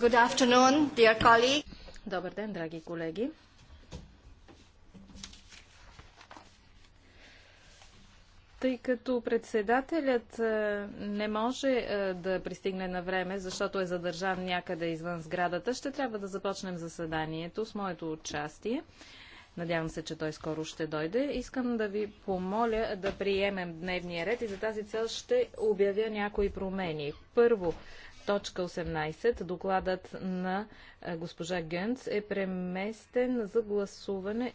Good afternoon, dear colleague. Добър ден, драги колеги. Тъй като председателят е, не може е, да пристигне на време, защото е задържан някъде извън сградата, ще трябва да започнем заседанието с моето участие. Надявам се, че той скоро ще дойде. Искам да ви помоля да приемем дневния ред и за тази цел ще обявя някои промени. Първо, точка 18, докладът на е, госпожа Гънц е преместен за гласуване е,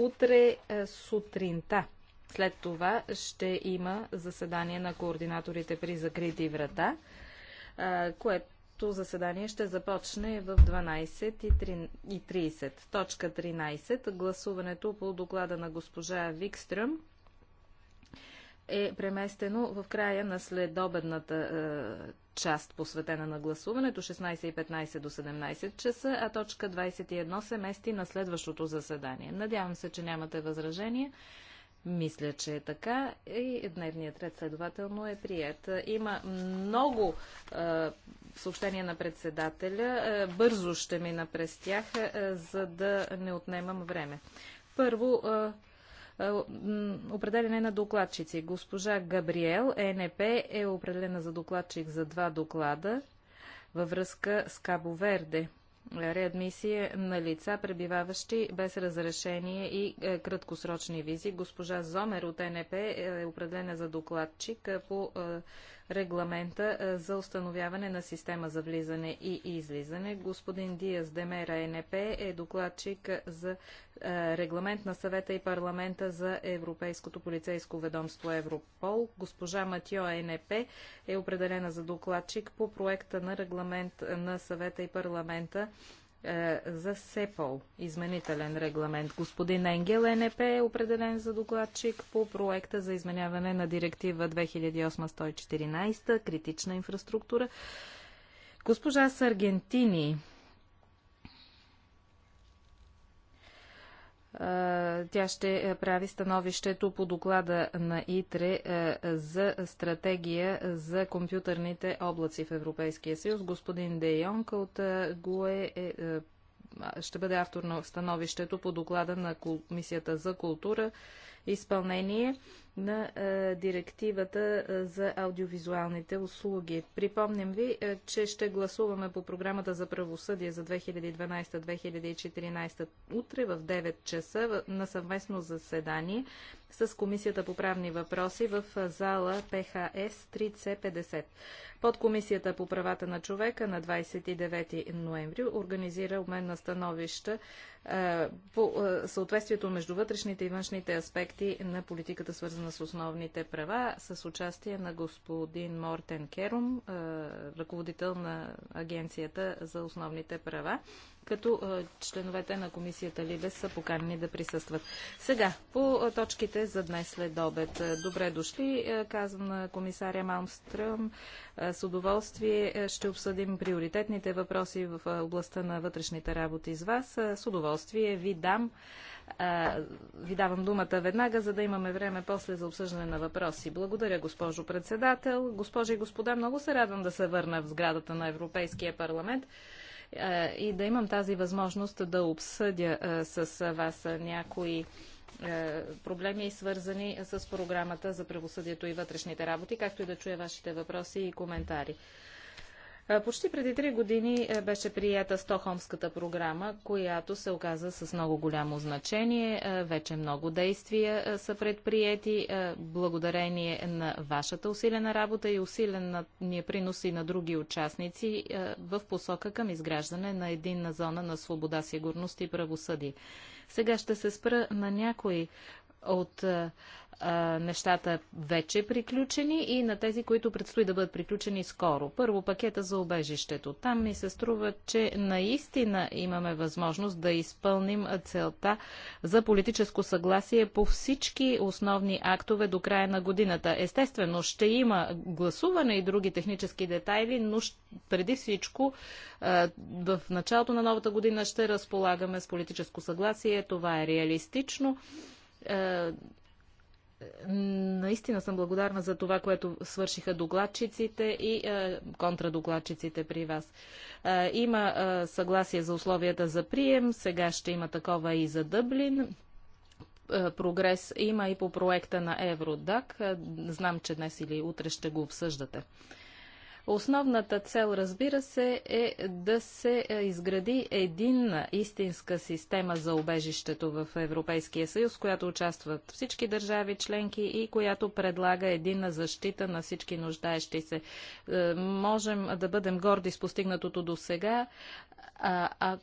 утре е, сутринта. След това ще има заседание на координаторите при закрити врата, е, което заседание ще започне в 12.30. Точка 13. Гласуването по доклада на госпожа Викстръм е преместено в края на следобедната е, част, посветена на гласуването, 16.15 до 17 часа, а точка 21 се мести на следващото заседание. Надявам се, че нямате възражения. Мисля, че е така и дневният ред следователно е прият. Има много е, съобщения на председателя. Е, бързо ще мина през тях, е, за да не отнемам време. Първо, е, е на докладчици. Госпожа Габриел, ЕНП, е определена за докладчик за два доклада във връзка с Кабо Верде реадмисия на лица, пребиваващи без разрешение и е, краткосрочни визи. Госпожа Зомер от е НП е, е определена за докладчик по регламента за установяване на система за влизане и излизане. Господин Диас Демера НП е докладчик за е, регламент на съвета и парламента за Европейското полицейско ведомство Европол. Госпожа Матио НП е определена за докладчик по проекта на регламент на съвета и парламента е, за СЕПОЛ, изменителен регламент. Господин Енгел НП е определен за докладчик по проекта за изменяване на директива 2008-114 критична инфраструктура. Госпожа Саргентини Тя ще е, прави становището по доклада на ИТРЕ е, за стратегия за компютърните облаци в Европейския съюз. Господин Де Йонг от е, ГУЕ е, ще бъде автор на становището по доклада на Комисията за култура изпълнение на е, директивата е, за аудиовизуалните услуги. Припомням ви, е, че ще гласуваме по програмата за правосъдие за 2012-2014 утре в 9 часа на съвместно заседание с Комисията по правни въпроси в зала ПХС 3C50. Под Комисията по правата на човека на 29 ноември организира обмен на становища по съответствието между вътрешните и външните аспекти аспекти на политиката, свързана с основните права, с участие на господин Мортен Керум, ръководител на Агенцията за основните права като членовете на комисията Либе са поканени да присъстват. Сега, по точките за днес след обед. Добре дошли, казвам на комисаря Малмстръм. С удоволствие ще обсъдим приоритетните въпроси в областта на вътрешните работи с вас. С удоволствие ви дам ви давам думата веднага, за да имаме време после за обсъждане на въпроси. Благодаря, госпожо председател. Госпожи и господа, много се радвам да се върна в сградата на Европейския парламент и да имам тази възможност да обсъдя с вас някои проблеми, свързани с програмата за правосъдието и вътрешните работи, както и да чуя вашите въпроси и коментари. Почти преди три години беше прията Стохомската програма, която се оказа с много голямо значение. Вече много действия са предприяти благодарение на вашата усилена работа и усилена ни е принос и на други участници в посока към изграждане на единна зона на свобода, сигурност и правосъдие. Сега ще се спра на някои от нещата вече приключени и на тези, които предстои да бъдат приключени скоро. Първо пакета за обежището. Там ми се струва, че наистина имаме възможност да изпълним целта за политическо съгласие по всички основни актове до края на годината. Естествено, ще има гласуване и други технически детайли, но преди всичко в началото на новата година ще разполагаме с политическо съгласие. Това е реалистично Наистина съм благодарна за това, което свършиха докладчиците и е, контрадокладчиците при вас. Е, има е, съгласие за условията за прием, сега ще има такова и за Дъблин. Е, прогрес има и по проекта на Евродак. Е, знам, че днес или утре ще го обсъждате. Основната цел, разбира се, е да се е, изгради единна истинска система за убежището в Европейския съюз, която участват всички държави членки и която предлага единна защита на всички нуждаещи се. Е, можем да бъдем горди с постигнатото до сега, а, а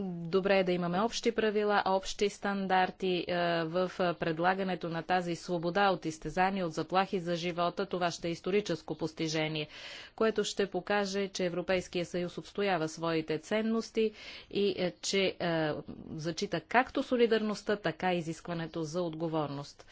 Добре е да имаме общи правила, общи стандарти е, в е, предлагането на тази свобода от изтезания, от заплахи за живота. Това ще е историческо постижение, което ще покаже, че Европейския съюз отстоява своите ценности и е, че зачита както солидарността, така и изискването за отговорност.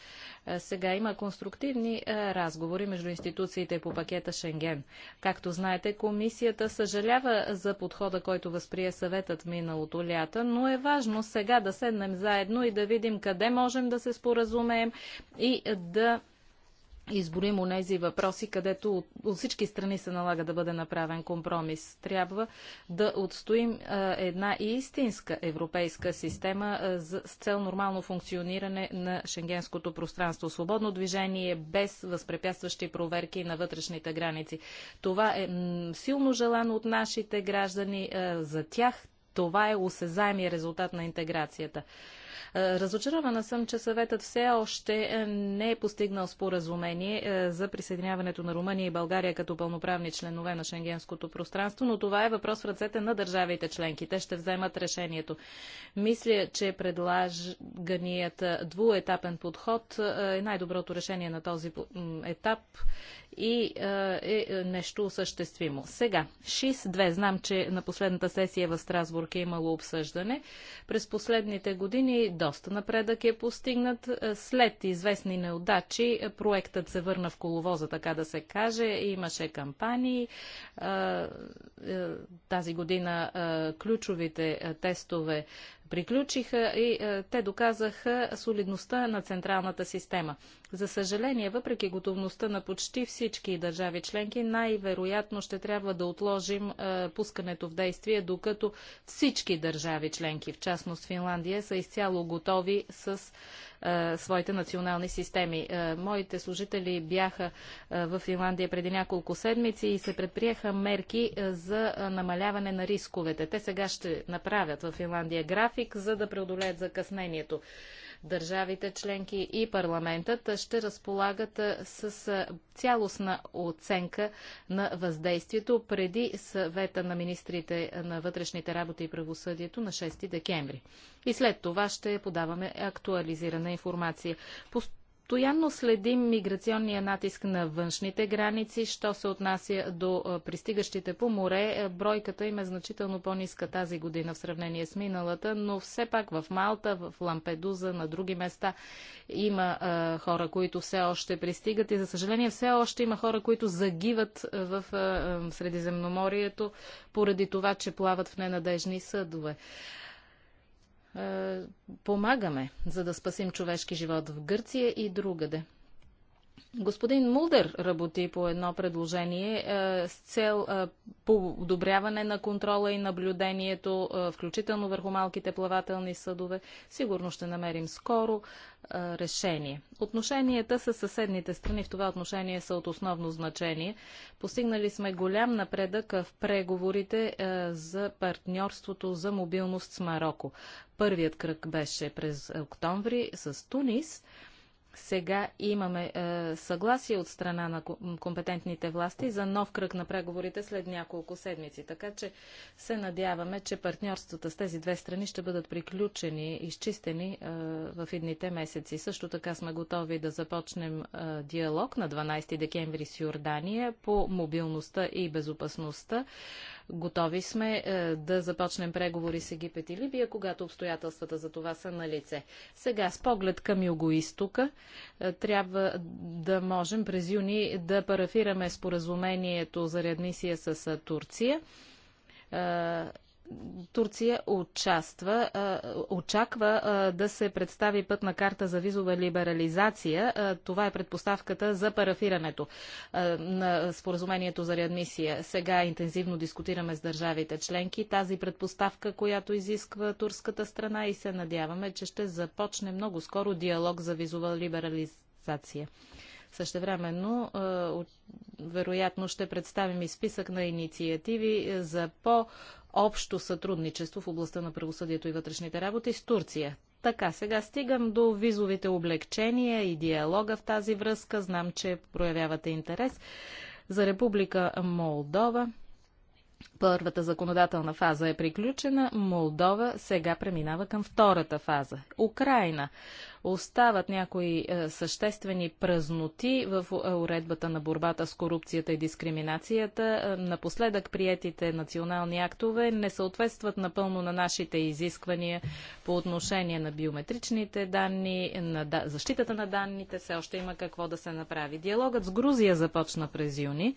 Сега има конструктивни разговори между институциите по пакета Шенген. Както знаете, комисията съжалява за подхода, който възприе съветът миналото миналото лято, но е важно сега да седнем заедно и да видим къде можем да се споразумеем и да изборим онези въпроси, където от, от всички страни се налага да бъде направен компромис. Трябва да отстоим а, една и истинска европейска система а, за, с цел нормално функциониране на шенгенското пространство. Свободно движение без възпрепятстващи проверки на вътрешните граници. Това е м, силно желано от нашите граждани. А, за тях това е осезаемия резултат на интеграцията. Е, разочарована съм, че съветът все още е, не е постигнал споразумение е, за присъединяването на Румъния и България като пълноправни членове на шенгенското пространство, но това е въпрос в ръцете на държавите членки. Те ще вземат решението. Мисля, че предлаганият двуетапен подход е най-доброто решение на този етап и а, е, е нещо осъществимо. Сега, ШИС-2. Знам, че на последната сесия в Страсбург е имало обсъждане. През последните години доста напредък е постигнат. След известни неудачи проектът се върна в коловоза, така да се каже. Имаше кампании. Тази година ключовите тестове приключиха и е, те доказаха солидността на централната система. За съжаление, въпреки готовността на почти всички държави членки, най-вероятно ще трябва да отложим е, пускането в действие, докато всички държави членки, в частност Финландия, са изцяло готови с е, своите национални системи. моите служители бяха в Финландия преди няколко седмици и се предприеха мерки за намаляване на рисковете. Те сега ще направят в Финландия график, за да преодолеят закъснението държавите членки и парламентът ще разполагат с цялостна оценка на въздействието преди съвета на министрите на вътрешните работи и правосъдието на 6 декември. И след това ще подаваме актуализирана информация постоянно следим миграционния натиск на външните граници. Що се отнася до пристигащите по море, е, бройката им е значително по-ниска тази година в сравнение с миналата, но все пак в Малта, в Лампедуза, на други места има а, хора, които все още пристигат и за съжаление все още има хора, които загиват в а, Средиземноморието поради това, че плават в ненадежни съдове. Е, помагаме, за да спасим човешки живот в Гърция и другаде. Господин Мулдер работи по едно предложение е, с цел е, подобряване на контрола и наблюдението, включително върху малките плавателни съдове. Сигурно ще намерим скоро решение. Отношенията с съседните страни в това отношение са от основно значение. Постигнали сме голям напредък в преговорите за партньорството за мобилност с Марокко. Първият кръг беше през октомври с Тунис. Сега имаме е, съгласие от страна на компетентните власти за нов кръг на преговорите след няколко седмици. Така че се надяваме, че партньорствата с тези две страни ще бъдат приключени, изчистени е, в едните месеци. Също така сме готови да започнем е, диалог на 12 декември с Йордания по мобилността и безопасността. Готови сме е, да започнем преговори с Египет и Либия, когато обстоятелствата за това са на лице. Сега, с поглед към югоистока, е, трябва да можем през юни да парафираме споразумението за реадмисия с е, Турция Турция участва, очаква да се представи пътна карта за визова либерализация. Това е предпоставката за парафирането на споразумението за реадмисия. Сега интензивно дискутираме с държавите членки тази предпоставка, която изисква турската страна и се надяваме, че ще започне много скоро диалог за визова либерализация. Същевременно, вероятно, ще представим и списък на инициативи за по- общо сътрудничество в областта на правосъдието и вътрешните работи с Турция. Така, сега стигам до визовите облегчения и диалога в тази връзка. Знам, че проявявате интерес за Република Молдова. Първата законодателна фаза е приключена. Молдова сега преминава към втората фаза. Украина. Остават някои е, съществени празноти в е, уредбата на борбата с корупцията и дискриминацията. Е, напоследък приетите национални актове не съответстват напълно на нашите изисквания по отношение на биометричните данни, на защитата на данните. Все още има какво да се направи. Диалогът с Грузия започна през юни.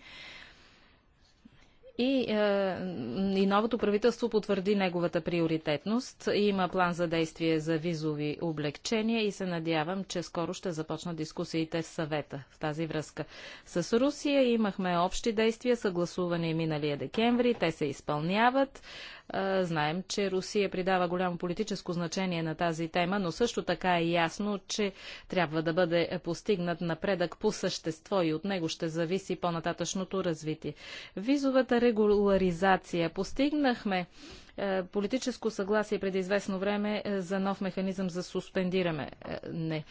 И, е, и новото правителство потвърди неговата приоритетност. Има план за действие за визови облегчения и се надявам, че скоро ще започнат дискусиите в съвета в тази връзка. С Русия имахме общи действия, съгласувани миналия декември. Те се изпълняват. Знаем, че Русия придава голямо политическо значение на тази тема, но също така е ясно, че трябва да бъде постигнат напредък по същество и от него ще зависи по-нататъчното развитие. Визовата регуларизация. Постигнахме е, политическо съгласие преди известно време е, за нов механизъм за суспендиране. Е, не.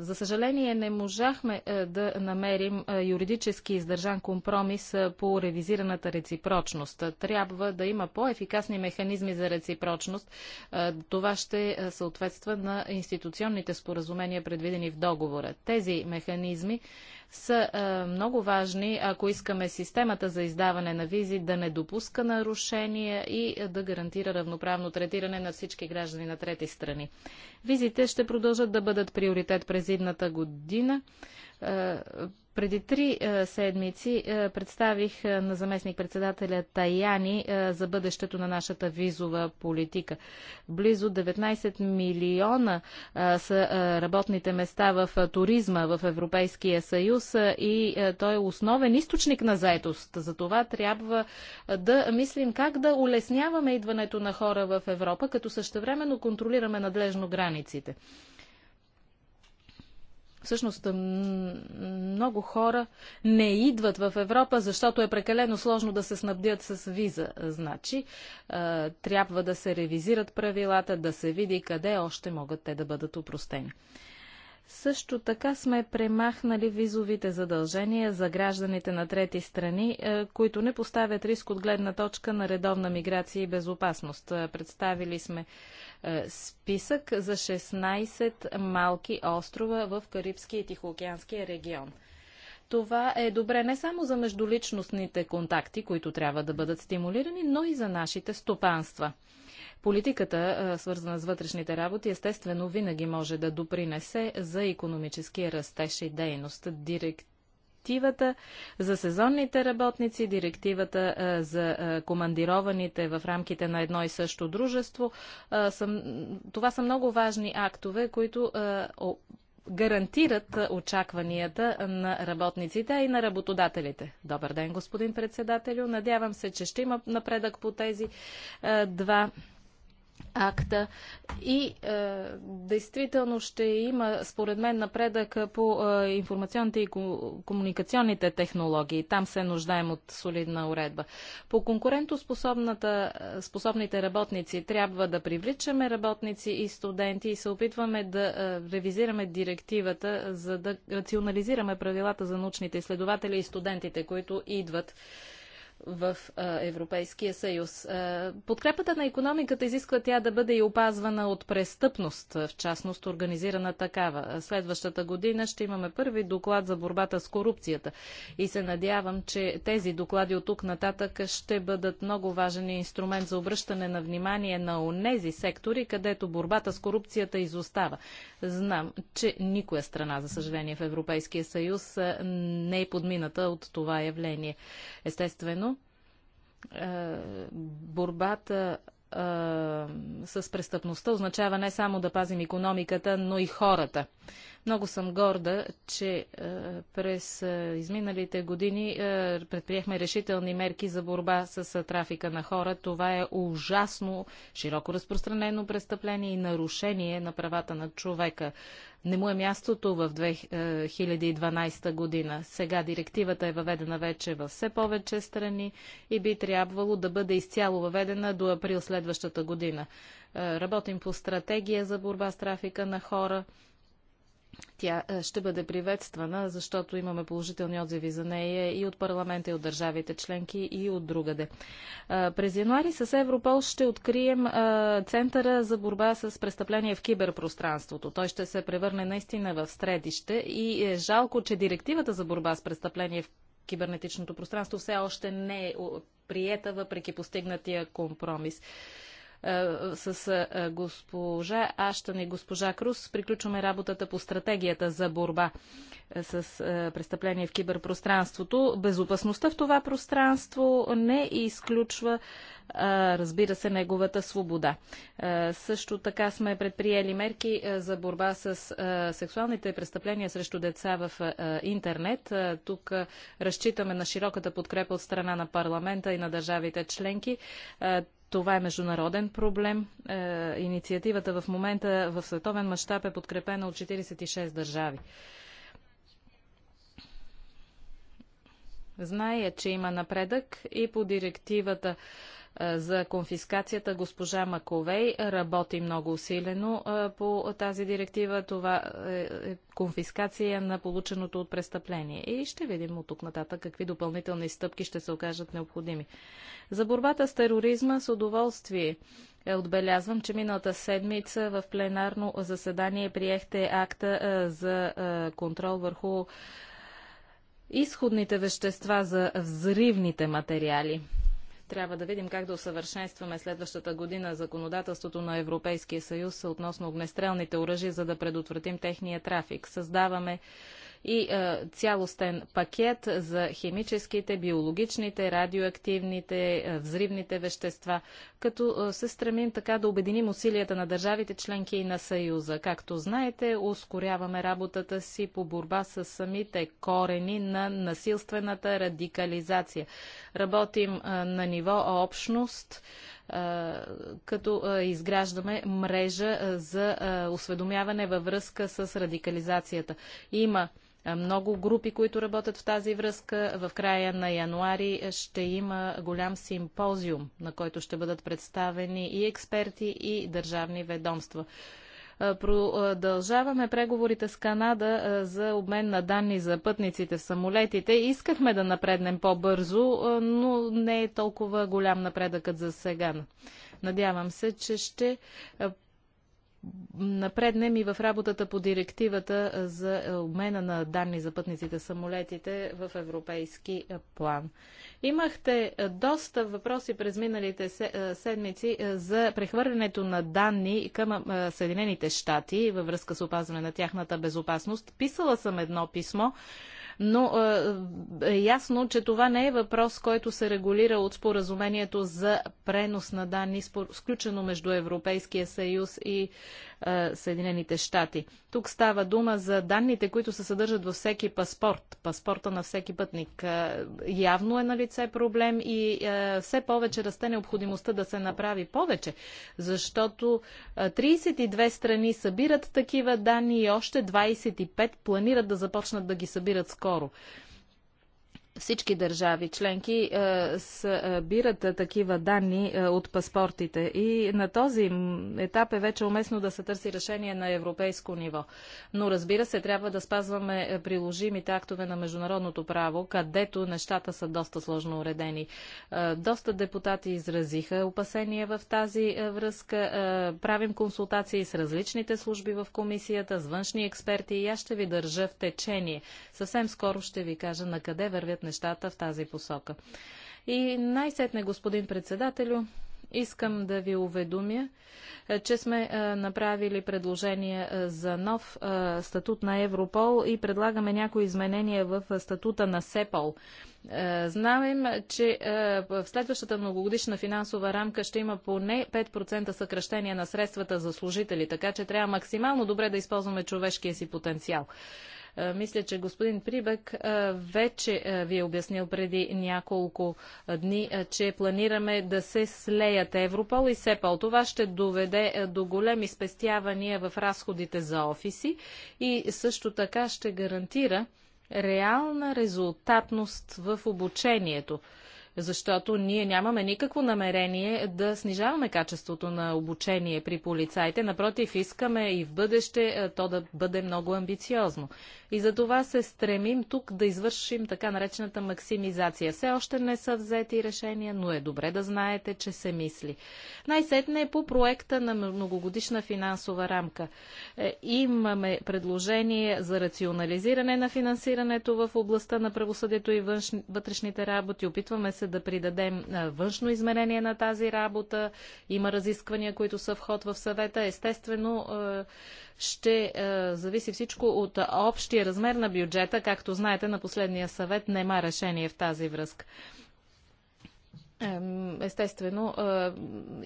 За съжаление не можахме да намерим юридически издържан компромис по ревизираната реципрочност. Трябва да има по-ефикасни механизми за реципрочност. Това ще съответства на институционните споразумения, предвидени в договора. Тези механизми са е, много важни, ако искаме системата за издаване на визи да не допуска нарушения и е, да гарантира равноправно третиране на всички граждани на трети страни. Визите ще продължат да бъдат приоритет през идната година. Е, преди три е, седмици е, представих на заместник-председателя Таяни за бъдещето на нашата визова политика. Близо 19 милиона са работните места в туризма в Европейския съюз и той е основен източник на заетост. За това трябва да мислим как да улесняваме идването на хора в Европа, като същевременно контролираме надлежно границите. Всъщност много хора не идват в Европа, защото е прекалено сложно да се снабдят с виза. Значи трябва да се ревизират правилата, да се види къде още могат те да бъдат упростени. Също така сме премахнали визовите задължения за гражданите на трети страни, които не поставят риск от гледна точка на редовна миграция и безопасност. Представили сме е, списък за 16 малки острова в Карибския и Тихоокеанския регион. Това е добре не само за междуличностните контакти, които трябва да бъдат стимулирани, но и за нашите стопанства. Политиката, е, свързана с вътрешните работи, естествено винаги може да допринесе за економическия растеж и дейност. Директ директивата за сезонните работници, директивата за командированите в рамките на едно и също дружество. това са много важни актове, които гарантират очакванията на работниците и на работодателите. Добър ден, господин председателю. Надявам се, че ще има напредък по тези два акта и е, действително ще има, според мен, напредък по е, информационните и комуникационните технологии. Там се нуждаем от солидна уредба. По конкурентоспособната, е, способните работници трябва да привличаме работници и студенти и се опитваме да е, ревизираме директивата, за да рационализираме правилата за научните изследователи и студентите, които идват в Европейския съюз. Подкрепата на економиката изисква тя да бъде и опазвана от престъпност, в частност организирана такава. Следващата година ще имаме първи доклад за борбата с корупцията и се надявам, че тези доклади от тук нататък ще бъдат много важен инструмент за обръщане на внимание на онези сектори, където борбата с корупцията изостава. Знам, че никоя страна, за съжаление, в Европейския съюз не е подмината от това явление. Естествено, е, борбата е, с престъпността означава не само да пазим економиката, но и хората. Много съм горда, че е, през е, изминалите години е, предприехме решителни мерки за борба с трафика на хора. Това е ужасно широко разпространено престъпление и нарушение на правата на човека. Не му е мястото в 2012 година. Сега директивата е въведена вече във все повече страни и би трябвало да бъде изцяло въведена до април следващата година. Работим по стратегия за борба с трафика на хора. Тя е, ще бъде приветствана, защото имаме положителни отзиви за нея и от парламента, и от държавите членки, и от другаде. Е, през януари с Европол ще открием е, Центъра за борба с престъпления в киберпространството. Той ще се превърне наистина в средище и е жалко, че директивата за борба с престъпления в кибернетичното пространство все още не е приета, въпреки постигнатия компромис. Е, с е, госпожа Аштан и госпожа Крус приключваме работата по стратегията за борба е, с престъпление в киберпространството. Безопасността в това пространство не изключва разбира се, неговата свобода. Също така сме предприели мерки за борба с сексуалните престъпления срещу деца в интернет. Тук разчитаме на широката подкрепа от страна на парламента и на държавите членки. Това е международен проблем. Е, инициативата в момента в световен мащаб е подкрепена от 46 държави. Зная, че има напредък и по директивата за конфискацията госпожа Маковей работи много усилено по тази директива. Това е, е конфискация на полученото от престъпление. И ще видим от тук нататък какви допълнителни стъпки ще се окажат необходими. За борбата с тероризма с удоволствие е, Отбелязвам, че миналата седмица в пленарно заседание приехте акта за контрол върху изходните вещества за взривните материали. Трябва да видим как да усъвършенстваме следващата година законодателството на Европейския съюз относно огнестрелните оръжия, за да предотвратим техния трафик. Създаваме и е, цялостен пакет за химическите, биологичните, радиоактивните, е, взривните вещества, като е, се стремим така да обединим усилията на държавите членки и на Съюза. Както знаете, ускоряваме работата си по борба с самите корени на насилствената радикализация. Работим на ниво общност, като изграждаме мрежа за осведомяване във връзка с радикализацията. Има много групи, които работят в тази връзка. В края на януари ще има голям симпозиум, на който ще бъдат представени и експерти, и държавни ведомства. Е, продължаваме преговорите с Канада е, за обмен на данни за пътниците в самолетите. Искахме да напреднем по-бързо, е, но не е толкова голям напредъкът за сега. Надявам се, че ще напреднем и в работата по директивата за обмена на данни за пътниците самолетите в европейски план. Имахте доста въпроси през миналите седмици за прехвърлянето на данни към Съединените щати във връзка с опазване на тяхната безопасност. Писала съм едно писмо но е, е ясно, че това не е въпрос, който се регулира от споразумението за пренос на данни, сключено между Европейския съюз и е, е, Съединените щати. Тук става дума за данните, които се съдържат във всеки паспорт, паспорта на всеки пътник. Е, явно е на лице проблем и е, все повече расте необходимостта да се направи повече, защото 32 страни събират такива данни и още 25 планират да започнат да ги събират скоро всички държави членки е, събират е, е, такива данни от паспортите и на този етап е вече уместно да се търси решение на европейско ниво. Но разбира се, трябва да спазваме приложимите актове на международното право, където нещата са доста сложно уредени. Доста депутати изразиха опасения в тази връзка. Правим консултации с различните служби в комисията, с външни експерти и аз ще ви държа в течение. Съвсем скоро ще ви кажа на къде вървят нещата в тази посока. И най-сетне, господин председателю, Искам да ви уведомя, е, че сме е, направили предложение е, за нов статут на Европол и предлагаме някои изменения в статута на СЕПОЛ. Знаем, че в следващата многогодишна финансова рамка ще има поне 5% съкръщение на средствата за служители, така че трябва максимално добре да използваме човешкия си потенциал. Е, мисля, че господин Прибък е, вече е, ви е обяснил преди няколко дни, че планираме да се слеят Европол и СЕПАЛ. Това ще доведе до големи спестявания в разходите за офиси и също така ще гарантира реална резултатност в обучението защото ние нямаме никакво намерение да снижаваме качеството на обучение при полицаите. Напротив, искаме и в бъдеще то да бъде много амбициозно. И за това се стремим тук да извършим така наречената максимизация. Все още не са взети решения, но е добре да знаете, че се мисли. Най-сетне е по проекта на многогодишна финансова рамка. Е, имаме предложение за рационализиране на финансирането в областта на правосъдието и външни, вътрешните работи. Опитваме се да придадем е, външно измерение на тази работа. Има разисквания, които са вход в съвета. Естествено, е, ще е, зависи всичко от общия размер на бюджета. Както знаете, на последния съвет нема решение в тази връзка. Естествено, е,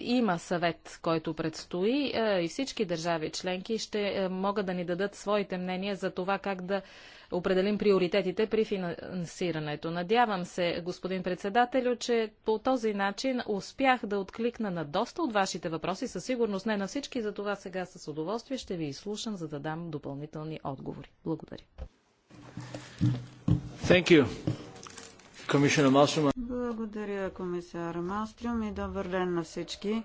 има съвет, който предстои е, и всички държави членки ще е, могат да ни дадат своите мнения за това как да определим приоритетите при финансирането. Надявам се, господин председателю, че по този начин успях да откликна на доста от вашите въпроси, със сигурност не на всички, за това сега с удоволствие ще ви изслушам, за да дам допълнителни отговори. Благодаря. Thank you. Благодаря, комисар Малстрюм и добър ден на всички.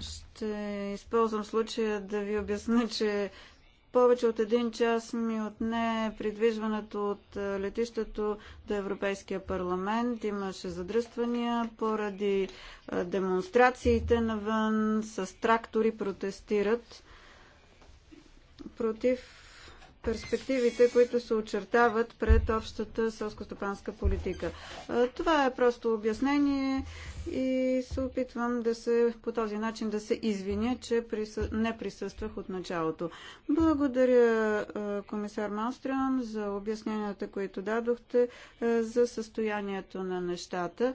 Ще използвам случая да ви обясня, че повече от един час ми отне придвижването от е, летището до Европейския парламент. Имаше задръствания поради е, демонстрациите навън, с трактори протестират против перспективите, които се очертават пред общата селско-стопанска политика. Това е просто обяснение и се опитвам да се по този начин да се извиня, че присъ... не присъствах от началото. Благодаря комисар Малстрион за обясненията, които дадохте за състоянието на нещата.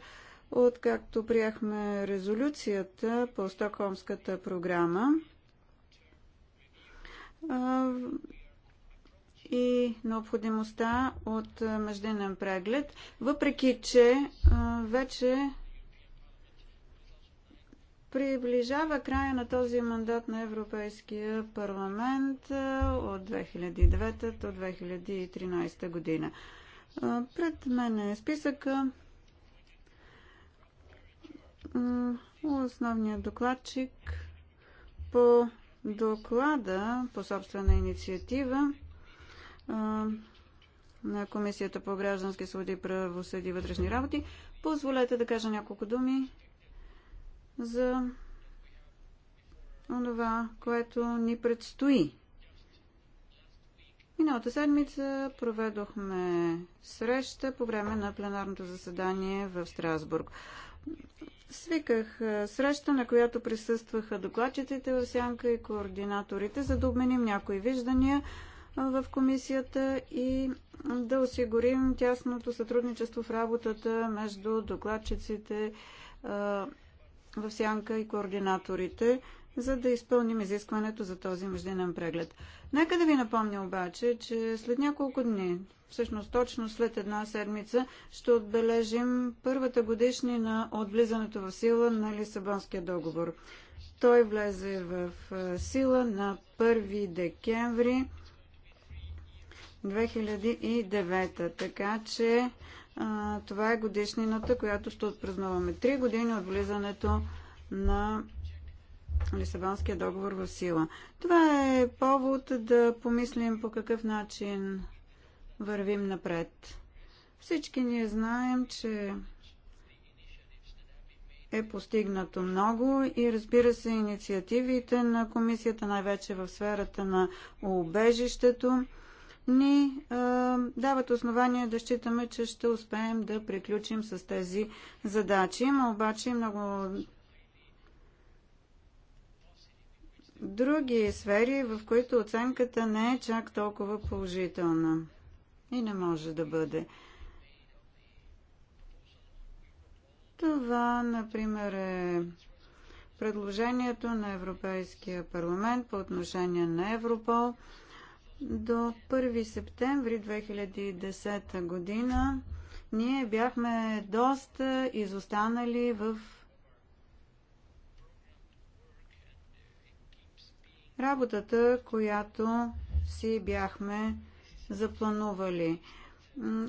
Откакто приехме резолюцията по Стокхолмската програма, и необходимостта от междинен преглед, въпреки че вече приближава края на този мандат на Европейския парламент от 2009 до 2013 година. Пред мен е списъка. Основният докладчик по доклада по собствена инициатива на Комисията по граждански свободи, правосъди и вътрешни работи. Позволете да кажа няколко думи за това, което ни предстои. Миналата седмица проведохме среща по време на пленарното заседание в Страсбург. Свиках среща, на която присъстваха докладчиците в сянка и координаторите, за да обменим някои виждания в комисията и да осигурим тясното сътрудничество в работата между докладчиците в сянка и координаторите, за да изпълним изискването за този междинен преглед. Нека да ви напомня обаче, че след няколко дни, всъщност точно след една седмица, ще отбележим първата годишнина от влизането в сила на Лисабонския договор. Той влезе в сила на 1 декември 2009. Така че а, това е годишнината, която ще отпразнуваме. Три години от влизането на Лисабонския договор в сила. Това е повод да помислим по какъв начин вървим напред. Всички ние знаем, че е постигнато много и разбира се инициативите на комисията, най-вече в сферата на убежището, ни а, дават основания да считаме, че ще успеем да приключим с тези задачи. Има обаче много други сфери, в които оценката не е чак толкова положителна и не може да бъде. Това, например, е предложението на Европейския парламент по отношение на Европол – до 1 септември 2010 година ние бяхме доста изостанали в работата, която си бяхме запланували.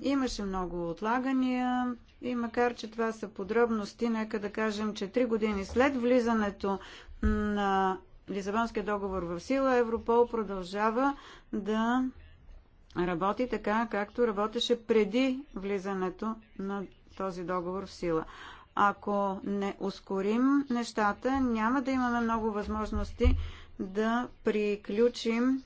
Имаше много отлагания и макар, че това са подробности, нека да кажем, че три години след влизането на Лисабонския договор в сила, Европол продължава да работи така, както работеше преди влизането на този договор в сила. Ако не ускорим нещата, няма да имаме много възможности да приключим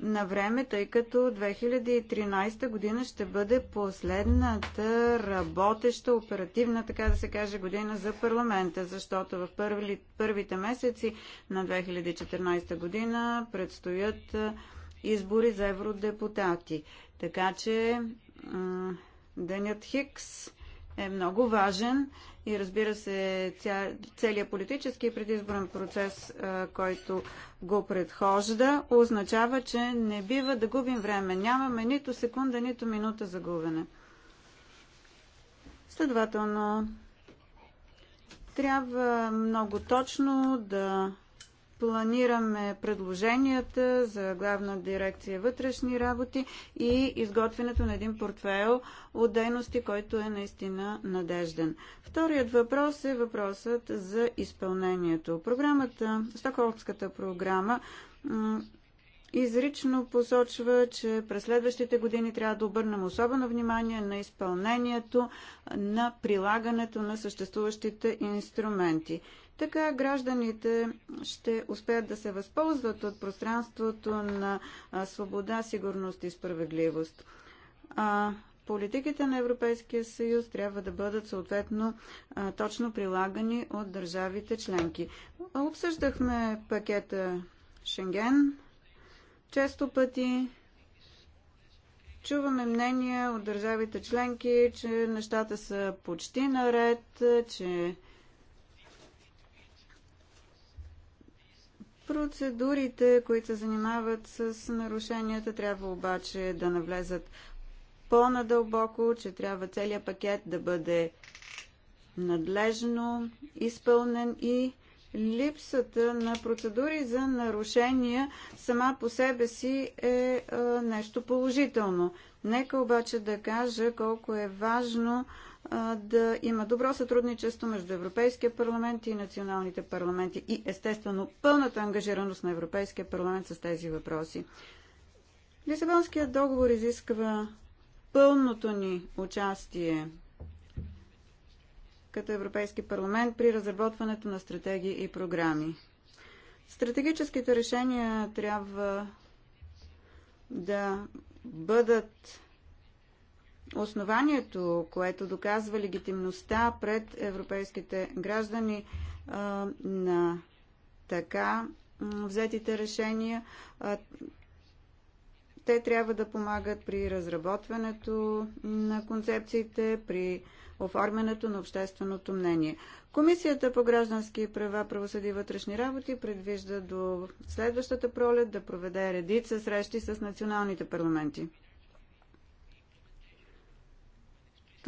на време, тъй като 2013 година ще бъде последната работеща оперативна, така да се каже, година за парламента, защото в първи, първите месеци на 2014 година предстоят избори за евродепутати. Така че Денят Хикс е много важен и разбира се ця, целият политически предизборен процес, който го предхожда, означава, че не бива да губим време. Нямаме нито секунда, нито минута за губене. Следователно, трябва много точно да планираме предложенията за главна дирекция вътрешни работи и изготвянето на един портфейл от дейности, който е наистина надежден. Вторият въпрос е въпросът за изпълнението. Програмата, Стокхолмската програма изрично посочва, че през следващите години трябва да обърнем особено внимание на изпълнението, на прилагането на съществуващите инструменти. Така гражданите ще успеят да се възползват от пространството на свобода, сигурност и справедливост. А политиките на Европейския съюз трябва да бъдат съответно точно прилагани от държавите членки. Обсъждахме пакета Шенген. Често пъти чуваме мнения от държавите членки, че нещата са почти наред, че Процедурите, които се занимават с нарушенията, трябва обаче да навлезат по-надълбоко, че трябва целият пакет да бъде надлежно изпълнен и липсата на процедури за нарушения сама по себе си е, нещо положително. Нека обаче да кажа колко е важно да има добро сътрудничество между Европейския парламент и националните парламенти и естествено пълната ангажираност на Европейския парламент с тези въпроси. Лисабонският договор изисква пълното ни участие като Европейски парламент при разработването на стратегии и програми. Стратегическите решения трябва да бъдат основанието, което доказва легитимността пред европейските граждани на така взетите решения. Те трябва да помагат при разработването на концепциите, при оформянето на общественото мнение. Комисията по граждански права, правосъди и вътрешни работи предвижда до следващата пролет да проведе редица срещи с националните парламенти.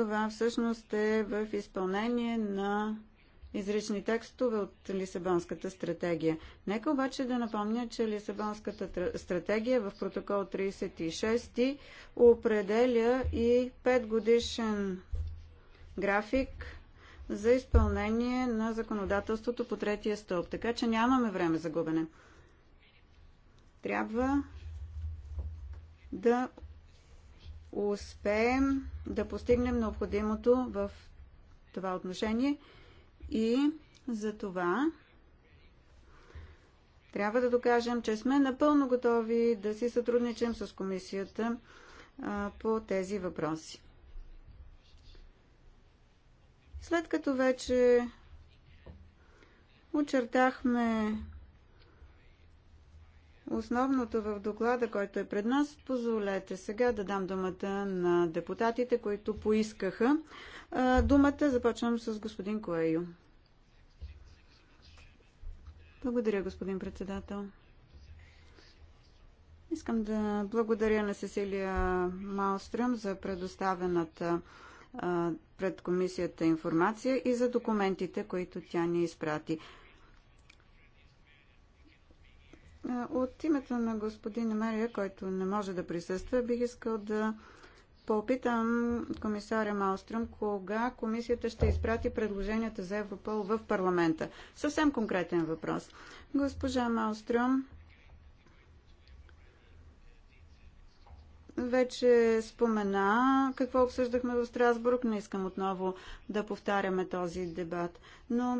Това всъщност е в изпълнение на изрични текстове от Лисабонската стратегия. Нека обаче да напомня, че Лисабонската стратегия в протокол 36 определя и 5 годишен график за изпълнение на законодателството по третия стълб. Така че нямаме време за губене. Трябва да успеем да постигнем необходимото в това отношение и за това трябва да докажем, че сме напълно готови да си сътрудничим с комисията по тези въпроси. След като вече очертахме Основното в доклада, който е пред нас, позволете сега да дам думата на депутатите, които поискаха. Думата започвам с господин Коею. Благодаря, господин председател. Искам да благодаря на Сесилия Малстръм за предоставената пред комисията информация и за документите, които тя ни изпрати. От името на господин Мария, който не може да присъства, бих искал да попитам комисаря Малстрюм, кога комисията ще изпрати предложенията за Европол в парламента. Съвсем конкретен въпрос. Госпожа Малстрюм вече спомена какво обсъждахме в Страсбург. Не искам отново да повтаряме този дебат, но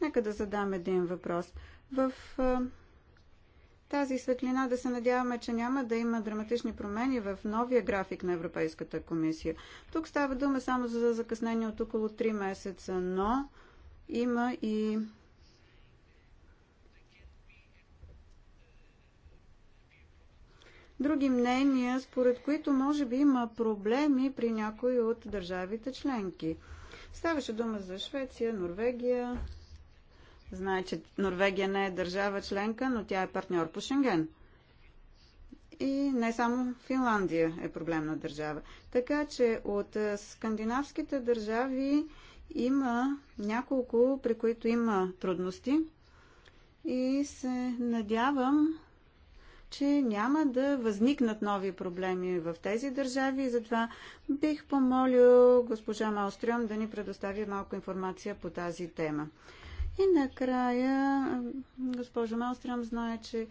нека да задам един въпрос. В тази светлина да се надяваме, че няма да има драматични промени в новия график на Европейската комисия. Тук става дума само за закъснение от около 3 месеца, но има и други мнения, според които може би има проблеми при някои от държавите членки. Ставаше дума за Швеция, Норвегия, Знае, че Норвегия не е държава членка, но тя е партньор по Шенген. И не само Финландия е проблемна държава. Така че от скандинавските държави има няколко, при които има трудности. И се надявам, че няма да възникнат нови проблеми в тези държави и затова бих помолил госпожа Малстрюм да ни предостави малко информация по тази тема. И накрая, госпожо Малстрам, знае, че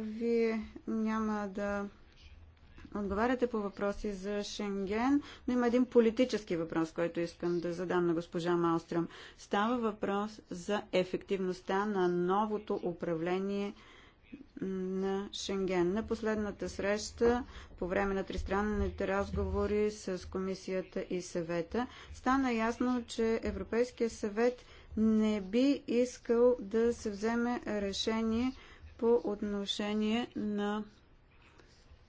вие няма да отговаряте по въпроси за Шенген, но има един политически въпрос, който искам да задам на госпожа Малстрам. Става въпрос за ефективността на новото управление на Шенген. На последната среща, по време на тристранните разговори с комисията и съвета, стана ясно, че Европейския съвет не би искал да се вземе решение по отношение на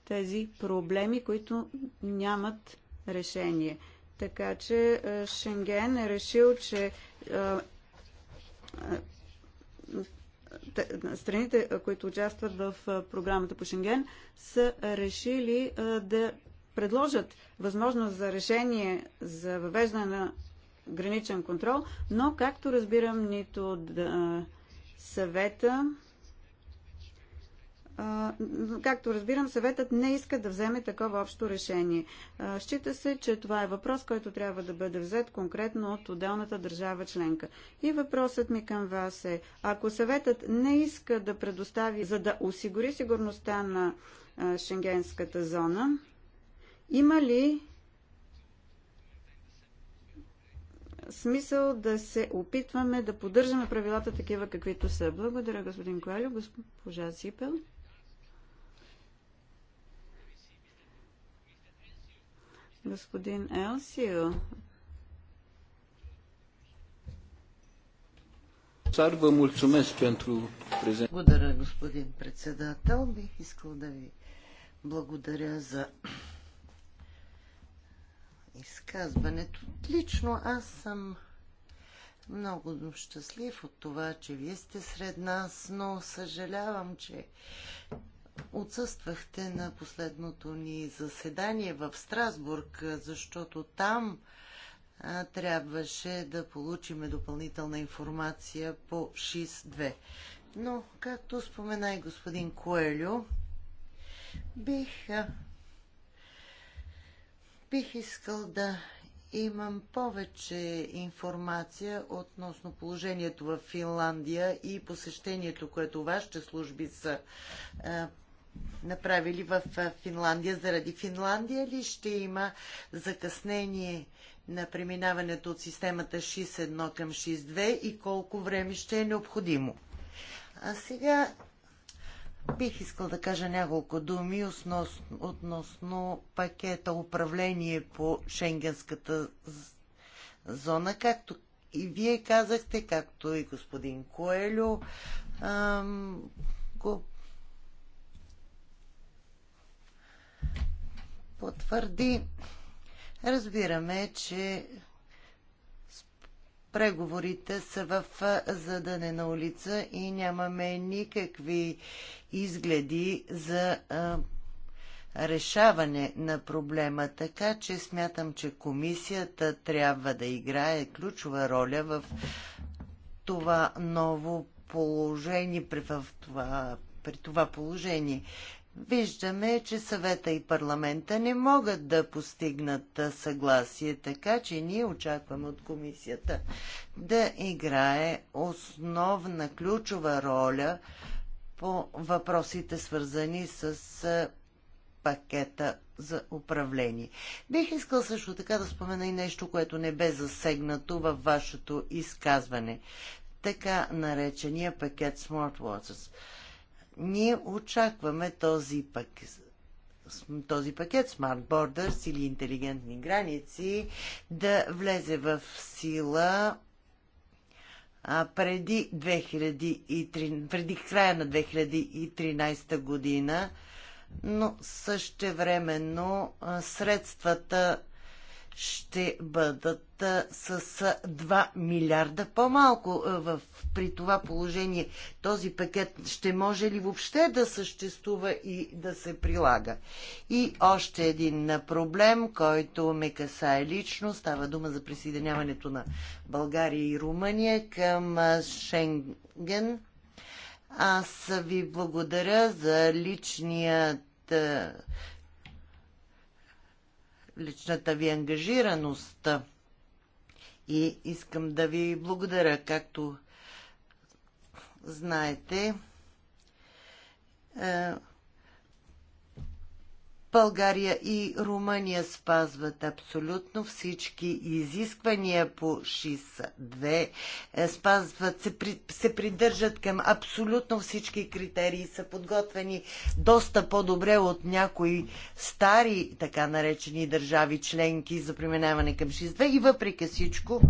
тези проблеми, които нямат решение. Така че е, Шенген е решил, че е, е, страните, които участват в програмата по Шенген, са решили да предложат възможност за решение за въвеждане на граничен контрол, но както разбирам, нито да, съвета както разбирам, съветът не иска да вземе такова общо решение. Счита се, че това е въпрос, който трябва да бъде взет конкретно от отделната държава членка. И въпросът ми към вас е, ако съветът не иска да предостави, за да осигури сигурността на Шенгенската зона, има ли смисъл да се опитваме да поддържаме правилата такива, каквито са. Благодаря, господин Коалю. Госпожа Сипел. Господин Елсио. Цар, vă mulțumesc pentru prezent. Благодаря, господин председател. Бих искал да ви благодаря за изказването. Лично аз съм много щастлив от това, че вие сте сред нас, но съжалявам, че отсъствахте на последното ни заседание в Страсбург, защото там а, трябваше да получиме допълнителна информация по ШИС-2. Но, както спомена и господин Коелю, бих а, Бих искал да имам повече информация относно положението в Финландия и посещението, което вашите служби са направили в Финландия. Заради Финландия ли ще има закъснение на преминаването от системата 6.1 към 6.2 и колко време ще е необходимо? А сега Бих искал да кажа няколко думи относно, относно пакета управление по Шенгенската зона. Както и вие казахте, както и господин Коелю, ам, го потвърди. Разбираме, че преговорите са в задънена улица и нямаме никакви изгледи за решаване на проблема, така че смятам, че комисията трябва да играе ключова роля в това ново положение, в това, при това положение. Виждаме, че съвета и парламента не могат да постигнат съгласие, така че ние очакваме от комисията да играе основна ключова роля по въпросите свързани с пакета за управление. Бих искал също така да спомена и нещо, което не бе засегнато във вашето изказване. Така наречения пакет Smart Waters. Ние очакваме този пакет този пакет Smart Borders или интелигентни граници да влезе в сила а, преди, 2003, преди края на 2013 година, но също времено средствата ще бъдат с 2 милиарда по-малко в, при това положение. Този пакет ще може ли въобще да съществува и да се прилага? И още един проблем, който ме касае лично, става дума за присъединяването на България и Румъния към Шенген. Аз ви благодаря за личният личната ви ангажираност. И искам да ви благодаря, както знаете. Е, България и Румъния спазват абсолютно всички изисквания по ШИС 2, е, спазват, се, при, се придържат към абсолютно всички критерии, са подготвени доста по-добре от някои стари, така наречени държави членки за преминаване към СИЗ2, и въпреки всичко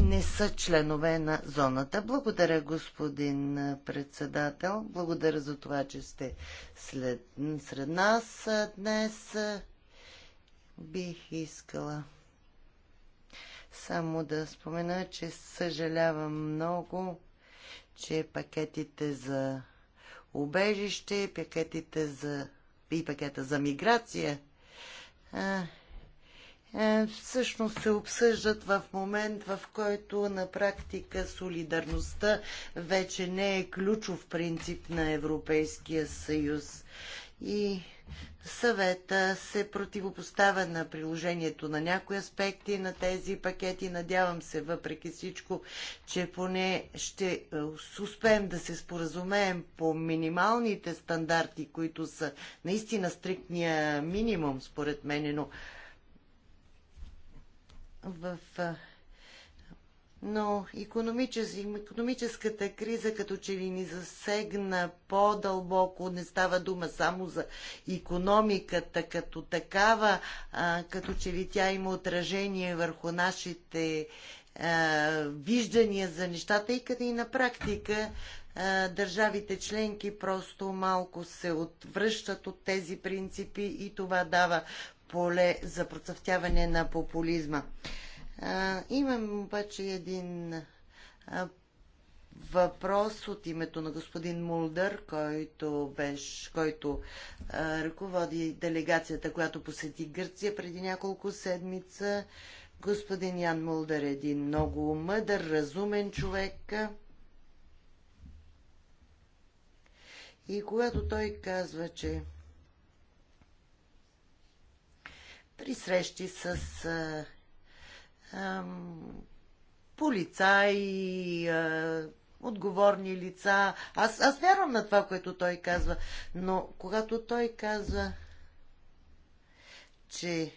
не са членове на зоната. Благодаря, господин председател. Благодаря за това, че сте след, сред нас днес. Бих искала само да спомена, че съжалявам много, че пакетите за убежище, пакетите за и пакета за миграция е, всъщност се обсъждат в момент, в който на практика солидарността вече не е ключов принцип на Европейския съюз. И съвета се противопоставя на приложението на някои аспекти на тези пакети. Надявам се, въпреки всичко, че поне ще е, успеем да се споразумеем по минималните стандарти, които са наистина стриктния минимум, според мен, но в но економичес, економическата криза като че ли ни засегна по-дълбоко, не става дума само за економиката като такава, а, като че ли тя има отражение върху нашите а, виждания за нещата и като и на практика а, държавите членки просто малко се отвръщат от тези принципи и това дава поле за процъфтяване на популизма. А, имам обаче един а, въпрос от името на господин Мулдър, който, беше, който а, ръководи делегацията, която посети Гърция преди няколко седмица. Господин Ян Мулдър е един много мъдър, разумен човек. И когато той казва, че при срещи с а, а, полицаи, а, отговорни лица. Аз, аз вярвам на това, което той казва, но когато той казва, че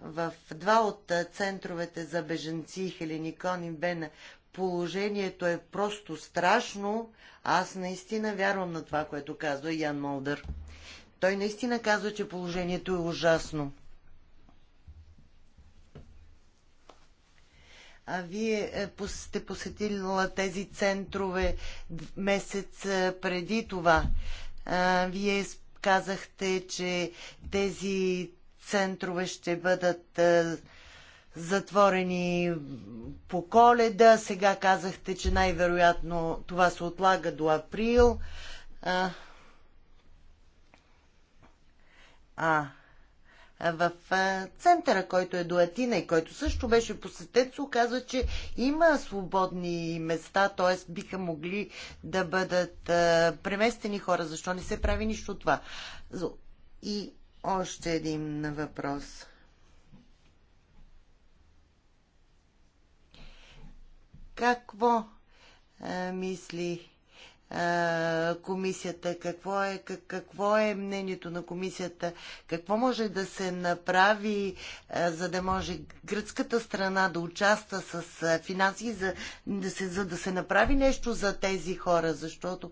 в два от центровете за беженци Хеленикон и Бена положението е просто страшно, аз наистина вярвам на това, което казва Ян Молдър. Той наистина казва, че положението е ужасно. А вие е, сте посетила тези центрове месец е, преди това. вие казахте, че тези центрове ще бъдат е, затворени по коледа. Сега казахте, че най-вероятно това се отлага до април. А, а в центъра, който е до Атина и който също беше посетен, се че има свободни места, т.е. биха могли да бъдат преместени хора. Защо не се прави нищо от това? И още един въпрос. Какво а, мисли комисията, какво е, какво е мнението на комисията, какво може да се направи, за да може гръцката страна да участва с финанси, за да, се, за да се направи нещо за тези хора, защото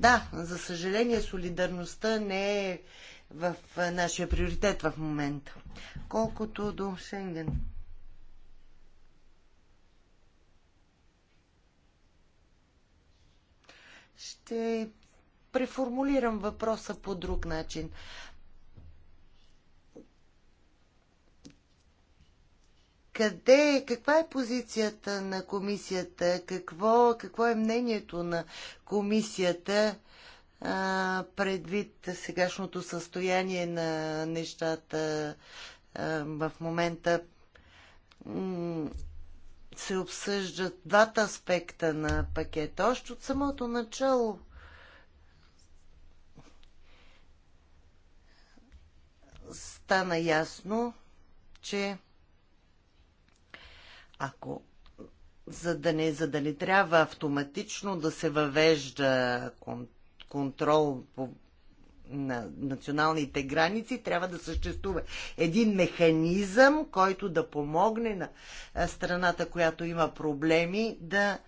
да, за съжаление солидарността не е в нашия приоритет в момента. Колкото до Шенген. Ще преформулирам въпроса по друг начин. Къде, каква е позицията на комисията? Какво, какво е мнението на комисията а, предвид сегашното състояние на нещата а, в момента? се обсъждат двата аспекта на пакета. Още от самото начало стана ясно, че ако за да не, за да не трябва автоматично да се въвежда контрол по на националните граници, трябва да съществува един механизъм, който да помогне на страната, която има проблеми, да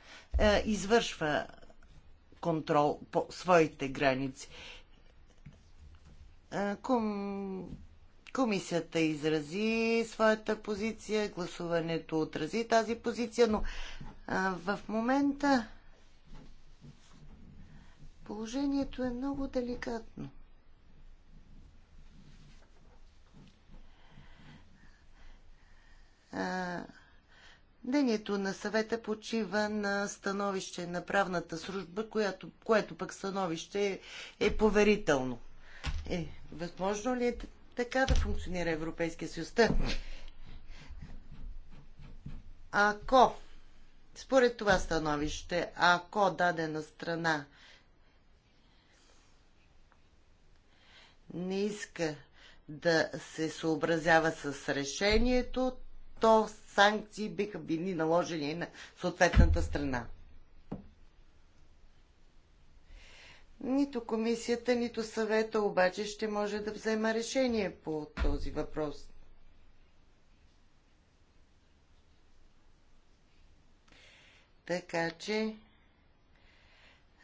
е, извършва контрол по своите граници. Ком... Комисията изрази своята позиция, гласуването отрази тази позиция, но а, в момента положението е много деликатно. Мнението на съвета почива на становище на правната служба, която, което пък становище е поверително. Е, възможно ли е така да функционира Европейския съюз? Ако, според това становище, ако дадена страна не иска да се съобразява с решението, то санкции биха били наложени на съответната страна. Нито комисията, нито съвета обаче ще може да взема решение по този въпрос. Така че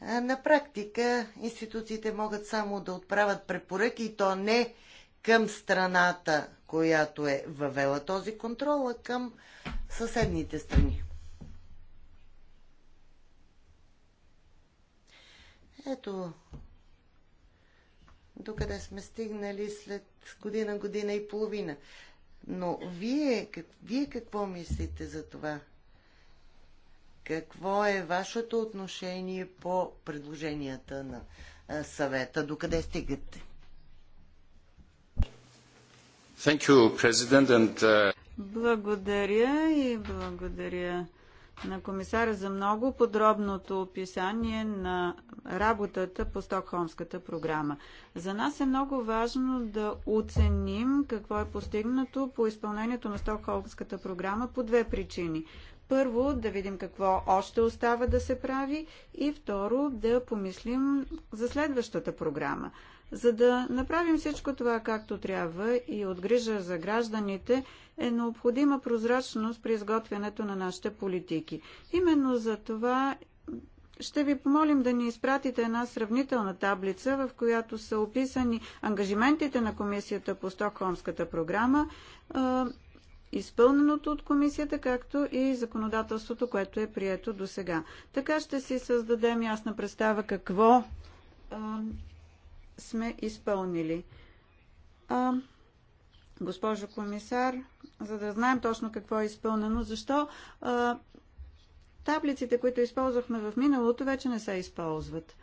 на практика институциите могат само да отправят препоръки и то не към страната която е въвела този контрол, към съседните страни. Ето докъде сме стигнали след година, година и половина. Но вие, как, вие какво мислите за това? Какво е вашето отношение по предложенията на съвета? Докъде стигате? You, and... Uh, благодаря и благодаря на комисара за много подробното описание на работата по Стокхолмската програма. За нас е много важно да оценим какво е постигнато по изпълнението на Стокхолмската програма по две причини. Първо, да видим какво още остава да се прави и второ, да помислим за следващата програма. За да направим всичко това както трябва и от грижа за гражданите, е необходима прозрачност при изготвянето на нашите политики. Именно за това ще ви помолим да ни изпратите една сравнителна таблица, в която са описани ангажиментите на комисията по Стокхолмската програма, изпълненото от комисията, както и законодателството, което е прието до сега. Така ще си създадем ясна представа какво сме изпълнили. А, госпожо комисар, за да знаем точно какво е изпълнено, защо а, таблиците, които използвахме в миналото, вече не се използват.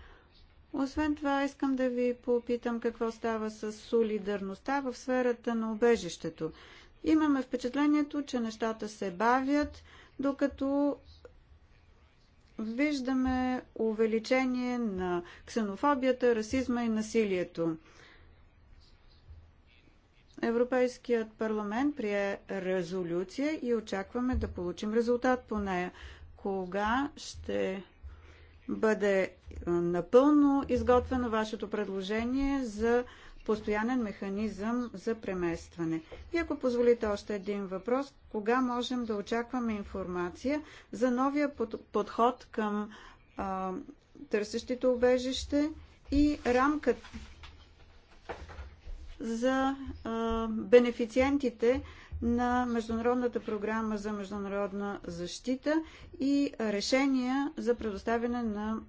Освен това, искам да ви попитам какво става с солидарността в сферата на убежището. Имаме впечатлението, че нещата се бавят, докато виждаме увеличение на ксенофобията, расизма и насилието. Европейският парламент прие резолюция и очакваме да получим резултат по нея. Кога ще бъде напълно изготвено вашето предложение за постоянен механизъм за преместване. И ако позволите още един въпрос, кога можем да очакваме информация за новия подход към а, търсещите убежище и рамката за а, бенефициентите на Международната програма за международна защита и решения за предоставяне на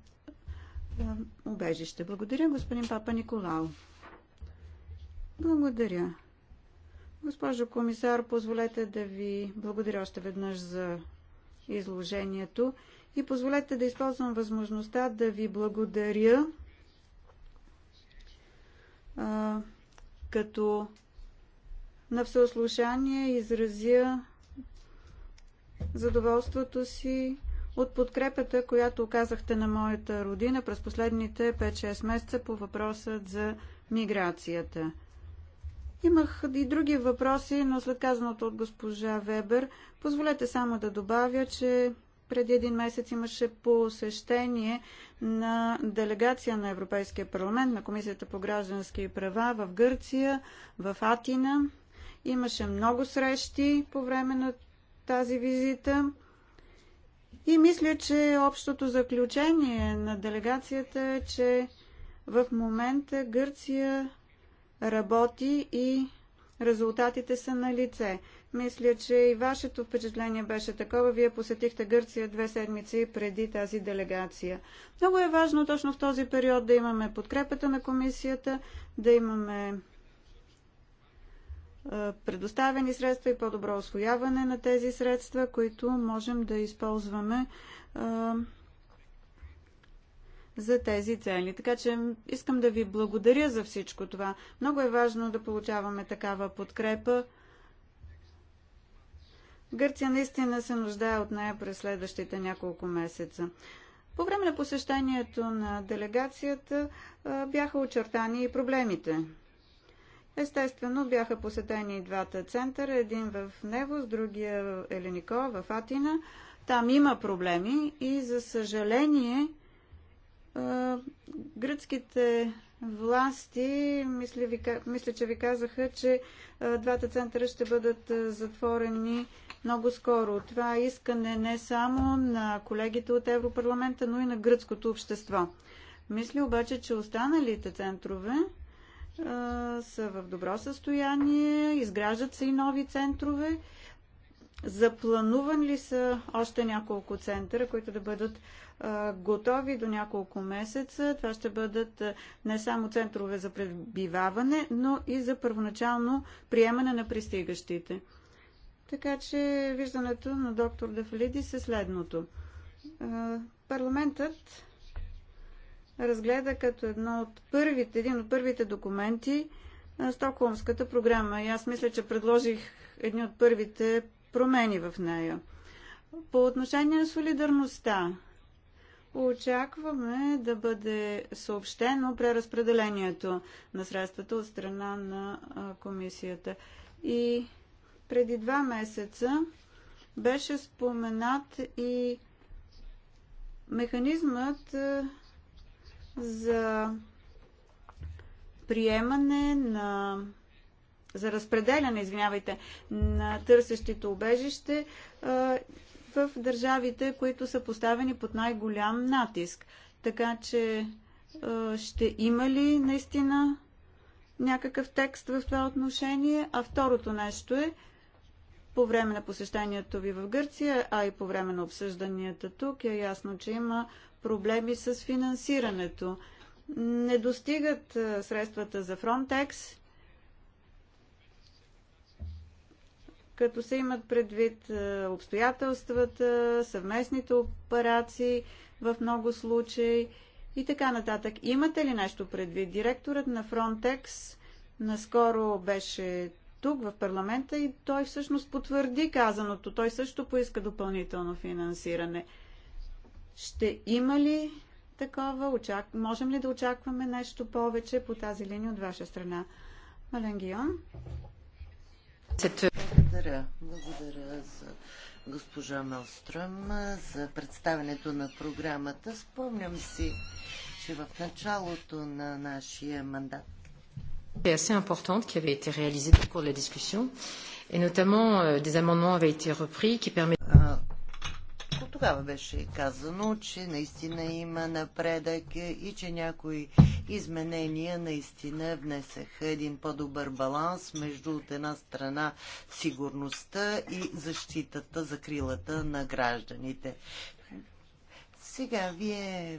убежище. Благодаря, господин Папа Николао. Благодаря. Госпожо комисар, позволете да ви благодаря още веднъж за изложението и позволете да използвам възможността да ви благодаря а, като на всеослушание изразя задоволството си от подкрепата, която оказахте на моята родина през последните 5-6 месеца по въпросът за миграцията. Имах и други въпроси, но след казаното от госпожа Вебер, позволете само да добавя, че преди един месец имаше посещение на делегация на Европейския парламент, на Комисията по граждански права в Гърция, в Атина. Имаше много срещи по време на тази визита. И мисля, че общото заключение на делегацията е, че в момента Гърция работи и резултатите са на лице. Мисля, че и вашето впечатление беше такова. Вие посетихте Гърция две седмици преди тази делегация. Много е важно точно в този период да имаме подкрепата на комисията, да имаме е, предоставени средства и по-добро освояване на тези средства, които можем да използваме е, за тези цели. Така че искам да ви благодаря за всичко това. Много е важно да получаваме такава подкрепа. Гърция наистина се нуждае от нея през следващите няколко месеца. По време на посещението на делегацията бяха очертани и проблемите. Естествено, бяха посетени и двата центъра, един в Невос, другия Еленико в Атина. Там има проблеми и, за съжаление, Гръцките власти, мисля, ви, мисля, че ви казаха, че двата центъра ще бъдат затворени много скоро. Това е искане не само на колегите от Европарламента, но и на гръцкото общество. Мисля обаче, че останалите центрове а, са в добро състояние, изграждат се и нови центрове. Заплануван ли са още няколко центъра, които да бъдат готови до няколко месеца. Това ще бъдат не само центрове за пребиваване, но и за първоначално приемане на пристигащите. Така че виждането на доктор Дефалидис е следното. Парламентът разгледа като едно от първите, един от първите документи Стокхолмската програма. И аз мисля, че предложих едни от първите промени в нея. По отношение на солидарността, Очакваме да бъде съобщено преразпределението на средствата от страна на комисията. И преди два месеца беше споменат и механизмът за приемане на за разпределяне, извинявайте, на търсещите убежище в държавите, които са поставени под най-голям натиск. Така че е, ще има ли наистина някакъв текст в това отношение? А второто нещо е, по време на посещението ви в Гърция, а и по време на обсъжданията тук, е ясно, че има проблеми с финансирането. Не достигат е, средствата за Frontex като се имат предвид е, обстоятелствата, съвместните операции в много случаи и така нататък. Имате ли нещо предвид? Директорът на Frontex наскоро беше тук в парламента и той всъщност потвърди казаното. Той също поиска допълнително финансиране. Ще има ли такова? Очак... Можем ли да очакваме нещо повече по тази линия от ваша страна? Маленгион? Благодаря. Благодаря за госпожа Мелстръм за представенето на програмата. Спомням си, че в началото на нашия мандат C'est assez importante qui avait été réalisée au cours de la discussion et notamment euh, des amendements avaient été repris qui permettent тогава беше казано, че наистина има напредък и че някои изменения наистина внесеха един по-добър баланс между от една страна сигурността и защитата, закрилата на гражданите. Сега вие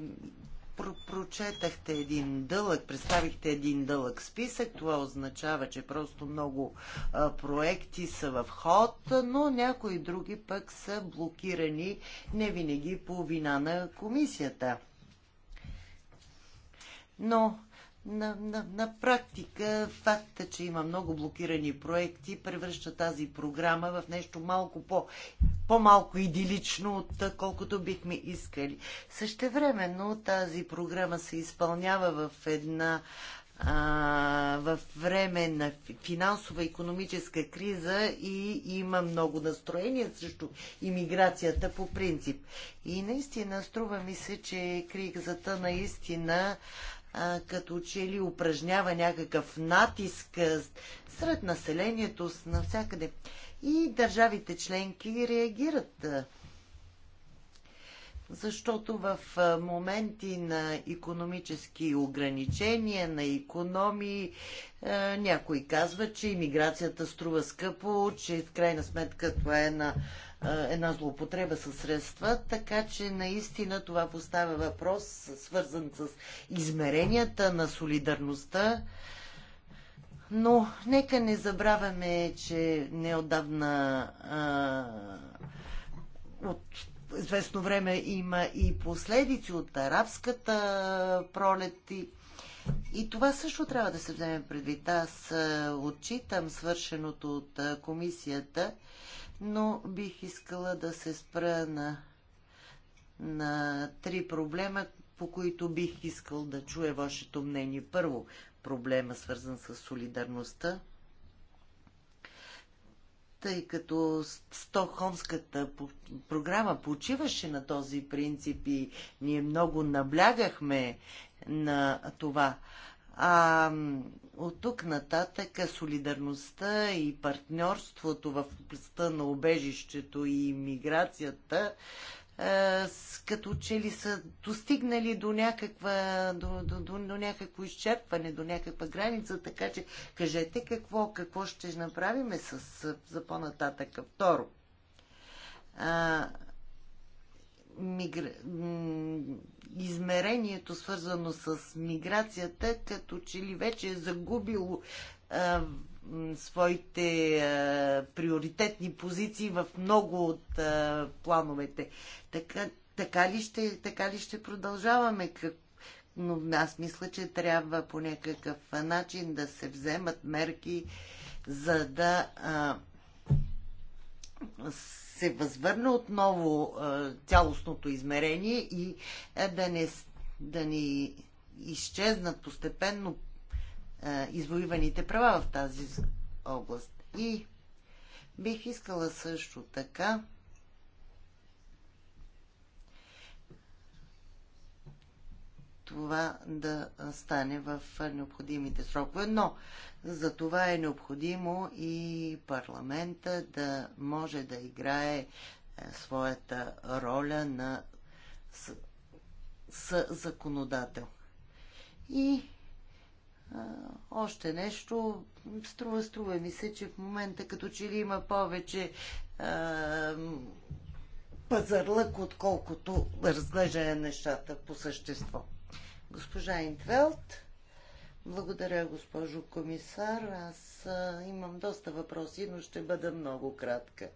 прочетахте един дълъг, представихте един дълъг списък. Това означава, че просто много а, проекти са в ход, но някои други пък са блокирани не винаги по вина на комисията. Но на, на, на практика факта, че има много блокирани проекти, превръща тази програма в нещо малко по, по-малко идилично, колкото бихме искали. Същевременно тази програма се изпълнява в една в време на финансова економическа криза и има много настроение срещу иммиграцията по принцип. И наистина струва ми се, че кризата наистина като че ли упражнява някакъв натиск сред населението навсякъде. И държавите членки реагират защото в моменти на економически ограничения, на економии, някой казва, че иммиграцията струва скъпо, че в крайна сметка това е една, една злоупотреба със средства, така че наистина това поставя въпрос, свързан с измеренията на солидарността. Но нека не забравяме, че неодавна а, от известно време има и последици от арабската пролет. И, и това също трябва да се вземе предвид. Аз е, отчитам свършеното от е, комисията, но бих искала да се спра на, на три проблема, по които бих искал да чуя вашето мнение. Първо, проблема свързан с солидарността тъй като Стокхолмската програма почиваше на този принцип и ние много наблягахме на това. А от тук нататък солидарността и партньорството в областта на обежището и миграцията е, като че ли са достигнали до, някаква, до, до, до, до някакво изчерпване, до някаква граница, така че кажете какво, какво ще направим с, за по-нататък. Второ, а, мигр... измерението, свързано с миграцията, като че ли вече е загубило а, своите а, приоритетни позиции в много от а, плановете. Така, така, ли ще, така ли ще продължаваме? Как... Но аз мисля, че трябва по някакъв начин да се вземат мерки, за да а, се възвърне отново цялостното измерение и да не, да ни изчезнат постепенно извоюваните права в тази област. И бих искала също така това да стане в необходимите срокове. Но за това е необходимо и парламента да може да играе е, своята роля на с законодател. И а, още нещо, струва, струва ми се, че в момента като че ли има повече а, пазарлък, отколкото разглеждане нещата по същество. Госпожа Интвелт, благодаря, госпожо комисар. Аз имам доста въпроси, но ще бъда много кратка.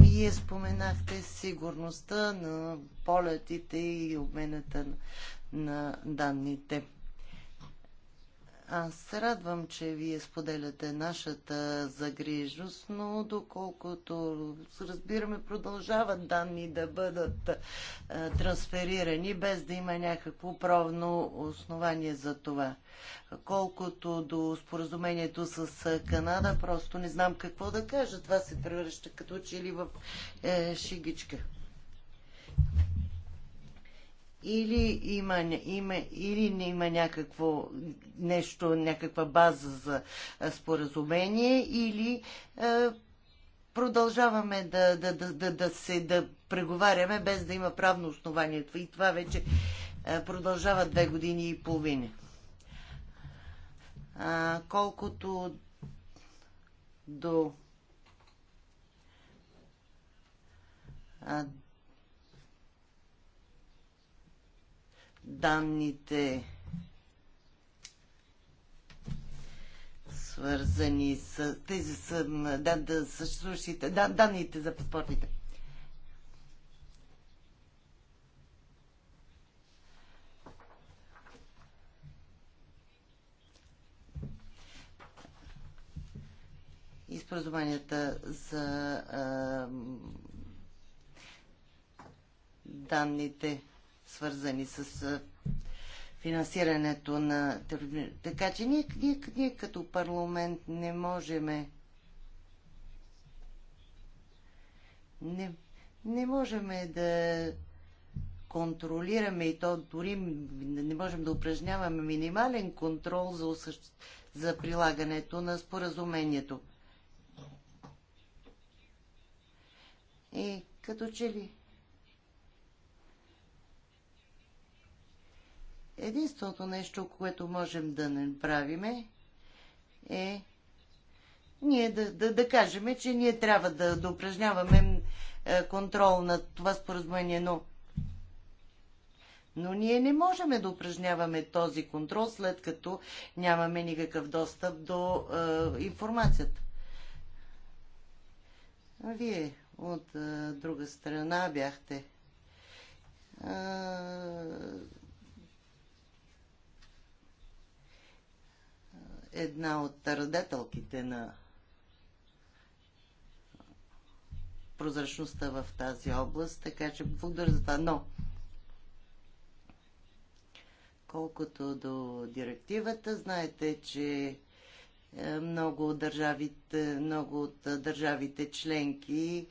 Вие споменахте сигурността на полетите и обмената на данните. Аз се радвам, че вие споделяте нашата загрижност, но доколкото разбираме, продължават данни да бъдат а, е, трансферирани, без да има някакво правно основание за това. Колкото до споразумението с е, Канада, просто не знам какво да кажа. Това се превръща като че ли в е, шигичка или има, има, или не има някакво нещо, някаква база за споразумение, или е, продължаваме да, да, да, да, да се да преговаряме без да има правно основание. И това вече е, продължава две години и половина. А, колкото до а, данните свързани с тези да, да, съществуващите да, данните за паспортите. И споразуменията за а, данните свързани с финансирането на тероризма. Така че ние, ние, ние като парламент не можеме не, не можеме да контролираме и то дори не можем да упражняваме минимален контрол за, осъщ... за прилагането на споразумението. И като че ли Единственото нещо, което можем да направим е ние да, да, да кажем, че ние трябва да, да упражняваме е, контрол на това споразумение, но но ние не можем да упражняваме този контрол, след като нямаме никакъв достъп до е, информацията. Вие от е, друга страна бяхте е, една от радетелките на прозрачността в тази област, така че благодаря за това. Но, колкото до директивата, знаете, че е, много, държавите, много от държавите членки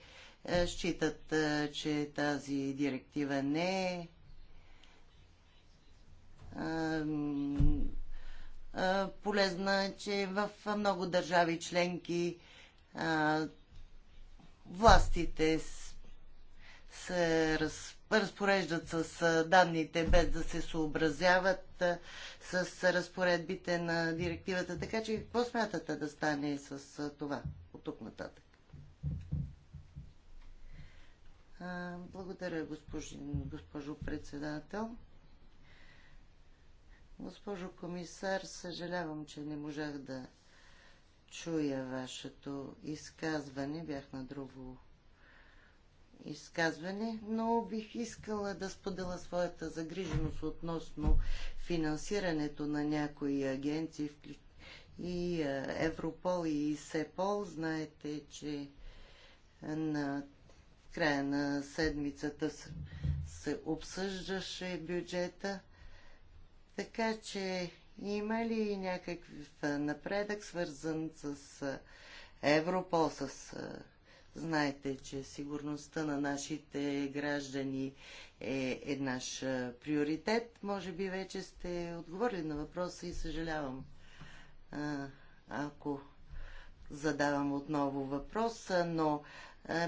е, считат, е, че тази директива не е полезна е, че в много държави членки властите се разпореждат с данните без да се съобразяват с разпоредбите на директивата. Така че какво смятате да стане с това от тук нататък? Благодаря, госпожин, госпожо председател. Госпожо комисар, съжалявам, че не можах да чуя вашето изказване. Бях на друго изказване, но бих искала да споделя своята загриженост относно финансирането на някои агенции и Европол и СЕПОЛ. Знаете, че на края на седмицата се обсъждаше бюджета така че има ли някакъв напредък, свързан с Европол, с... Знаете, че сигурността на нашите граждани е, е наш приоритет. Може би вече сте отговорили на въпроса и съжалявам, ако задавам отново въпроса, но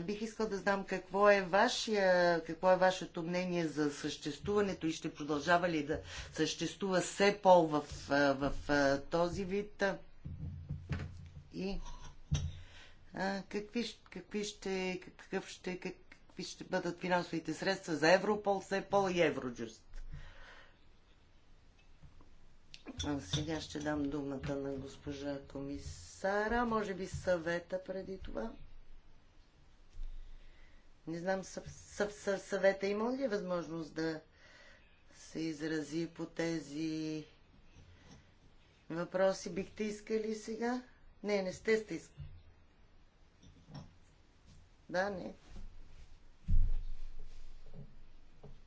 Бих искал да знам какво е, вашия, какво е вашето мнение за съществуването и ще продължава ли да съществува пол в, в, в този вид. И а, какви, какви, ще, какъв ще, какви ще бъдат финансовите средства за Европол, все пол и Евроджуст? Сега ще дам думата на госпожа комисара, може би съвета преди това. Не знам, съв, съв, съв, съвета има ли възможност да се изрази по тези въпроси? Бихте искали сега? Не, не сте сте искали. Да, не.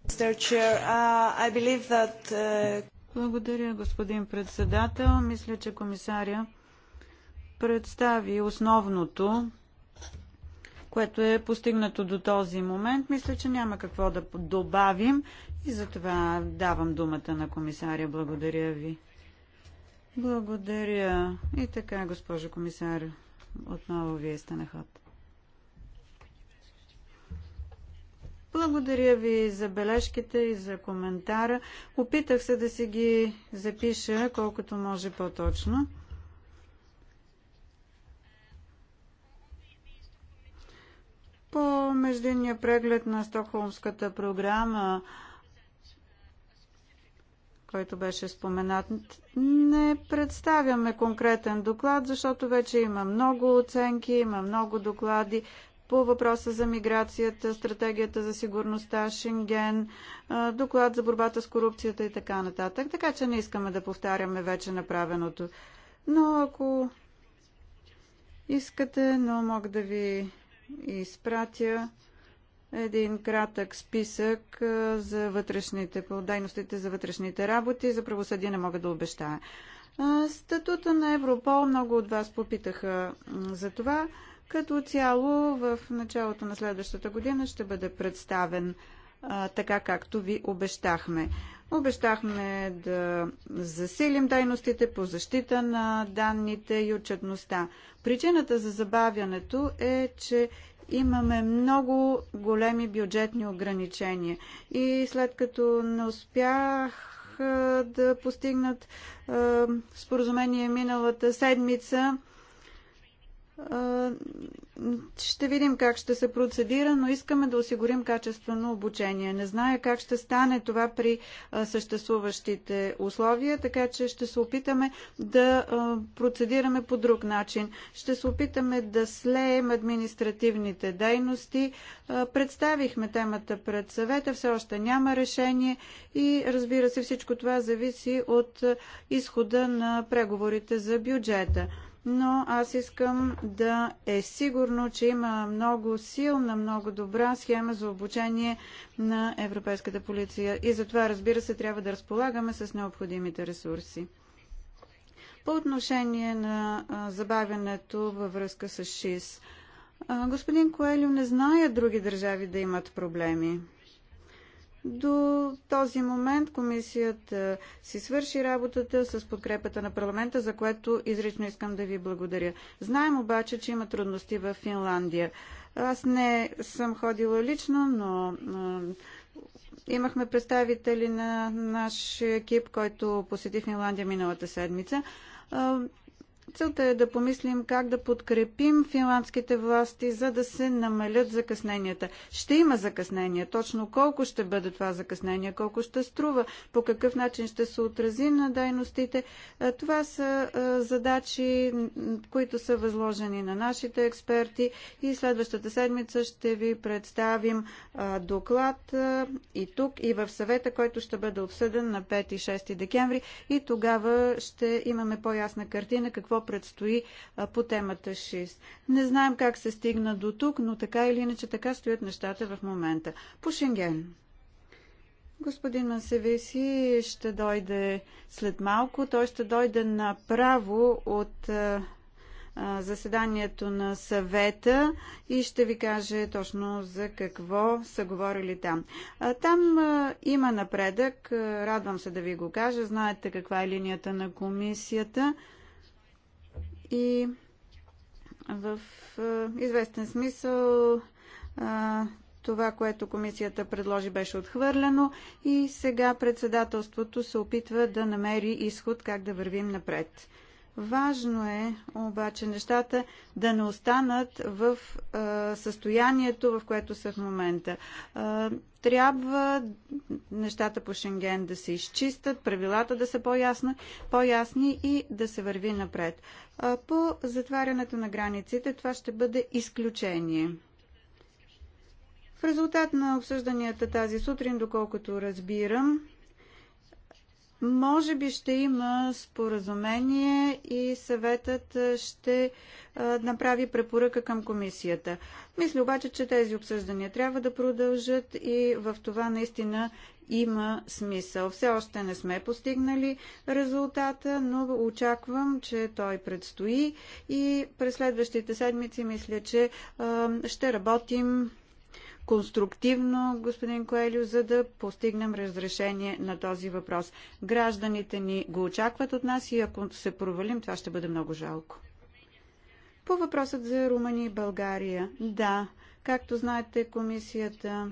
Uh, uh, Благодаря, господин председател. Мисля, че комисаря представи основното което е постигнато до този момент. Мисля, че няма какво да добавим и затова давам думата на комисаря. Благодаря ви. Благодаря. И така, госпожо комисар, отново вие сте на ход. Благодаря ви за бележките и за коментара. Опитах се да си ги запиша колкото може по-точно. По междинния преглед на Стокхолмската програма, който беше споменат, не представяме конкретен доклад, защото вече има много оценки, има много доклади по въпроса за миграцията, стратегията за сигурността, Шенген, доклад за борбата с корупцията и така нататък. Така че не искаме да повтаряме вече направеното. Но ако искате, но мога да ви изпратя един кратък списък за вътрешните, по дейностите за вътрешните работи. За правосъдие не мога да обещая. Статута на Европол, много от вас попитаха за това. Като цяло в началото на следващата година ще бъде представен така, както ви обещахме. Обещахме да засилим дейностите по защита на данните и отчетността. Причината за забавянето е, че имаме много големи бюджетни ограничения. И след като не успях да постигнат споразумение миналата седмица, ще видим как ще се процедира, но искаме да осигурим качествено обучение. Не зная как ще стане това при съществуващите условия, така че ще се опитаме да процедираме по друг начин. Ще се опитаме да слеем административните дейности. Представихме темата пред съвета, все още няма решение и разбира се всичко това зависи от изхода на преговорите за бюджета но аз искам да е сигурно, че има много силна, много добра схема за обучение на Европейската полиция. И затова, разбира се, трябва да разполагаме с необходимите ресурси. По отношение на забавянето във връзка с ШИС, господин Коелю, не зная други държави да имат проблеми. До този момент комисията си свърши работата с подкрепата на парламента, за което изрично искам да ви благодаря. Знаем обаче, че има трудности в Финландия. Аз не съм ходила лично, но имахме представители на наш екип, който посети Финландия миналата седмица. Целта е да помислим как да подкрепим финландските власти, за да се намалят закъсненията. Ще има закъснения. Точно колко ще бъде това закъснение, колко ще струва, по какъв начин ще се отрази на дейностите. Това са задачи, които са възложени на нашите експерти и следващата седмица ще ви представим доклад и тук, и в съвета, който ще бъде обсъден на 5 и 6 декември и тогава ще имаме по-ясна картина какво какво предстои по темата 6. Не знаем как се стигна до тук, но така или иначе така стоят нещата в момента. По Шенген. Господин Масевеси ще дойде след малко. Той ще дойде направо от заседанието на съвета и ще ви каже точно за какво са говорили там. Там има напредък, радвам се да ви го кажа, знаете каква е линията на комисията и в известен смисъл това, което комисията предложи, беше отхвърлено и сега председателството се опитва да намери изход как да вървим напред. Важно е обаче нещата да не останат в състоянието, в което са в момента трябва нещата по Шенген да се изчистят, правилата да са по-ясни, по-ясни и да се върви напред. По затварянето на границите това ще бъде изключение. В резултат на обсъжданията тази сутрин, доколкото разбирам, може би ще има споразумение и съветът ще направи препоръка към комисията. Мисля обаче, че тези обсъждания трябва да продължат и в това наистина има смисъл. Все още не сме постигнали резултата, но очаквам, че той предстои и през следващите седмици мисля, че ще работим конструктивно, господин Коелю, за да постигнем разрешение на този въпрос. Гражданите ни го очакват от нас и ако се провалим, това ще бъде много жалко. По въпросът за Румъния и България. Да, както знаете, комисията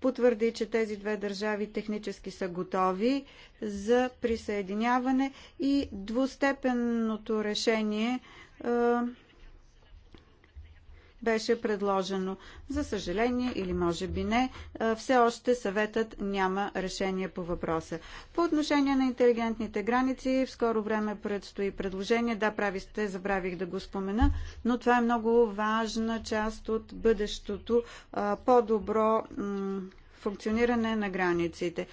потвърди, че тези две държави технически са готови за присъединяване и двустепенното решение беше предложено. За съжаление или може би не, все още съветът няма решение по въпроса. По отношение на интелигентните граници, в скоро време предстои предложение. Да, прави сте, забравих да го спомена, но това е много важна част от бъдещото по-добро функциониране на границите.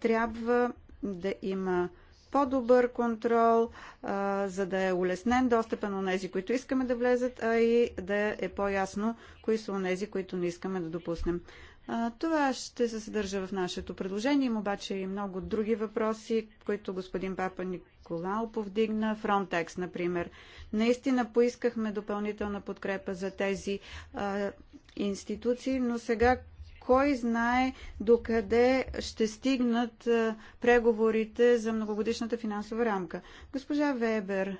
Трябва да има по-добър контрол, а, за да е улеснен достъпа на тези, които искаме да влезат, а и да е по-ясно кои са тези, които не искаме да допуснем. А, това ще се съдържа в нашето предложение. Има обаче и много други въпроси, които господин Папа Николао повдигна. Frontex, например. Наистина поискахме допълнителна подкрепа за тези а, институции, но сега кой знае докъде ще стигнат преговорите за многогодишната финансова рамка. Госпожа Вебер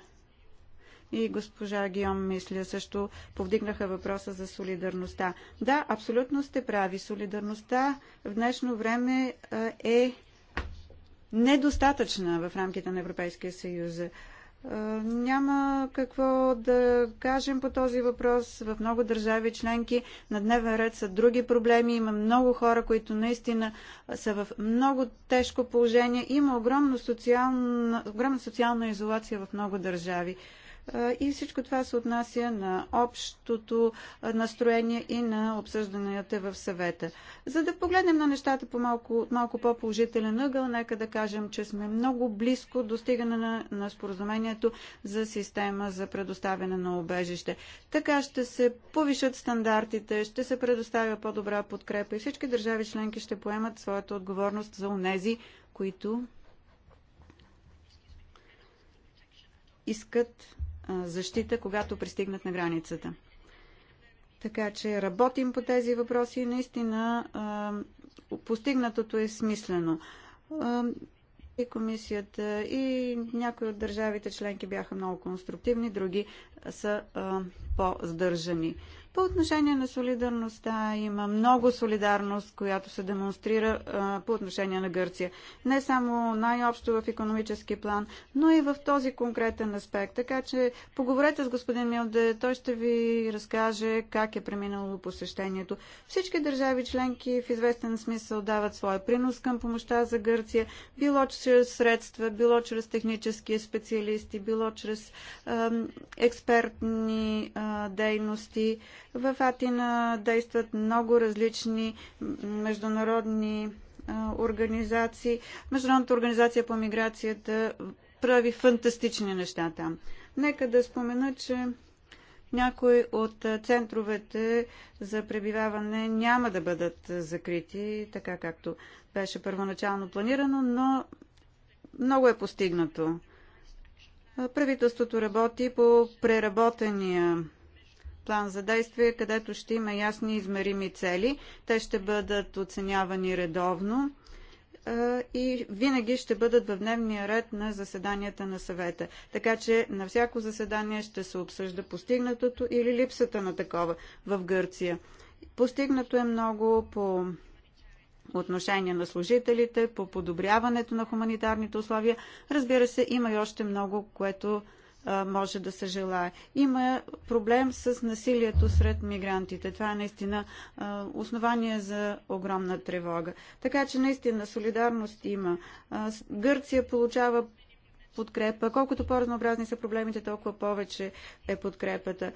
и госпожа Гиом, мисля, също повдигнаха въпроса за солидарността. Да, абсолютно сте прави. Солидарността в днешно време е недостатъчна в рамките на Европейския съюз. Е, няма какво да кажем по този въпрос. В много държави членки на дневен ред са други проблеми. Има много хора, които наистина са в много тежко положение. Има огромна социална, огромна социална изолация в много държави. И всичко това се отнася на общото настроение и на обсъжданията в съвета. За да погледнем на нещата по малко, малко по-положителен ъгъл, нека да кажем, че сме много близко до стигане на, на споразумението за система за предоставяне на обежище. Така ще се повишат стандартите, ще се предоставя по-добра подкрепа и всички държави членки ще поемат своята отговорност за унези, които искат защита, когато пристигнат на границата. Така че работим по тези въпроси и наистина постигнатото е смислено. И комисията, и някои от държавите членки бяха много конструктивни, други са по-здържани. По отношение на солидарността има много солидарност, която се демонстрира а, по отношение на Гърция. Не само най-общо в економически план, но и в този конкретен аспект. Така че поговорете с господин Милде, той ще ви разкаже как е преминало посещението. Всички държави членки в известен смисъл дават своя принос към помощта за Гърция, било чрез средства, било чрез технически специалисти, било чрез а, експертни а, дейности в Атина действат много различни международни организации. Международната организация по миграцията прави фантастични неща там. Нека да спомена, че някои от центровете за пребиваване няма да бъдат закрити, така както беше първоначално планирано, но много е постигнато. Правителството работи по преработения план за действие, където ще има ясни измерими цели. Те ще бъдат оценявани редовно и винаги ще бъдат в дневния ред на заседанията на съвета. Така че на всяко заседание ще се обсъжда постигнатото или липсата на такова в Гърция. Постигнато е много по отношение на служителите, по подобряването на хуманитарните условия. Разбира се, има и още много, което може да се желае. Има проблем с насилието сред мигрантите. Това е наистина основание за огромна тревога. Така че наистина солидарност има. Гърция получава подкрепа. Колкото по-разнообразни са проблемите, толкова повече е подкрепата.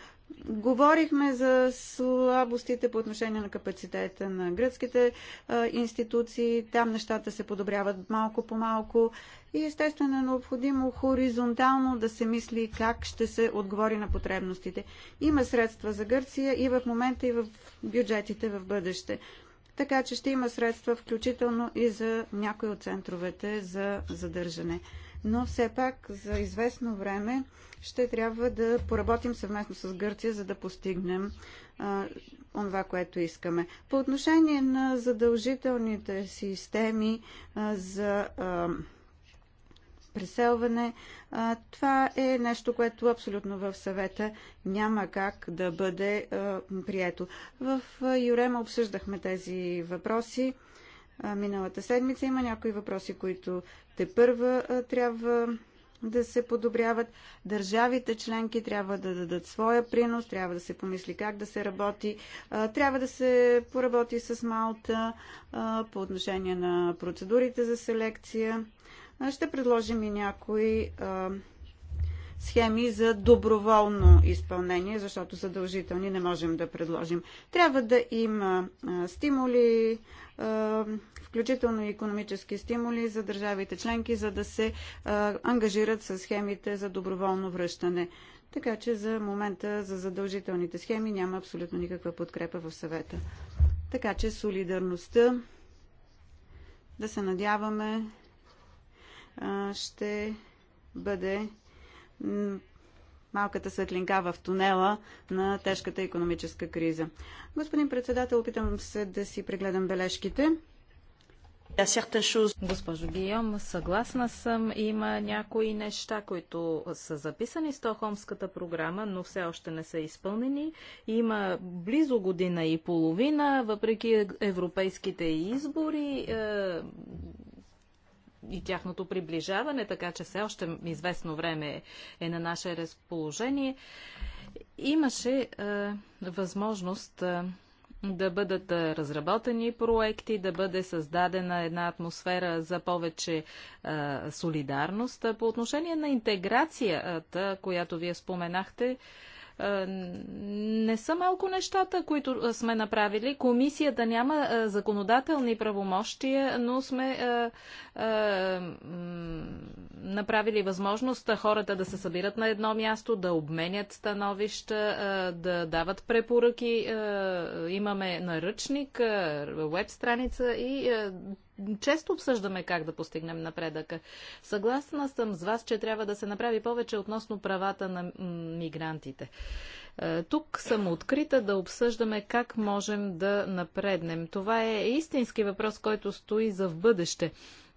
Говорихме за слабостите по отношение на капацитета на гръцките а, институции. Там нещата се подобряват малко по малко. И естествено е необходимо хоризонтално да се мисли как ще се отговори на потребностите. Има средства за Гърция и в момента, и в бюджетите в бъдеще така че ще има средства, включително и за някои от центровете за задържане но все пак за известно време ще трябва да поработим съвместно с Гърция, за да постигнем това, което искаме. По отношение на задължителните системи за преселване, това е нещо, което абсолютно в съвета няма как да бъде прието. В Юрема обсъждахме тези въпроси миналата седмица. Има някои въпроси, които те първа трябва да се подобряват. Държавите членки трябва да дадат своя принос, трябва да се помисли как да се работи, трябва да се поработи с Малта по отношение на процедурите за селекция. Ще предложим и някои схеми за доброволно изпълнение, защото задължителни не можем да предложим. Трябва да има стимули, включително и економически стимули за държавите членки, за да се ангажират с схемите за доброволно връщане. Така че за момента за задължителните схеми няма абсолютно никаква подкрепа в съвета. Така че солидарността, да се надяваме, ще бъде малката светлинка в тунела на тежката економическа криза. Господин председател, опитам се да си прегледам бележките. Госпожо Гийом, съгласна съм. Има някои неща, които са записани в Стохомската програма, но все още не са изпълнени. Има близо година и половина, въпреки европейските избори, е, и тяхното приближаване, така че все още известно време е на наше разположение. Имаше а, е, възможност а, е, да бъдат е, разработени проекти, да бъде създадена една атмосфера за повече а, солидарност. По отношение на интеграцията, която вие споменахте, е, не са малко нещата, които е, сме направили. Комисията няма е, законодателни правомощия, но сме направили възможност хората да се събират на едно място, да обменят становища, да дават препоръки. Имаме наръчник, веб страница и често обсъждаме как да постигнем напредъка. Съгласна съм с вас, че трябва да се направи повече относно правата на мигрантите. Е, тук съм открита да обсъждаме как можем да напреднем. Това е истински въпрос, който стои за в бъдеще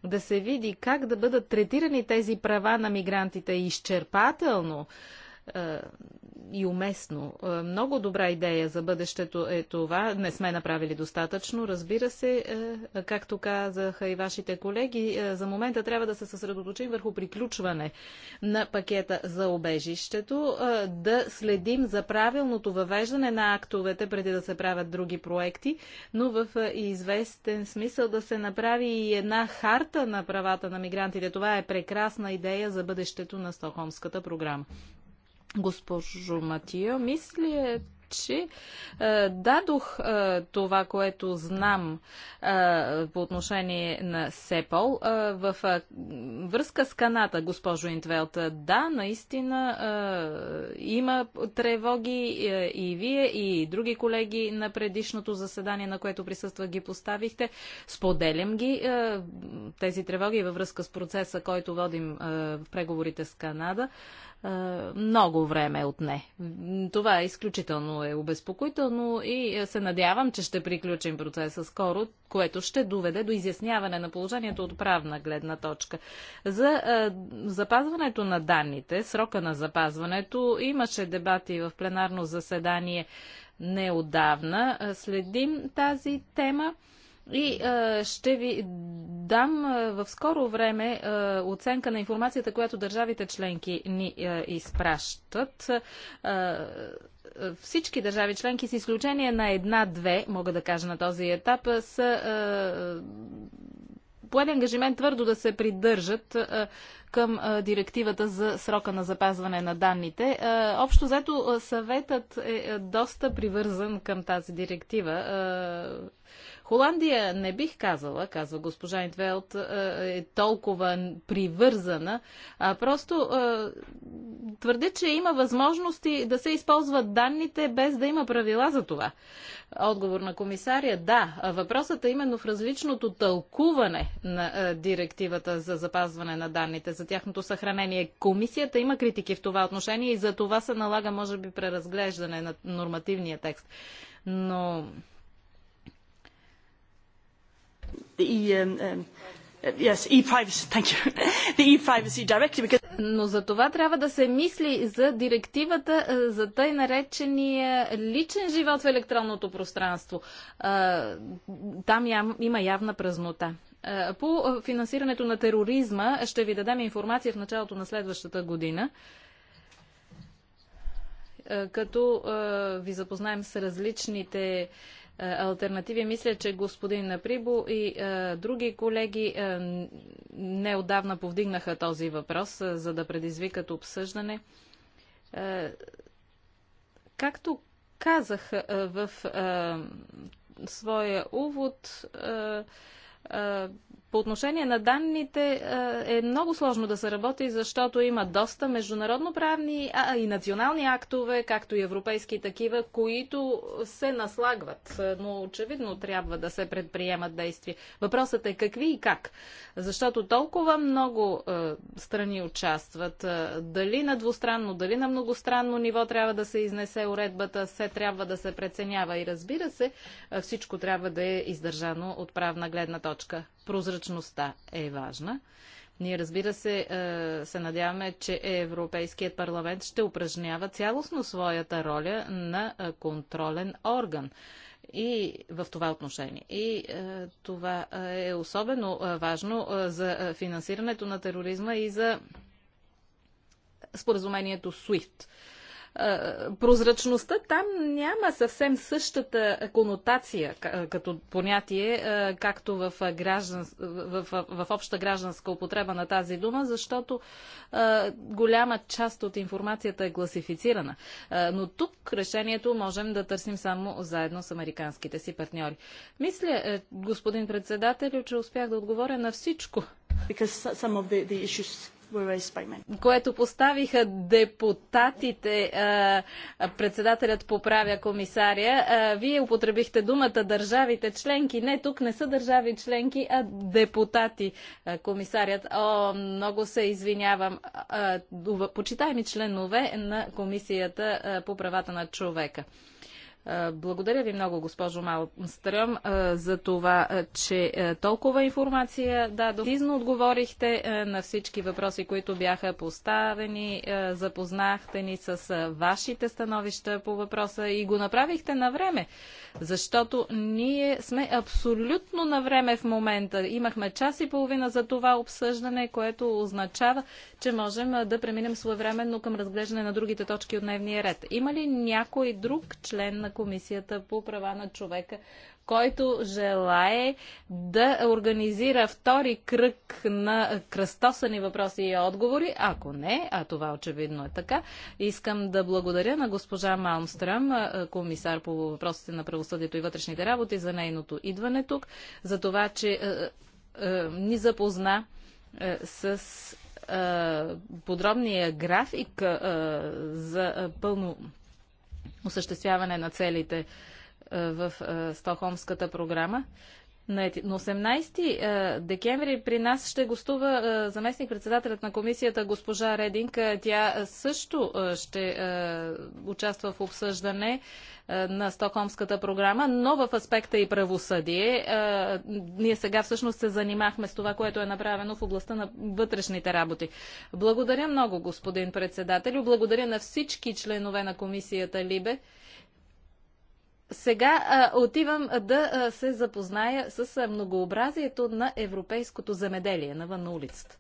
да се види как да бъдат третирани тези права на мигрантите изчерпателно, е, и уместно. Е, много добра идея за бъдещето е това. Не сме направили достатъчно. Разбира се, е, както казаха и вашите колеги, за момента трябва да се съсредоточим върху приключване на пакета за обежището, да следим за правилното въвеждане на актовете преди да се правят други проекти, но в известен смисъл да се направи и една харта на правата на мигрантите. Това е прекрасна идея за бъдещето на Стокхолмската програма госпожо Матио. Мисля, че е, дадох е, това, което знам е, по отношение на СЕПОЛ е, в е, връзка с Каната, госпожо Интвелт. Да, наистина е, има тревоги и вие, и други колеги на предишното заседание, на което присъства, ги поставихте. Споделям ги тези тревоги във връзка с процеса, който водим в преговорите с Канада много време е отне. Това е изключително е обезпокоително и се надявам, че ще приключим процеса скоро, което ще доведе до изясняване на положението от правна гледна точка. За запазването на данните, срока на запазването, имаше дебати в пленарно заседание неодавна. Следим тази тема. И а, ще ви дам а, в скоро време а, оценка на информацията, която държавите членки ни а, изпращат. А, всички държави членки, с изключение на една-две, мога да кажа на този етап, са а, поели ангажимент твърдо да се придържат а, към а, директивата за срока на запазване на данните. А, общо взето съветът е, е доста привързан към тази директива. А, Холандия не бих казала, казва госпожа Интвелт, е, е толкова привързана, а просто е, твърде, че има възможности да се използват данните без да има правила за това. Отговор на комисария – да. Въпросът е именно в различното тълкуване на е, директивата за запазване на данните, за тяхното съхранение. Комисията има критики в това отношение и за това се налага, може би, преразглеждане на нормативния текст. Но E, um, um, uh, Но за това трябва да се мисли за директивата е, за тъй наречения личен живот в електронното пространство. Е, там има явна празнота. Е, по финансирането на тероризма ще ви дадем информация в началото на следващата година като ви запознаем с различните е, альтернативи. Мисля, че господин Наприбо и е, други колеги е, неодавна повдигнаха този въпрос, за да предизвикат обсъждане. Както казах в своя увод, по отношение на данните е, е много сложно да се работи, защото има доста международно правни а, и национални актове, както и европейски такива, които се наслагват, е, но очевидно трябва да се предприемат действия. Въпросът е какви и как, защото толкова много е, страни участват. Е, дали на двустранно, дали на многостранно ниво трябва да се изнесе уредбата, все трябва да се преценява и разбира се, всичко трябва да е издържано от правна гледна точка. Прозрач прозрачността е важна. Ние, разбира се, е, се надяваме, че Европейският парламент ще упражнява цялостно своята роля на е, контролен орган. И в това отношение. И е, това е особено важно за финансирането на тероризма и за споразумението SWIFT прозрачността там няма съвсем същата конотация като понятие, както в, граждан, в, в, в обща гражданска употреба на тази дума, защото голяма част от информацията е класифицирана. но тук решението можем да търсим само заедно с американските си партньори. Мисля, е, господин председател, че успях да отговоря на всичко. Because some of the, the issues което поставиха депутатите, е, председателят поправя комисаря. Е, вие употребихте думата държавите членки. Не, тук не са държави членки, а депутати. Е, комисарят, о, много се извинявам. Почитаеми членове на Комисията по правата на човека. Благодаря ви много, госпожо Малмстръм, за това, че толкова информация да, дадохте. отговорихте на всички въпроси, които бяха поставени. Запознахте ни с вашите становища по въпроса и го направихте на време, защото ние сме абсолютно на време в момента. Имахме час и половина за това обсъждане, което означава, че можем да преминем своевременно към разглеждане на другите точки от дневния ред. Има ли някой друг член на Комисията по права на човека, който желае да организира втори кръг на кръстосани въпроси и отговори. Ако не, а това очевидно е така, искам да благодаря на госпожа Малмстрам, комисар по въпросите на правосъдието и вътрешните работи, за нейното идване тук, за това, че е, е, ни запозна е, с подробния график за пълно осъществяване на целите е, в е, Стокхолмската програма. На 18 е, декември при нас ще гостува е, заместник-председателят на комисията госпожа Рединг. Е, тя също ще участва в обсъждане на Стокхолмската програма, но в аспекта и правосъдие. Ние сега всъщност се занимахме с това, което е направено в областта на вътрешните работи. Благодаря много, господин председател, Благодаря на всички членове на комисията Либе. Сега а, отивам да а, се запозная с а, многообразието на европейското замеделие навън на улицата.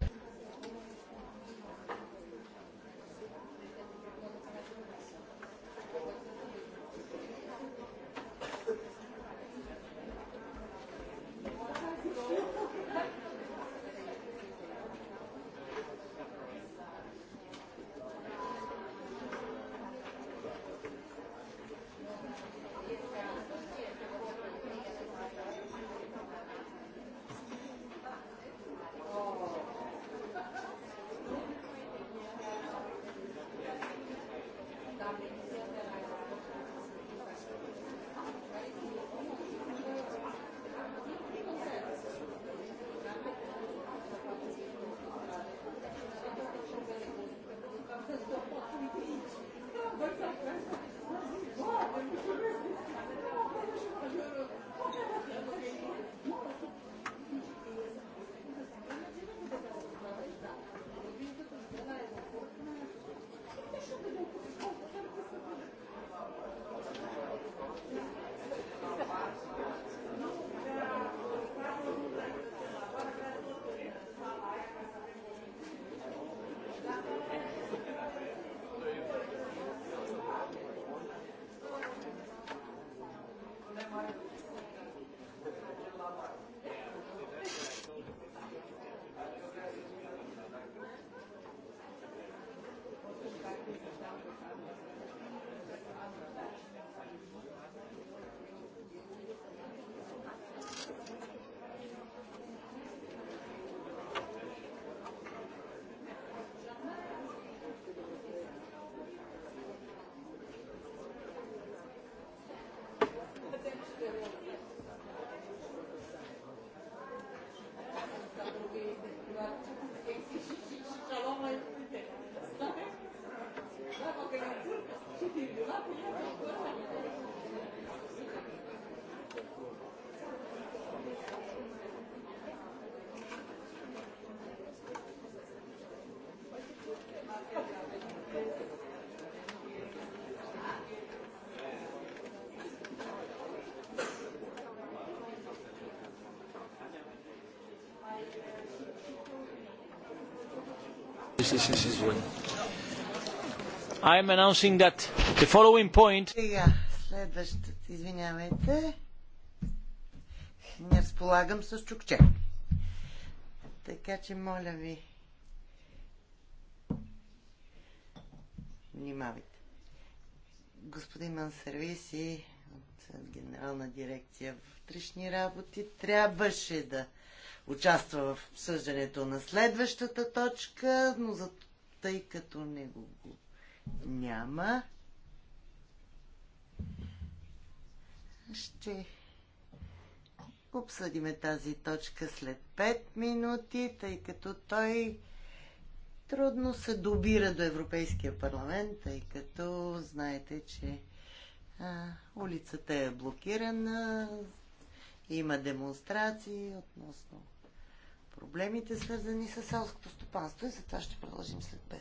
I am announcing that the following point... Сега, следващата, извинявайте. Не разполагам с чукче. Така че, моля ви, внимавайте. Господин Мансервиси от Генерална дирекция вътрешни работи трябваше да участва в обсъждането на следващата точка, но за, тъй като него го няма, ще обсъдиме тази точка след 5 минути, тъй като той трудно се добира до Европейския парламент, тъй като знаете, че а, улицата е блокирана, има демонстрации относно проблемите, свързани с селското стопанство и затова ще продължим след 5.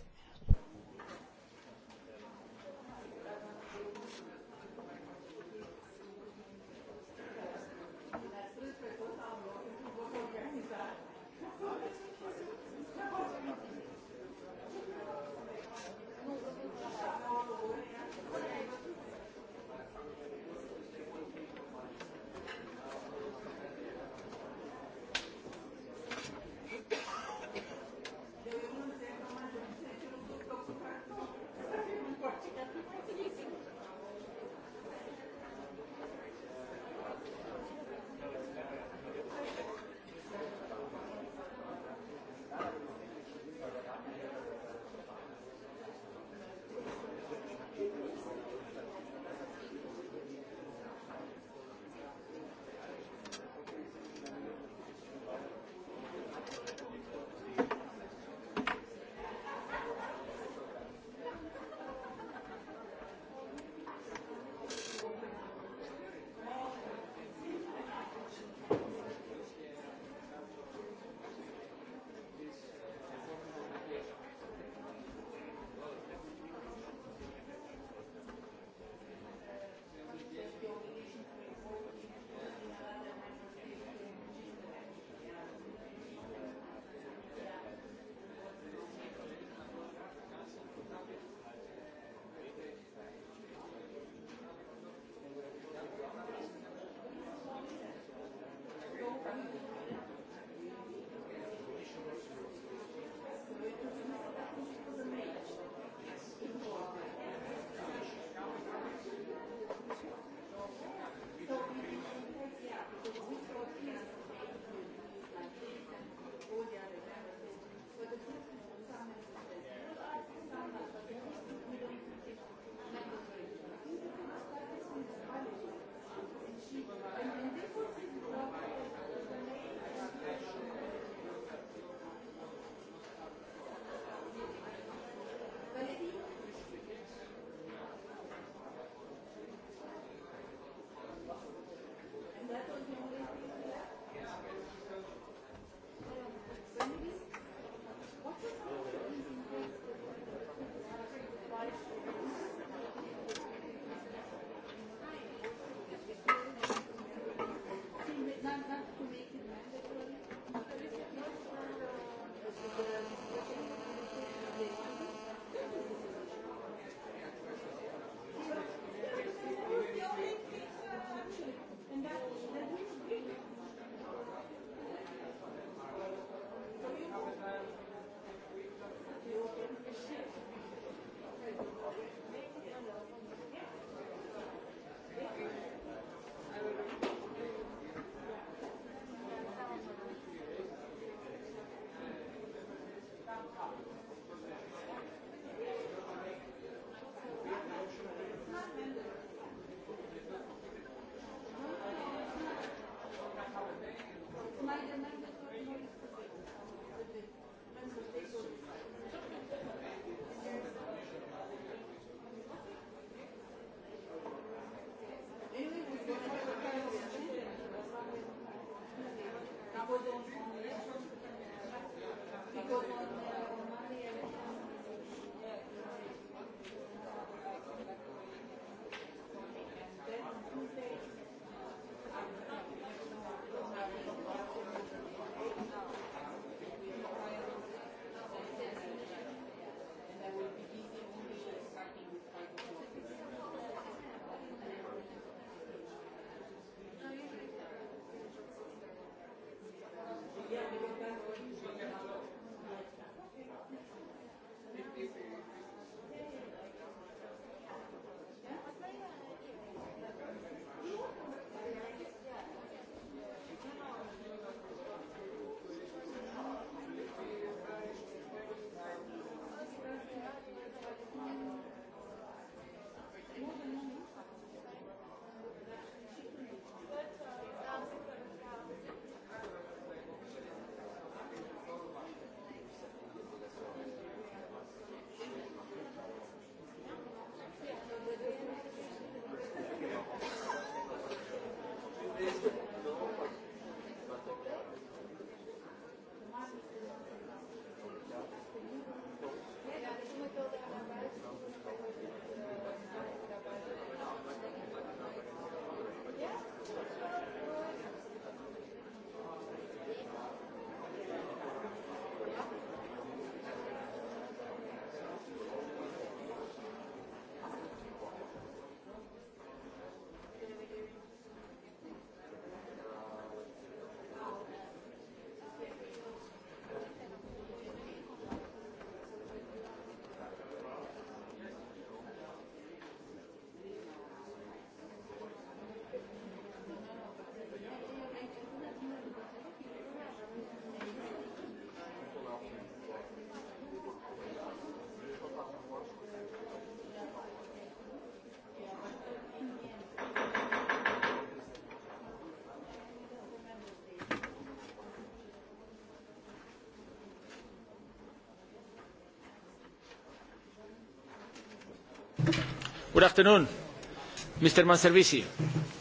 Good afternoon, мистер Мансервиси.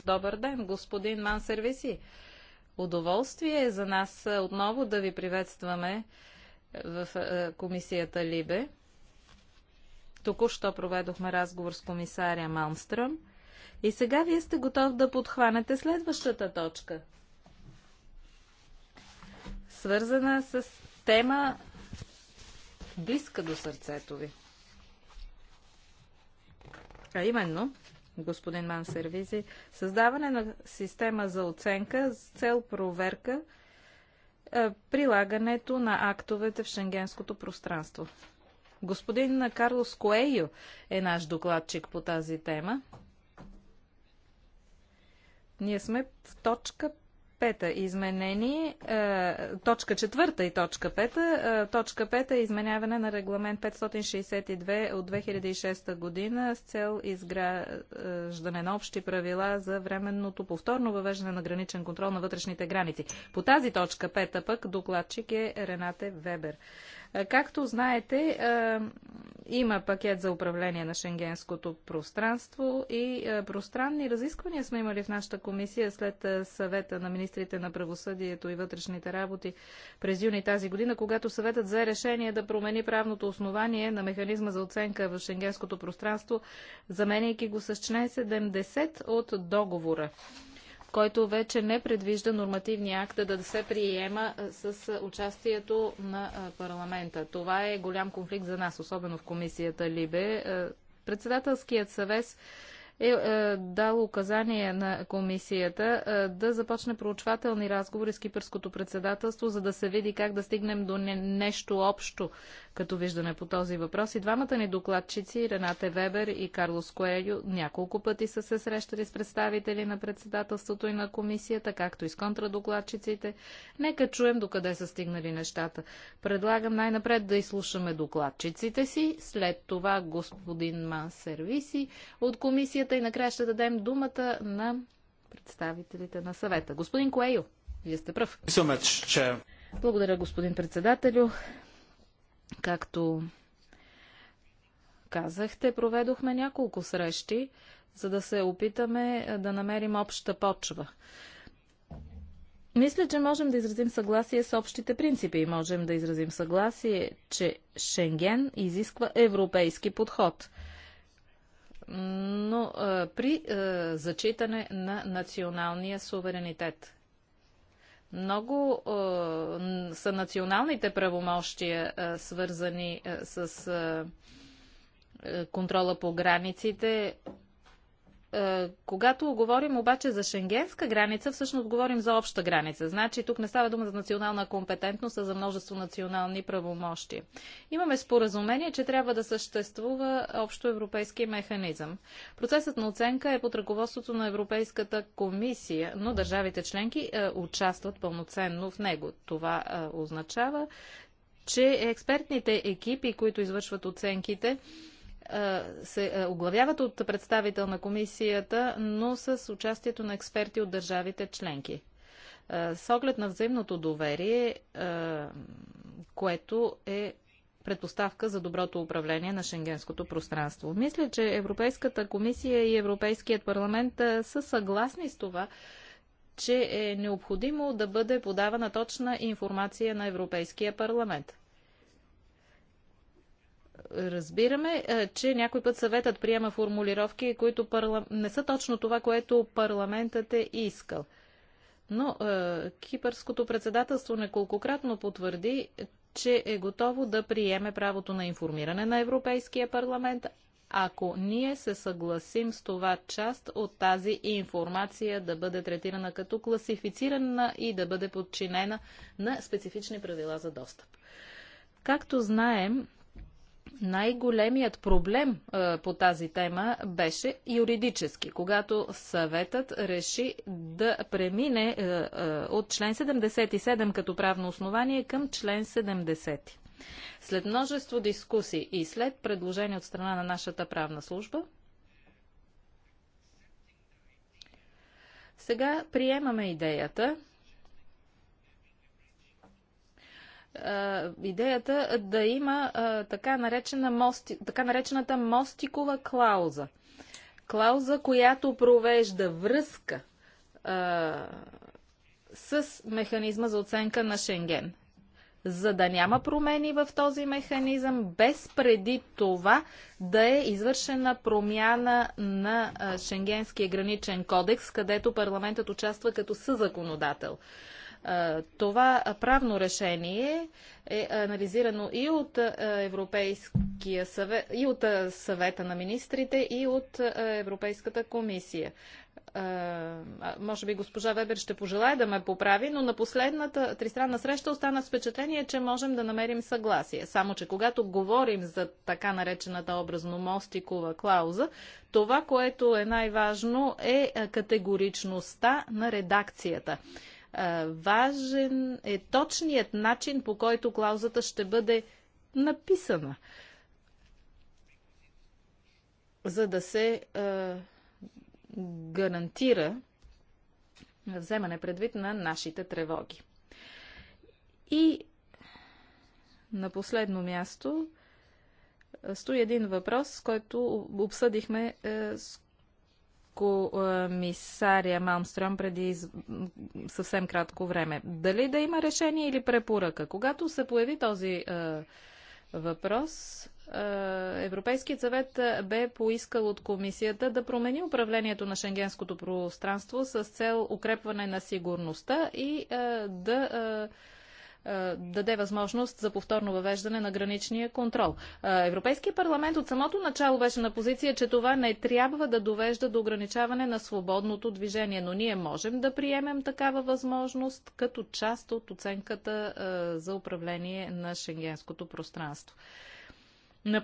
Добър ден, господин Мансервиси. Удоволствие е за нас отново да ви приветстваме в е, комисията Либе. Току-що проведохме разговор с комисаря Малмстръм. И сега вие сте готов да подхванете следващата точка. Свързана с тема близка до сърцето ви а именно господин Мансервизи, създаване на система за оценка с цел проверка е, прилагането на актовете в шенгенското пространство. Господин Карлос Коейо е наш докладчик по тази тема. Ние сме в точка пета изменени. Е, точка четвърта и точка пета. Е, точка пета е изменяване на регламент 562 от 2006 година с цел изграждане на общи правила за временното повторно въвеждане на граничен контрол на вътрешните граници. По тази точка пета пък докладчик е Ренате Вебер. Е, както знаете, е, има пакет за управление на шенгенското пространство и е, пространни разисквания сме имали в нашата комисия след съвета на министрите на правосъдието и вътрешните работи през юни тази година, когато съветът взе решение да промени правното основание на механизма за оценка в шенгенското пространство, заменяйки го с член 70 от договора който вече не предвижда нормативния акт да се приема с участието на парламента. Това е голям конфликт за нас, особено в комисията Либе. Председателският съвет е, дал указание на комисията да започне проучвателни разговори с кипърското председателство, за да се види как да стигнем до нещо общо като виждане по този въпрос. И двамата ни докладчици, Рената Вебер и Карлос Коелю, няколко пъти са се срещали с представители на председателството и на комисията, както и с контрадокладчиците. Нека чуем докъде са стигнали нещата. Предлагам най-напред да изслушаме докладчиците си, след това господин Ман Сервиси от комисията и накрая ще дадем думата на представителите на съвета. Господин Коелю, вие сте пръв. Благодаря, господин председателю. Както казахте, проведохме няколко срещи, за да се опитаме е, да намерим обща почва. Мисля, че можем да изразим съгласие с общите принципи и можем да изразим съгласие, че Шенген изисква европейски подход но а, е, при а, е, зачитане на националния суверенитет. Много е, са националните правомощия, е, свързани е, с контрола по границите. Е, когато говорим обаче за шенгенска граница, всъщност говорим за обща граница. Значи тук не става дума за национална компетентност, а за множество национални правомощи. Имаме споразумение, че трябва да съществува общо европейски механизъм. Процесът на оценка е под ръководството на Европейската комисия, но държавите членки е, участват пълноценно в него. Това е, означава, че експертните екипи, които извършват оценките, се оглавяват от представител на комисията, но с участието на експерти от държавите членки. С оглед на взаимното доверие, което е предпоставка за доброто управление на шенгенското пространство. Мисля, че Европейската комисия и Европейският парламент са съгласни с това, че е необходимо да бъде подавана точна информация на Европейския парламент разбираме, е, че някой път съветът приема формулировки, които парла... не са точно това, което парламентът е искал. Но е, кипърското председателство неколкократно потвърди, че е готово да приеме правото на информиране на Европейския парламент, ако ние се съгласим с това част от тази информация да бъде третирана като класифицирана и да бъде подчинена на специфични правила за достъп. Както знаем, най-големият проблем а, по тази тема беше юридически, когато съветът реши да премине а, а, от член 77 като правно основание към член 70. След множество дискусии и след предложение от страна на нашата правна служба, сега приемаме идеята идеята да има така, наречена мости, така наречената мостикова клауза. Клауза, която провежда връзка с механизма за оценка на Шенген за да няма промени в този механизъм, без преди това да е извършена промяна на Шенгенския граничен кодекс, където парламентът участва като съзаконодател. Това правно решение е анализирано и от Европейския съвет, и от съвета на министрите, и от Европейската комисия. Може би госпожа Вебер ще пожелая да ме поправи, но на последната тристранна среща остана с впечатление, че можем да намерим съгласие. Само, че когато говорим за така наречената образно мостикова клауза, това, което е най-важно е категоричността на редакцията. Важен е точният начин, по който клаузата ще бъде написана, за да се гарантира вземане предвид на нашите тревоги. И на последно място стои един въпрос, който обсъдихме с е, мисария Малмстрън преди съвсем кратко време. Дали да има решение или препоръка? Когато се появи този е, въпрос, е, Европейският съвет бе поискал от комисията да промени управлението на шенгенското пространство с цел укрепване на сигурността и да. Е, даде възможност за повторно въвеждане на граничния контрол. Е, Европейския парламент от самото начало беше на позиция, че това не трябва да довежда до ограничаване на свободното движение, но ние можем да приемем такава възможност като част от оценката е, за управление на шенгенското пространство. На,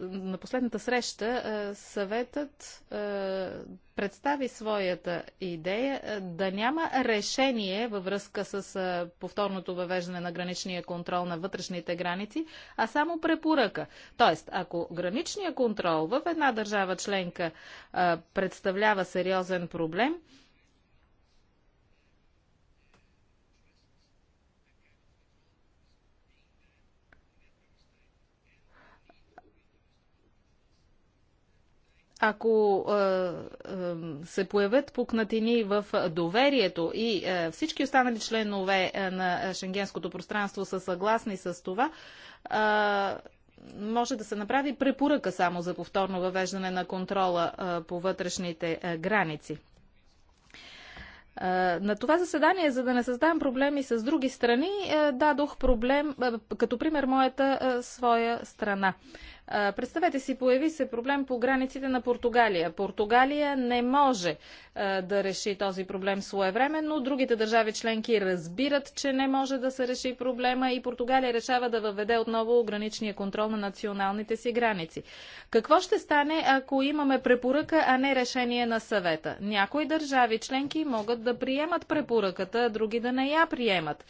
на последната среща съветът представи своята идея да няма решение във връзка с повторното въвеждане на граничния контрол на вътрешните граници, а само препоръка. Тоест, ако граничния контрол в една държава членка представлява сериозен проблем, ако е, е, се появят пукнатини в доверието и е, всички останали членове е, на шенгенското пространство са съгласни с това, е, може да се направи препоръка само за повторно въвеждане на контрола е, по вътрешните граници. На това заседание, за да не създавам проблеми с други страни, дадох проблем, като пример моята своя страна. Представете си, появи се проблем по границите на Португалия. Португалия не може да реши този проблем своевременно. Другите държави членки разбират, че не може да се реши проблема и Португалия решава да въведе отново граничния контрол на националните си граници. Какво ще стане, ако имаме препоръка, а не решение на съвета? Някои държави членки могат да приемат препоръката, а други да не я приемат.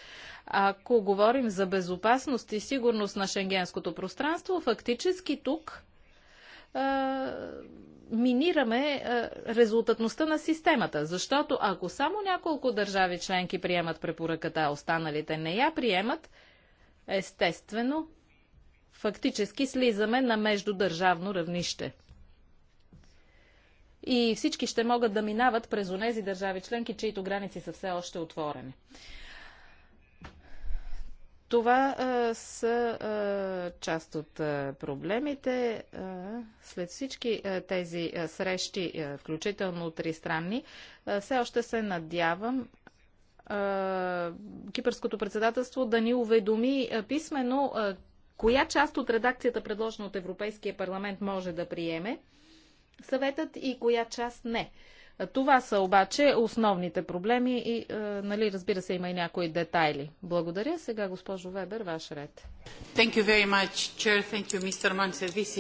Ако говорим за безопасност и сигурност на шенгенското пространство, фактически тук а, минираме а, резултатността на системата. Защото ако само няколко държави членки приемат препоръката, а останалите не я приемат, естествено, фактически слизаме на междудържавно равнище. И всички ще могат да минават през онези държави членки, чието граници са все още отворени. Това а, са а, част от а, проблемите. А, след всички а, тези а, срещи, а, включително тристранни, а, все още се надявам а, кипърското председателство да ни уведоми а, писменно а, коя част от редакцията, предложена от Европейския парламент, може да приеме съветът и коя част не. Това са обаче основните проблеми и, е, нали, разбира се, има и някои детайли. Благодаря. Сега, госпожо Вебер, ваш ред. You,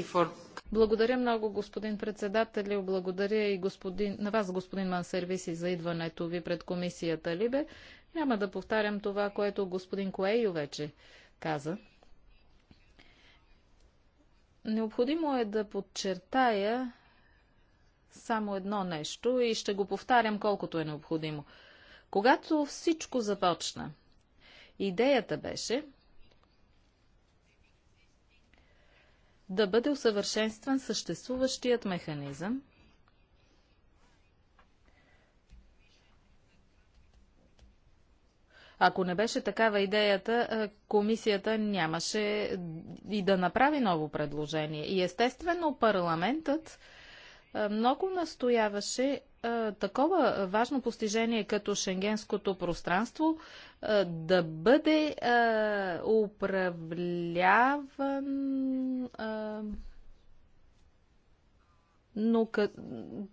for... Благодаря много, господин председател, Благодаря и господин, на вас, господин Мансервиси, за идването ви пред комисията Либе. Няма да повтарям това, което господин Коейо вече каза. Необходимо е да подчертая, само едно нещо и ще го повтарям колкото е необходимо. Когато всичко започна, идеята беше да бъде усъвършенстван съществуващият механизъм, Ако не беше такава идеята, комисията нямаше и да направи ново предложение. И естествено парламентът е, много настояваше е, такова важно постижение като шенгенското пространство е, да бъде управляван но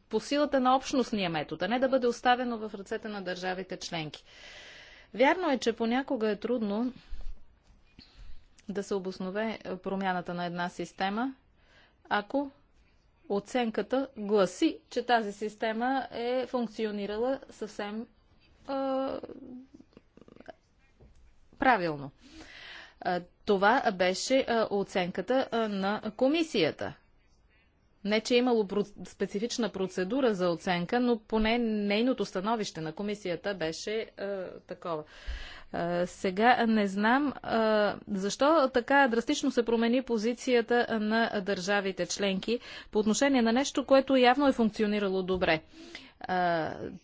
по силата на общностния метод, а не да бъде оставено в ръцете на държавите членки. Вярно е, че понякога е трудно да се обоснове промяната на една система, ако оценката гласи, че тази система е функционирала съвсем а, правилно. А, това беше а, оценката а, на комисията. Не, че е имало про... специфична процедура за оценка, но поне нейното становище на комисията беше а, такова. Сега не знам защо така драстично се промени позицията на държавите членки по отношение на нещо, което явно е функционирало добре.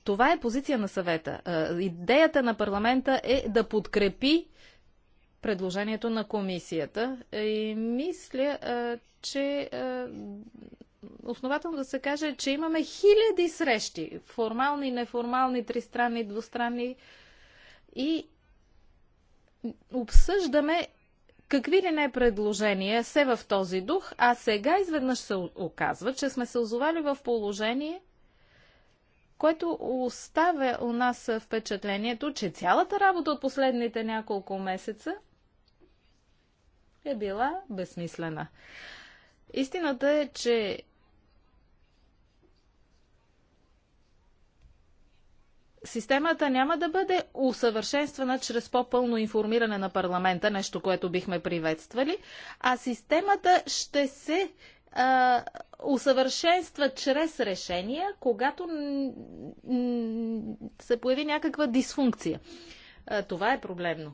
Това е позиция на съвета. Идеята на парламента е да подкрепи предложението на комисията и мисля, че основателно да се каже, че имаме хиляди срещи, формални, неформални, тристранни, двустранни и обсъждаме какви ли не предложения се в този дух, а сега изведнъж се оказва, че сме се озовали в положение, което оставя у нас впечатлението, че цялата работа от последните няколко месеца е била безсмислена. Истината е, че системата няма да бъде усъвършенствана чрез по-пълно информиране на парламента, нещо, което бихме приветствали, а системата ще се а, усъвършенства чрез решения, когато се появи някаква дисфункция. А, това е проблемно.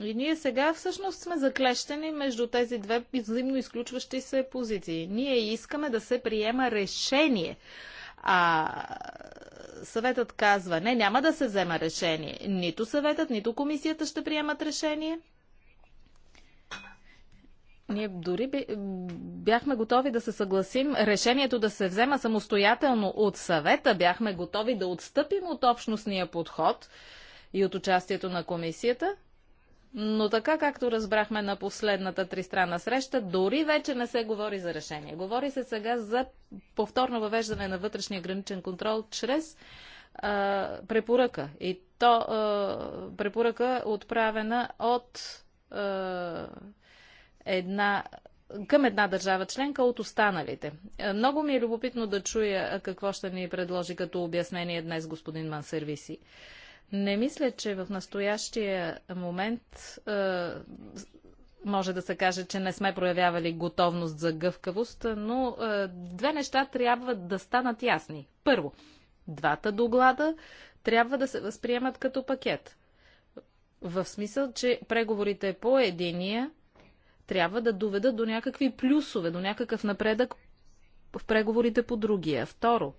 И ние сега всъщност сме заклещени между тези две взаимно изключващи се позиции. Ние искаме да се приема решение. А съветът казва, не, няма да се взема решение. Нито съветът, нито комисията ще приемат решение. Ние дори бяхме готови да се съгласим решението да се взема самостоятелно от съвета. Бяхме готови да отстъпим от общностния подход и от участието на комисията. Но така както разбрахме на последната тристранна среща, дори вече не се говори за решение. Говори се сега за повторно въвеждане на вътрешния граничен контрол чрез а, препоръка. И то а, препоръка отправена от а, една към една държава членка от останалите. Много ми е любопитно да чуя какво ще ни предложи като обяснение днес господин Мансервиси. Сервиси не мисля, че в настоящия момент може да се каже, че не сме проявявали готовност за гъвкавост, но две неща трябва да станат ясни. Първо, двата доглада трябва да се възприемат като пакет. В смисъл, че преговорите по единия трябва да доведат до някакви плюсове, до някакъв напредък в преговорите по другия. Второ,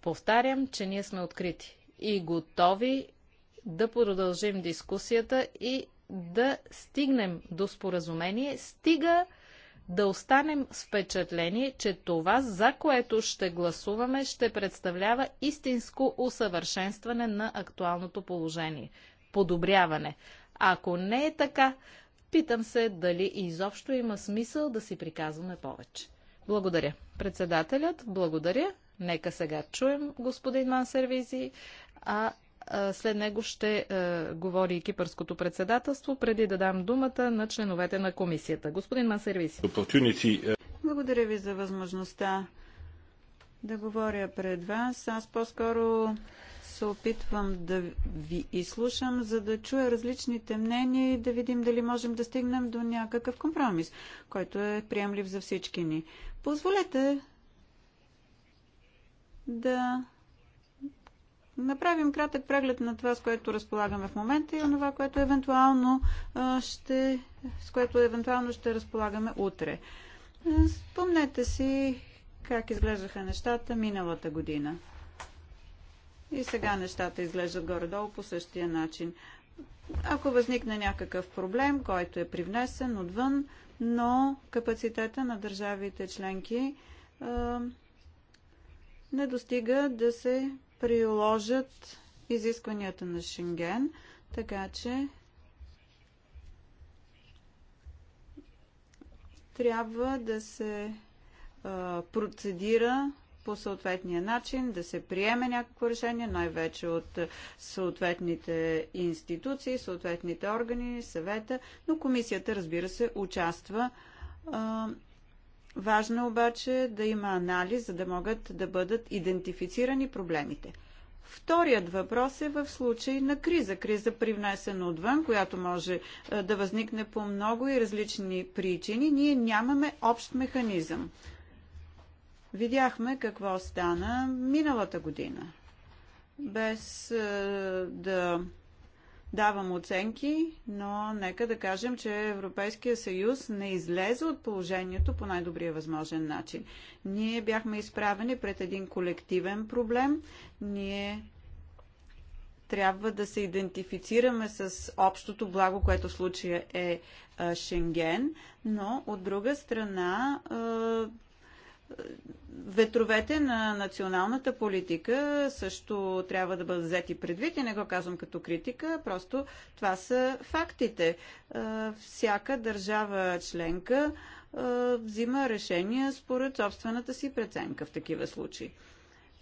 повтарям, че ние сме открити и готови да продължим дискусията и да стигнем до споразумение, стига да останем с впечатление, че това, за което ще гласуваме, ще представлява истинско усъвършенстване на актуалното положение, подобряване. Ако не е така, питам се дали изобщо има смисъл да си приказваме повече. Благодаря. Председателят, благодаря. Нека сега чуем господин Мансервизи а след него ще говори и кипърското председателство, преди да дам думата на членовете на комисията. Господин Масервис, е, Благодаря ви за възможността да говоря пред вас. Аз по-скоро се опитвам да ви изслушам, за да чуя различните мнения и да видим дали можем да стигнем до някакъв компромис, който е приемлив за всички ни. Позволете да направим кратък преглед на това, с което разполагаме в момента и това, което евентуално ще, с което евентуално ще разполагаме утре. Спомнете си как изглеждаха нещата миналата година. И сега нещата изглеждат горе-долу по същия начин. Ако възникне някакъв проблем, който е привнесен отвън, но капацитета на държавите членки не достига да се приложат изискванията на Шенген, така че трябва да се процедира по съответния начин, да се приеме някакво решение, най-вече от съответните институции, съответните органи, съвета, но комисията, разбира се, участва а, Важно обаче да има анализ, за да могат да бъдат идентифицирани проблемите. Вторият въпрос е в случай на криза. Криза привнесена отвън, която може е, да възникне по много и различни причини. Ние нямаме общ механизъм. Видяхме какво стана миналата година. Без е, да давам оценки, но нека да кажем, че Европейския съюз не излезе от положението по най-добрия възможен начин. Ние бяхме изправени пред един колективен проблем. Ние трябва да се идентифицираме с общото благо, което в случая е Шенген, но от друга страна Ветровете на националната политика също трябва да бъдат взети предвид и не го казвам като критика, просто това са фактите. Всяка държава членка взима решения според собствената си преценка в такива случаи.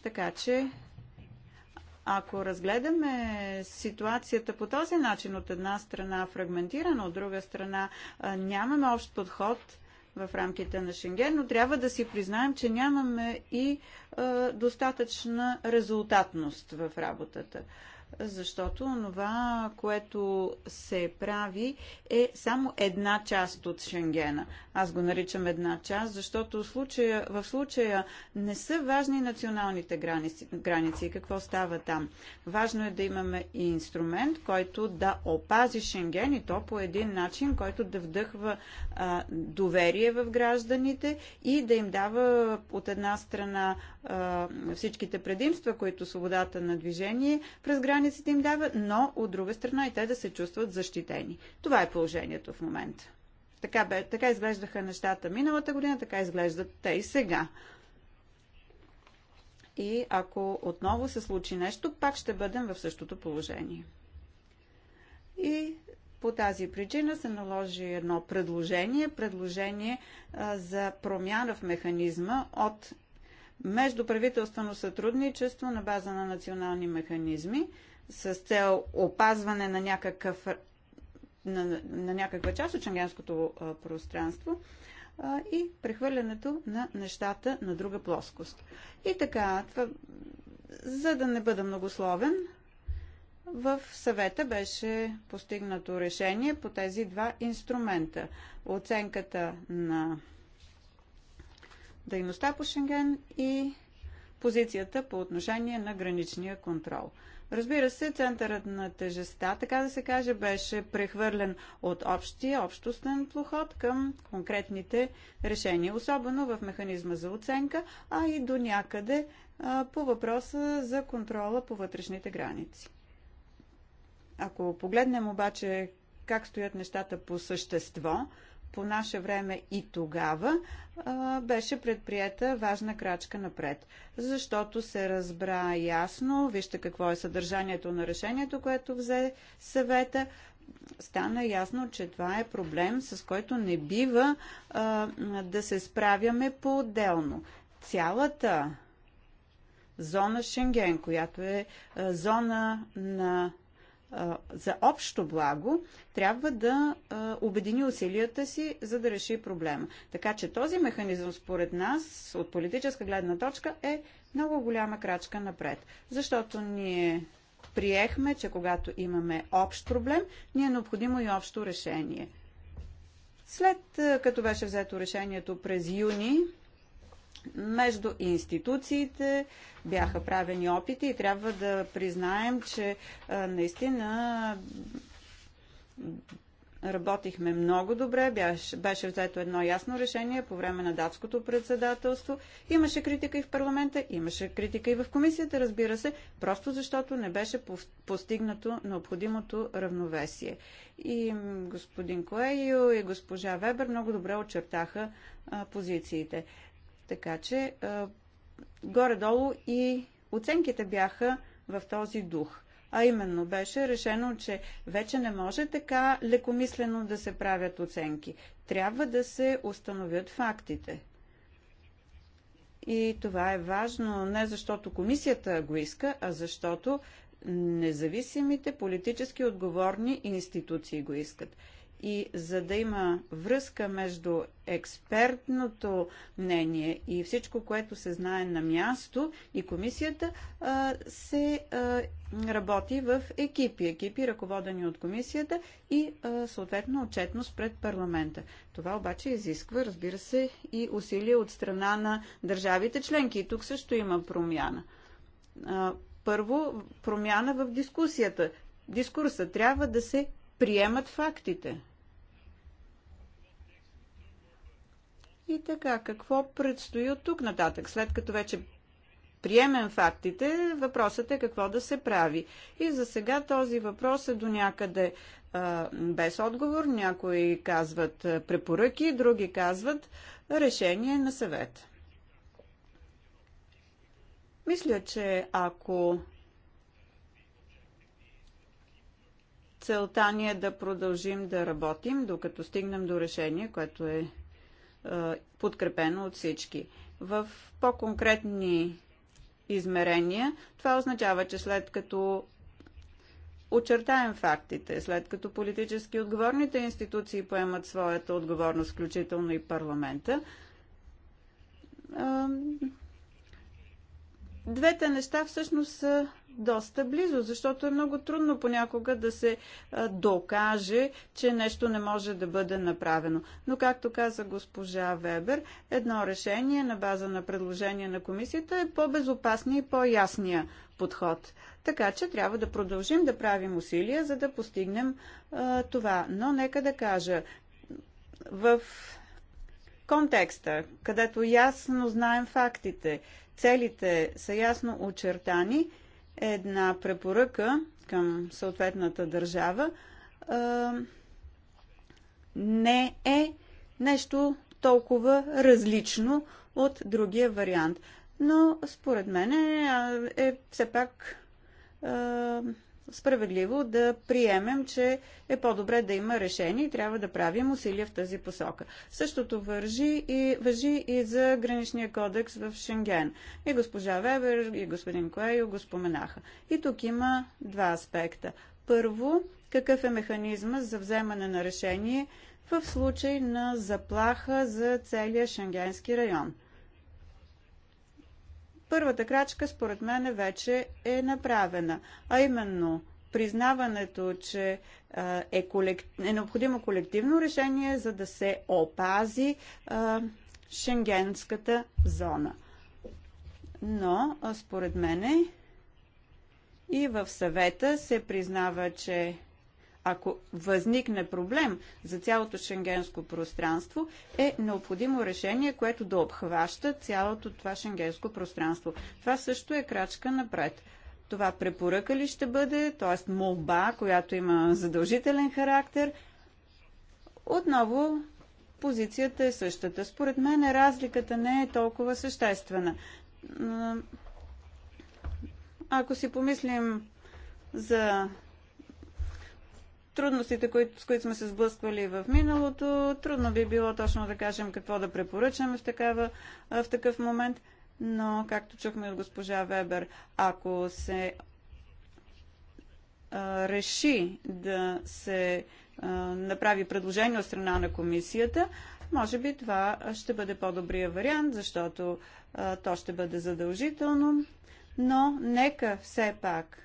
Така че, ако разгледаме ситуацията по този начин, от една страна фрагментирана, от друга страна нямаме общ подход – в рамките на Шенген, но трябва да си признаем, че нямаме и достатъчна резултатност в работата защото това, което се прави, е само една част от Шенгена. Аз го наричам една част, защото в случая, в случая не са важни националните граници, граници и какво става там. Важно е да имаме и инструмент, който да опази Шенген и то по един начин, който да вдъхва а, доверие в гражданите и да им дава от една страна а, всичките предимства, които свободата на движение през граници границите им дава, но от друга страна и те да се чувстват защитени. Това е положението в момента. Така, бе, така изглеждаха нещата миналата година, така изглеждат те и сега. И ако отново се случи нещо, пак ще бъдем в същото положение. И по тази причина се наложи едно предложение, предложение а, за промяна в механизма от междуправителствено сътрудничество на база на национални механизми с цел опазване на, някакъв, на, на някаква част от шенгенското пространство а, и прехвърлянето на нещата на друга плоскост. И така, това, за да не бъда многословен, в съвета беше постигнато решение по тези два инструмента. Оценката на дейността по Шенген и позицията по отношение на граничния контрол. Разбира се, центърът на тежеста, така да се каже, беше прехвърлен от общия, общостен плоход към конкретните решения, особено в механизма за оценка, а и до някъде а, по въпроса за контрола по вътрешните граници. Ако погледнем обаче как стоят нещата по същество, по наше време и тогава беше предприета важна крачка напред. Защото се разбра ясно, вижте какво е съдържанието на решението, което взе съвета, стана ясно, че това е проблем, с който не бива да се справяме по-отделно. Цялата зона Шенген, която е зона на за общо благо, трябва да обедини усилията си, за да реши проблема. Така че този механизъм, според нас, от политическа гледна точка, е много голяма крачка напред. Защото ние приехме, че когато имаме общ проблем, ни е необходимо и общо решение. След като беше взето решението през юни, между институциите бяха правени опити и трябва да признаем, че наистина работихме много добре, беше, беше взето едно ясно решение по време на датското председателство. Имаше критика и в парламента, имаше критика и в комисията, разбира се, просто защото не беше постигнато необходимото равновесие. И господин Коейо и госпожа Вебер много добре очертаха позициите. Така че, горе-долу и оценките бяха в този дух. А именно беше решено, че вече не може така лекомислено да се правят оценки. Трябва да се установят фактите. И това е важно не защото комисията го иска, а защото независимите политически отговорни институции го искат и за да има връзка между експертното мнение и всичко, което се знае на място и комисията, се работи в екипи. Екипи, ръководени от комисията и съответно отчетност пред парламента. Това обаче изисква, разбира се, и усилия от страна на държавите членки. И тук също има промяна. Първо, промяна в дискусията. Дискурса трябва да се приемат фактите. И така, какво предстои от тук нататък, след като вече приемем фактите, въпросът е какво да се прави. И за сега този въпрос е до някъде а, без отговор. Някои казват препоръки, други казват решение на съвет. Мисля, че ако целта ни е да продължим да работим, докато стигнем до решение, което е е, подкрепено от всички. В по-конкретни измерения това означава, че след като очертаем фактите, след като политически отговорните институции поемат своята отговорност, включително и парламента, е, двете неща всъщност са доста близо, защото е много трудно понякога да се докаже, че нещо не може да бъде направено. Но, както каза госпожа Вебер, едно решение на база на предложение на комисията е по-безопасния и по-ясния подход. Така че трябва да продължим да правим усилия, за да постигнем а, това. Но нека да кажа, в контекста, където ясно знаем фактите, Целите са ясно очертани. Една препоръка към съответната държава не е нещо толкова различно от другия вариант. Но според мен е, е все пак справедливо да приемем, че е по-добре да има решение и трябва да правим усилия в тази посока. Същото вържи и, въжи и за граничния кодекс в Шенген. И госпожа Вебер, и господин Куейо го споменаха. И тук има два аспекта. Първо, какъв е механизма за вземане на решение в случай на заплаха за целия шенгенски район. Първата крачка, според мен, вече е направена, а именно признаването, че е, колек... е необходимо колективно решение, за да се опази е, шенгенската зона. Но, според мене, и в съвета се признава, че ако възникне проблем за цялото шенгенско пространство, е необходимо решение, което да обхваща цялото това шенгенско пространство. Това също е крачка напред. Това препоръка ли ще бъде, т.е. молба, която има задължителен характер? Отново позицията е същата. Според мен разликата не е толкова съществена. Ако си помислим за трудностите, които, с които сме се сблъсквали в миналото. Трудно би било точно да кажем какво да препоръчаме в, такава, в такъв момент, но както чухме от госпожа Вебер, ако се а, реши да се а, направи предложение от страна на комисията, може би това ще бъде по-добрия вариант, защото а, то ще бъде задължително, но нека все пак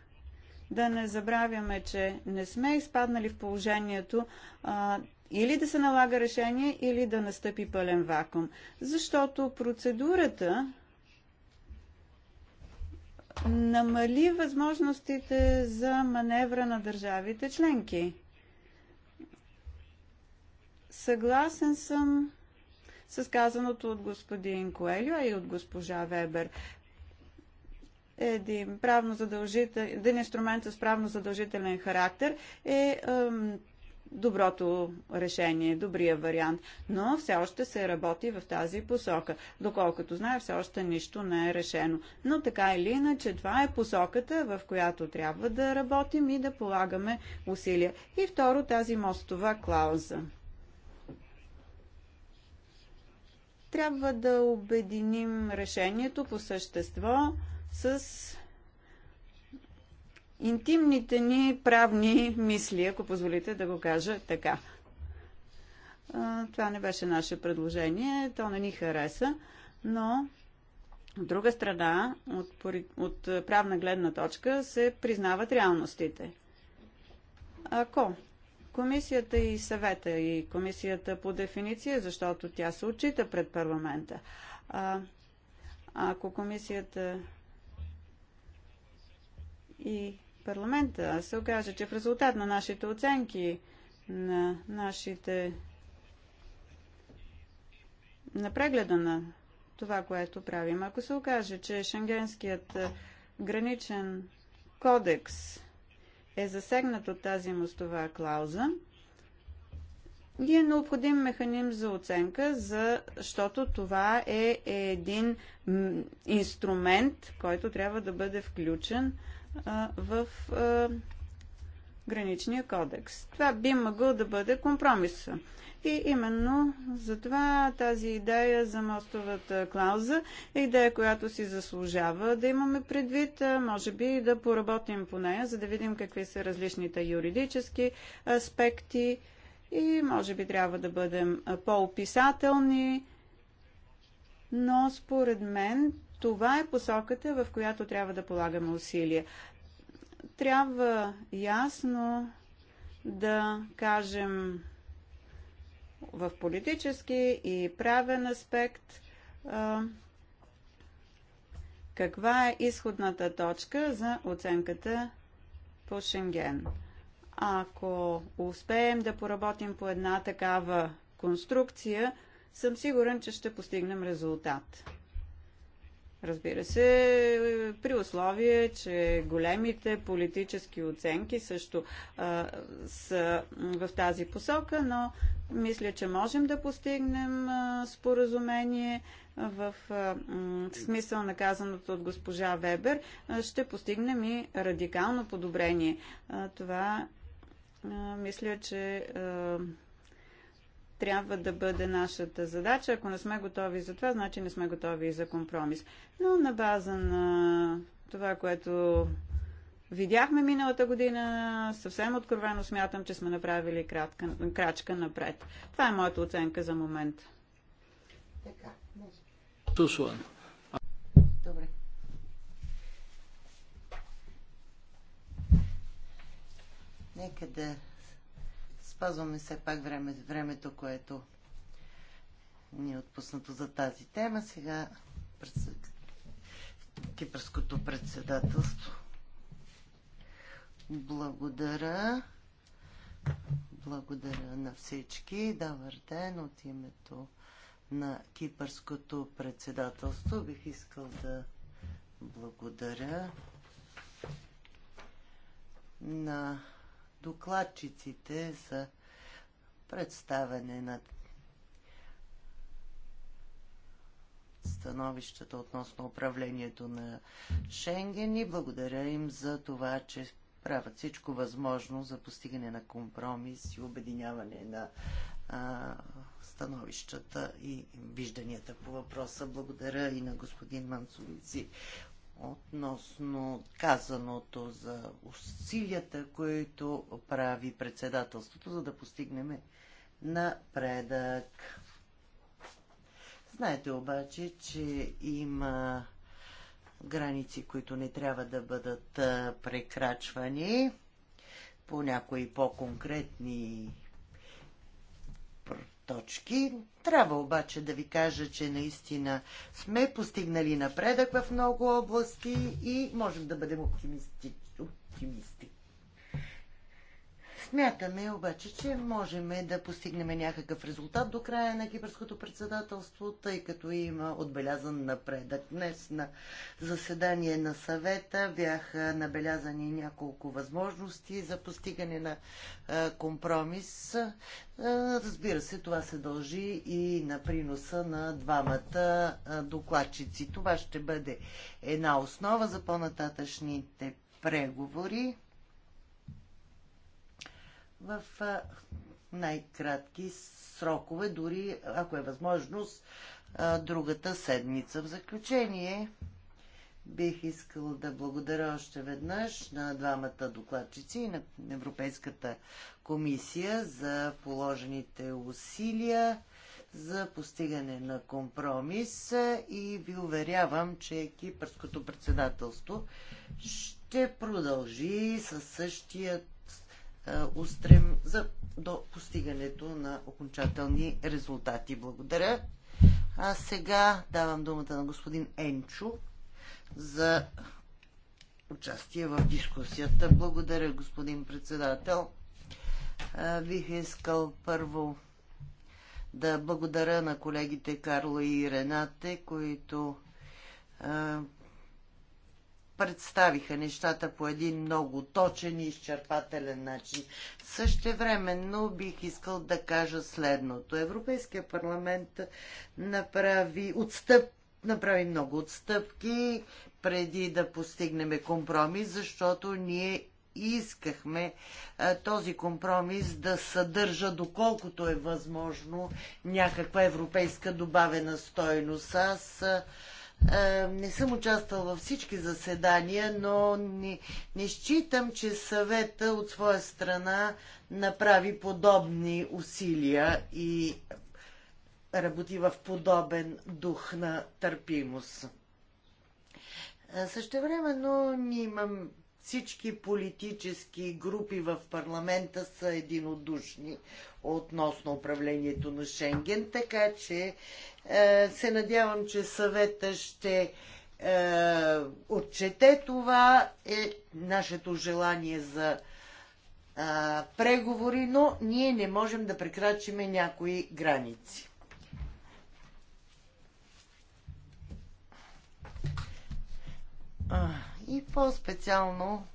да не забравяме, че не сме изпаднали в положението а, или да се налага решение, или да настъпи пълен вакуум. Защото процедурата намали възможностите за маневра на държавите членки. Съгласен съм с казаното от господин Коелю, а и от госпожа Вебер един, правно задължител, един инструмент с правно задължителен характер е доброто решение, добрия вариант, но все още се работи в тази посока. Доколкото знае, все още нищо не е решено. Но така или иначе, това е посоката, в която трябва да работим и да полагаме усилия. И второ, тази мостова клауза. Трябва да обединим решението по същество, с интимните ни правни мисли, ако позволите да го кажа така. Това не беше наше предложение, то не ни хареса, но от друга страна, от, от правна гледна точка, се признават реалностите. Ако комисията и съвета и комисията по дефиниция, защото тя се отчита пред парламента, ако комисията и парламента се окаже, че в резултат на нашите оценки, на нашите на прегледа на това, което правим. Ако се окаже, че Шенгенският е, граничен кодекс е засегнат от тази мостова клауза, и е необходим механизъм за оценка, защото това е един инструмент, който трябва да бъде включен в граничния кодекс. Това би могло да бъде компромис. И именно това тази идея за мостовата клауза е идея, която си заслужава да имаме предвид. Може би да поработим по нея, за да видим какви са различните юридически аспекти и може би трябва да бъдем по-описателни, но според мен това е посоката, в която трябва да полагаме усилия. Трябва ясно да кажем в политически и правен аспект каква е изходната точка за оценката по Шенген. Ако успеем да поработим по една такава конструкция, съм сигурен, че ще постигнем резултат. Разбира се, при условие, че големите политически оценки също а, са в тази посока, но мисля, че можем да постигнем а, споразумение в а, смисъл на казаното от госпожа Вебер. А, ще постигнем и радикално подобрение. А, това а, мисля, че. А, трябва да бъде нашата задача. Ако не сме готови за това, значи не сме готови и за компромис. Но на база на това, което видяхме миналата година, съвсем откровено смятам, че сме направили кратка, крачка напред. Това е моята оценка за момент. Така, Добре. Нека да спазваме все пак време, времето, което ни е отпуснато за тази тема. Сега Кипърското председателство. Благодаря. Благодаря на всички. Добър ден от името на Кипърското председателство. Бих искал да благодаря на докладчиците за представяне на становищата относно управлението на Шенген и благодаря им за това, че правят всичко възможно за постигане на компромис и обединяване на а, становищата и вижданията по въпроса. Благодаря и на господин Мансовици относно казаното за усилията, които прави председателството, за да постигнем напредък. Знаете обаче, че има граници, които не трябва да бъдат прекрачвани по някои по-конкретни точки. Трябва обаче да ви кажа, че наистина сме постигнали напредък в много области и можем да бъдем оптимисти. оптимисти. Смятаме обаче, че можем да постигнем някакъв резултат до края на кипърското председателство, тъй като има отбелязан напредък. Днес на заседание на съвета бяха набелязани няколко възможности за постигане на компромис. Разбира се, това се дължи и на приноса на двамата докладчици. Това ще бъде една основа за по-нататъчните преговори в най-кратки срокове, дори ако е възможност, другата седмица. В заключение, бих искала да благодаря още веднъж на двамата докладчици и на Европейската комисия за положените усилия за постигане на компромис и ви уверявам, че кипърското председателство ще продължи със същият е, устрем за, до постигането на окончателни резултати. Благодаря. А сега давам думата на господин Енчо за участие в дискусията. Благодаря, господин председател. А, е, бих искал първо да благодаря на колегите Карло и Ренате, които е, представиха нещата по един много точен и изчерпателен начин. Същевременно бих искал да кажа следното. Европейския парламент направи отстъп направи много отстъпки преди да постигнем компромис, защото ние искахме а, този компромис да съдържа, доколкото е възможно, някаква европейска добавена стойност. Аз а, е, не съм участвал във всички заседания, но не, не считам, че съвета от своя страна направи подобни усилия и работи в подобен дух на търпимост. Е, но ние имам всички политически групи в парламента са единодушни относно управлението на Шенген, така че е, се надявам, че съвета ще е, отчете това е нашето желание за е, преговори, но ние не можем да прекрачиме някои граници. и по-специално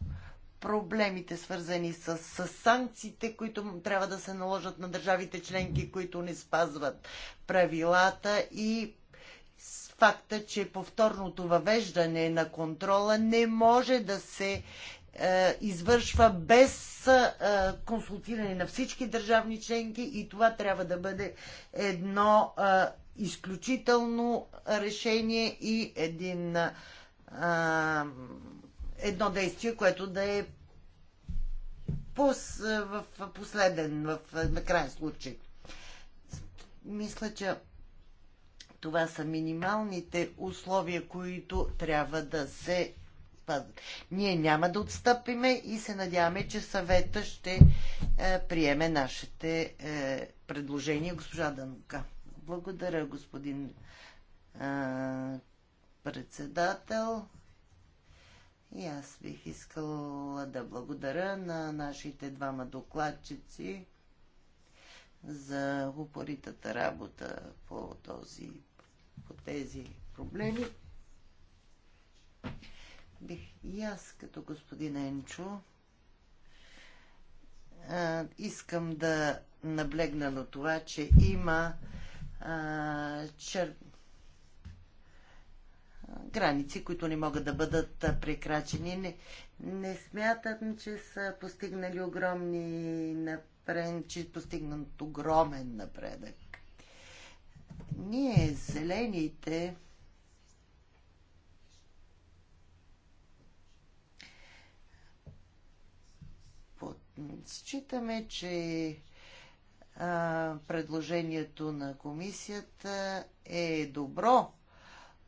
проблемите, свързани с, с санкциите, които трябва да се наложат на държавите членки, които не спазват правилата и с факта, че повторното въвеждане на контрола не може да се е, извършва без е, консултиране на всички държавни членки и това трябва да бъде едно е, изключително решение и един Е, едно действие, което да е пос, в последен, в накрая случай. Мисля, че това са минималните условия, които трябва да се спазват. Ние няма да отстъпиме и се надяваме, че съвета ще е, приеме нашите е, предложения, госпожа Данука. Благодаря, господин е, председател. И аз бих искала да благодаря на нашите двама докладчици за упоритата работа по, този, по тези проблеми. Бих и аз, като господин Енчо, а, искам да наблегна на това, че има а, чер, граници, които не могат да бъдат прекрачени. Не, не смятам, че са постигнали огромни напред, че е постигнат огромен напредък. Ние, зелените, считаме, че а, предложението на комисията е добро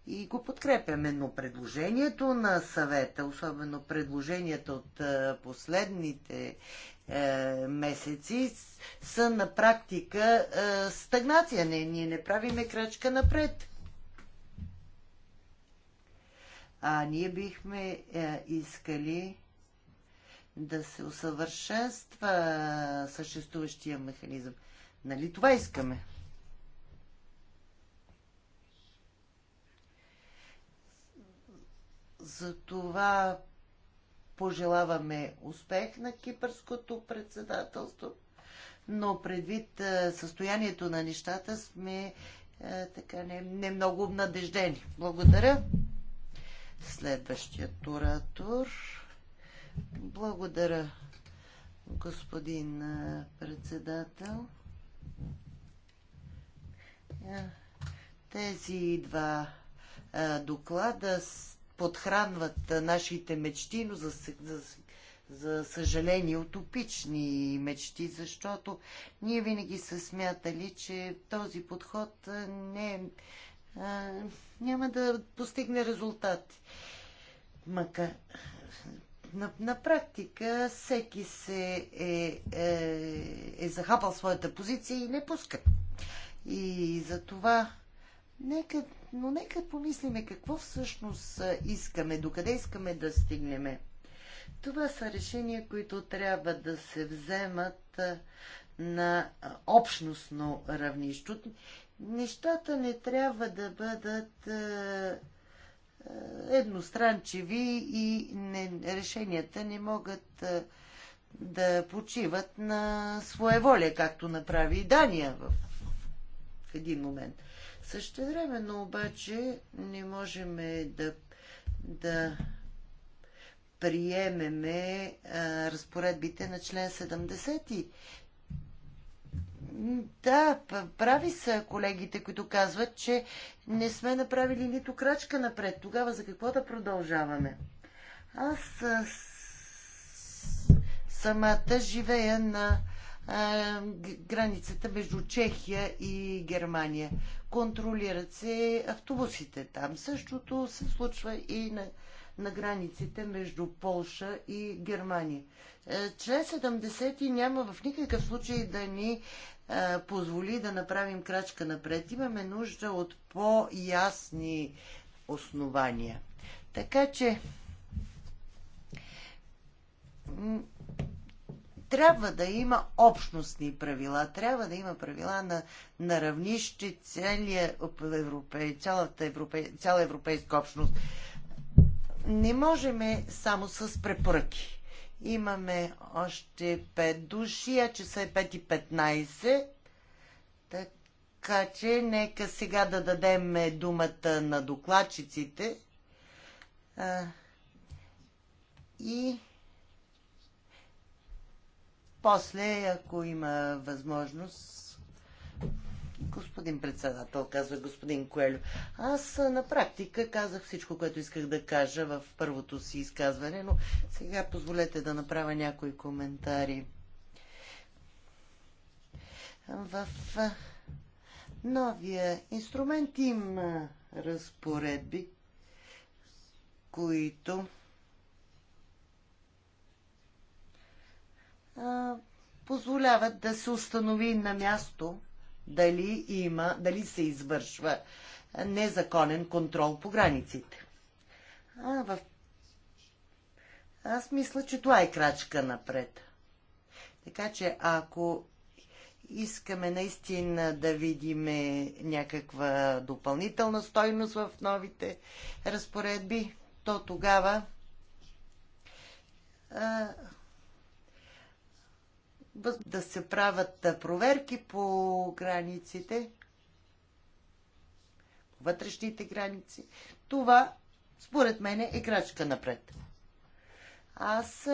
и го подкрепяме, но предложението на съвета, особено предложенията от е, последните е, месеци, са на практика е, стагнация. Не, ние не правиме крачка напред. А ние бихме искали да се усъвършенства съществуващия механизъм. Нали това искаме? За това пожелаваме успех на кипърското председателство, но предвид е, състоянието на нещата сме е, така не, не много обнадеждени. Благодаря. Следващият оратор. Благодаря, господин е, председател. Тези два доклада подхранват нашите мечти, но за, за, за съжаление утопични мечти, защото ние винаги са смятали, че този подход не е, а, няма да постигне резултати. Мака, на, на практика всеки се е, е, е захапал своята позиция и не пуска. И за това Нека, но нека помислиме какво всъщност искаме, докъде искаме да стигнеме. Това са решения, които трябва да се вземат на общностно равнище. Нещата не трябва да бъдат едностранчиви и не, решенията не могат да почиват на своеволие, както направи и Дания в, в един момент. Същевременно обаче не можем да, да приемеме а, разпоредбите на член 70. Да, прави са колегите, които казват, че не сме направили нито крачка напред. Тогава за какво да продължаваме? Аз с, самата живея на границата между Чехия и Германия. Контролират се автобусите там. Същото се случва и на, на границите между Полша и Германия. Е, член 70 няма в никакъв случай да ни е, позволи да направим крачка напред. Имаме нужда от по-ясни основания. Така че трябва да има общностни правила, трябва да има правила на, на равнище целия европей, цялата европей, цяла европейска общност. Не можем само с препоръки. Имаме още 5 души, а часа е 5 и 15. Така че нека сега да дадем думата на докладчиците. А, и после, ако има възможност, господин председател, казва господин Коелю, аз на практика казах всичко, което исках да кажа в първото си изказване, но сега позволете да направя някои коментари. В новия инструмент има разпоредби, които позволяват да се установи на място дали има, дали се извършва незаконен контрол по границите. А, в... Аз мисля, че това е крачка напред. Така че ако искаме наистина да видим някаква допълнителна стойност в новите разпоредби, то тогава а, да се правят проверки по границите, по вътрешните граници. Това, според мен, е крачка напред. Аз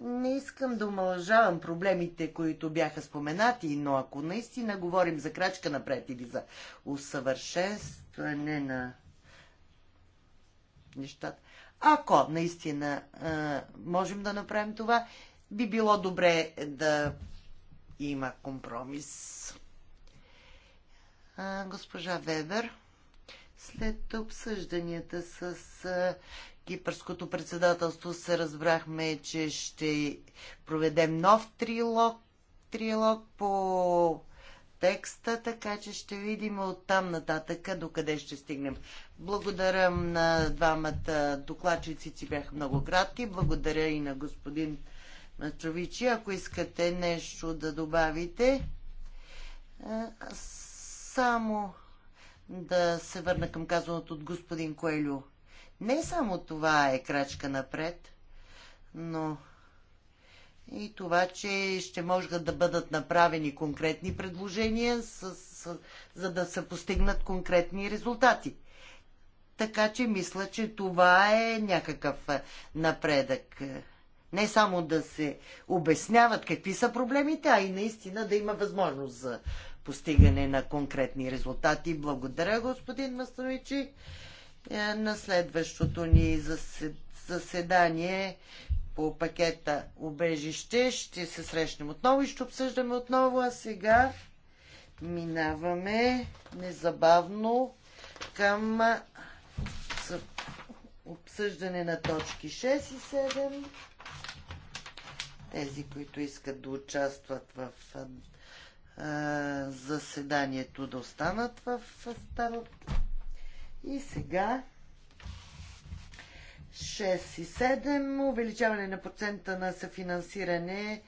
не искам да умължавам проблемите, които бяха споменати, но ако наистина говорим за крачка напред или за усъвършенстване на нещата, ако наистина а, можем да направим това, би било добре да има компромис. А, госпожа Вебер, след обсъжданията с а, Кипърското председателство се разбрахме, че ще проведем нов трилог, трилог по текста, така че ще видим от там нататък къде ще стигнем. Благодаря на двамата докладчици, че бяха много кратки. Благодаря и на господин Мачовичи. Ако искате нещо да добавите, само да се върна към казаното от господин Коелю. Не само това е крачка напред, но и това, че ще може да бъдат направени конкретни предложения, с, с, за да се постигнат конкретни резултати. Така че мисля, че това е някакъв напредък не само да се обясняват какви са проблемите, а и наистина да има възможност за постигане на конкретни резултати. Благодаря, господин Мастовичи. Е, на следващото ни заседание по пакета обежище ще се срещнем отново и ще обсъждаме отново, а сега минаваме незабавно към обсъждане на точки 6 и 7 тези, които искат да участват в заседанието, да останат в старото. И сега 6 и 7 увеличаване на процента на съфинансиране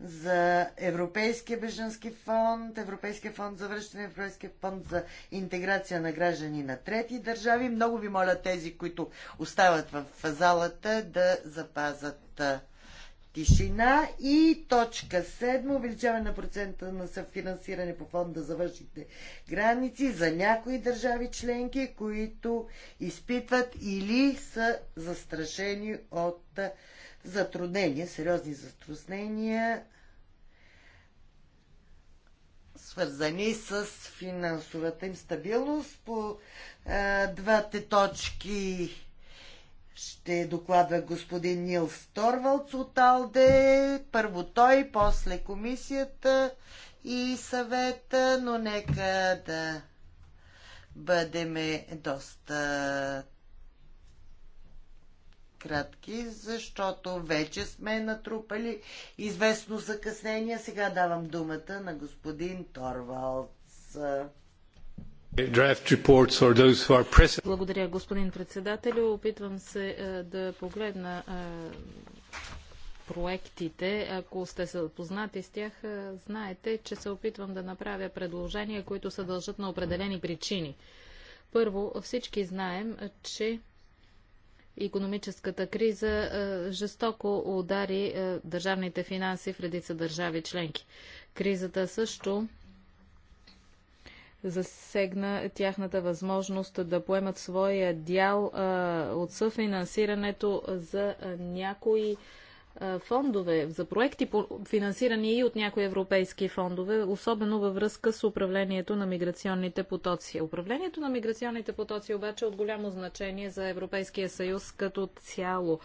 за Европейския беженски фонд, Европейския фонд за връщане, Европейския фонд за интеграция на граждани на трети държави. Много ви моля тези, които остават в залата, да запазат тишина и точка 7 увеличаване на процента на съфинансиране по фонда за външните граници за някои държави членки, които изпитват или са застрашени от затруднения, сериозни затруднения, свързани с финансовата им стабилност. По е, двете точки ще докладва господин Нил Сторвалц от Алде. Първо той, после комисията и съвета, но нека да бъдеме доста кратки, защото вече сме натрупали известно закъснение. Сега давам думата на господин Торвалц. Благодаря, господин председател. Опитвам се е, да погледна е, проектите. Ако сте се с тях, е, знаете, че се опитвам да направя предложения, които се дължат на определени причини. Първо, всички знаем, че економическата криза жестоко удари държавните финанси в редица държави членки. Кризата също засегна тяхната възможност да поемат своя дял а, от съфинансирането за някои а, фондове, за проекти финансирани и от някои европейски фондове, особено във връзка с управлението на миграционните потоци. Управлението на миграционните потоци обаче е от голямо значение за Европейския съюз като цяло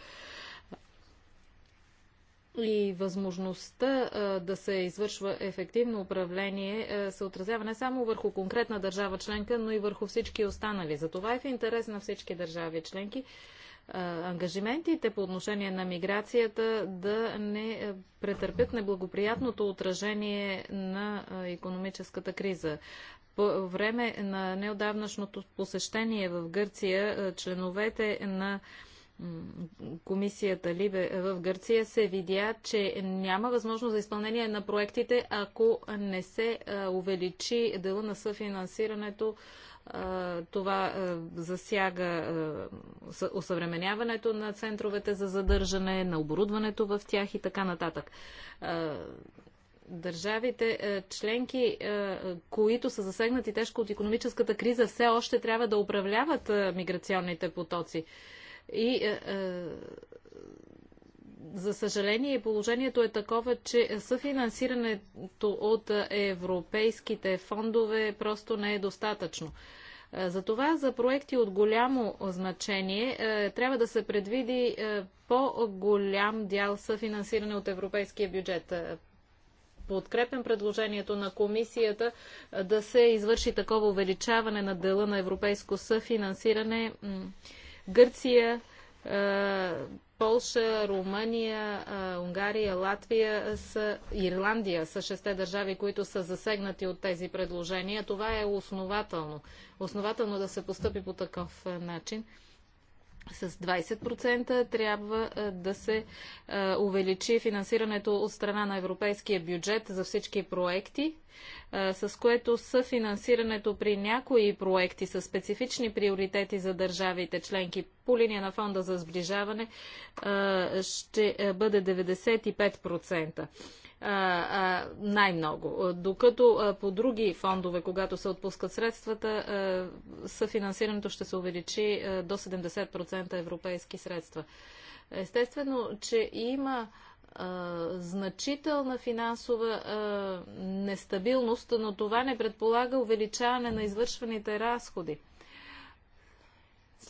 и възможността да се извършва ефективно управление се отразява не само върху конкретна държава членка, но и върху всички останали. Затова е в интерес на всички държави членки ангажиментите по отношение на миграцията да не претърпят неблагоприятното отражение на економическата криза. По време на неодавнашното посещение в Гърция членовете на комисията Либе в Гърция се видя, че няма възможност за изпълнение на проектите, ако не се увеличи дела на съфинансирането. Това засяга осъвременяването на центровете за задържане, на оборудването в тях и така нататък държавите членки, които са засегнати тежко от економическата криза, все още трябва да управляват миграционните потоци. И е, е, за съжаление, положението е такова, че съфинансирането от европейските фондове просто не е достатъчно. Е, затова за проекти от голямо значение е, трябва да се предвиди по-голям дял съфинансиране от европейския бюджет. Подкрепям предложението на комисията да се извърши такова увеличаване на дела на европейско съфинансиране. Гърция, Полша, Румъния, Унгария, Латвия, са, Ирландия са шесте държави, които са засегнати от тези предложения. Това е основателно. Основателно да се постъпи по такъв начин с 20% трябва да се увеличи финансирането от страна на европейския бюджет за всички проекти, с което съфинансирането при някои проекти с специфични приоритети за държавите членки по линия на фонда за сближаване ще бъде 95% най-много. Докато по други фондове, когато се отпускат средствата, съфинансирането ще се увеличи до 70% европейски средства. Естествено, че има значителна финансова нестабилност, но това не предполага увеличаване на извършваните разходи.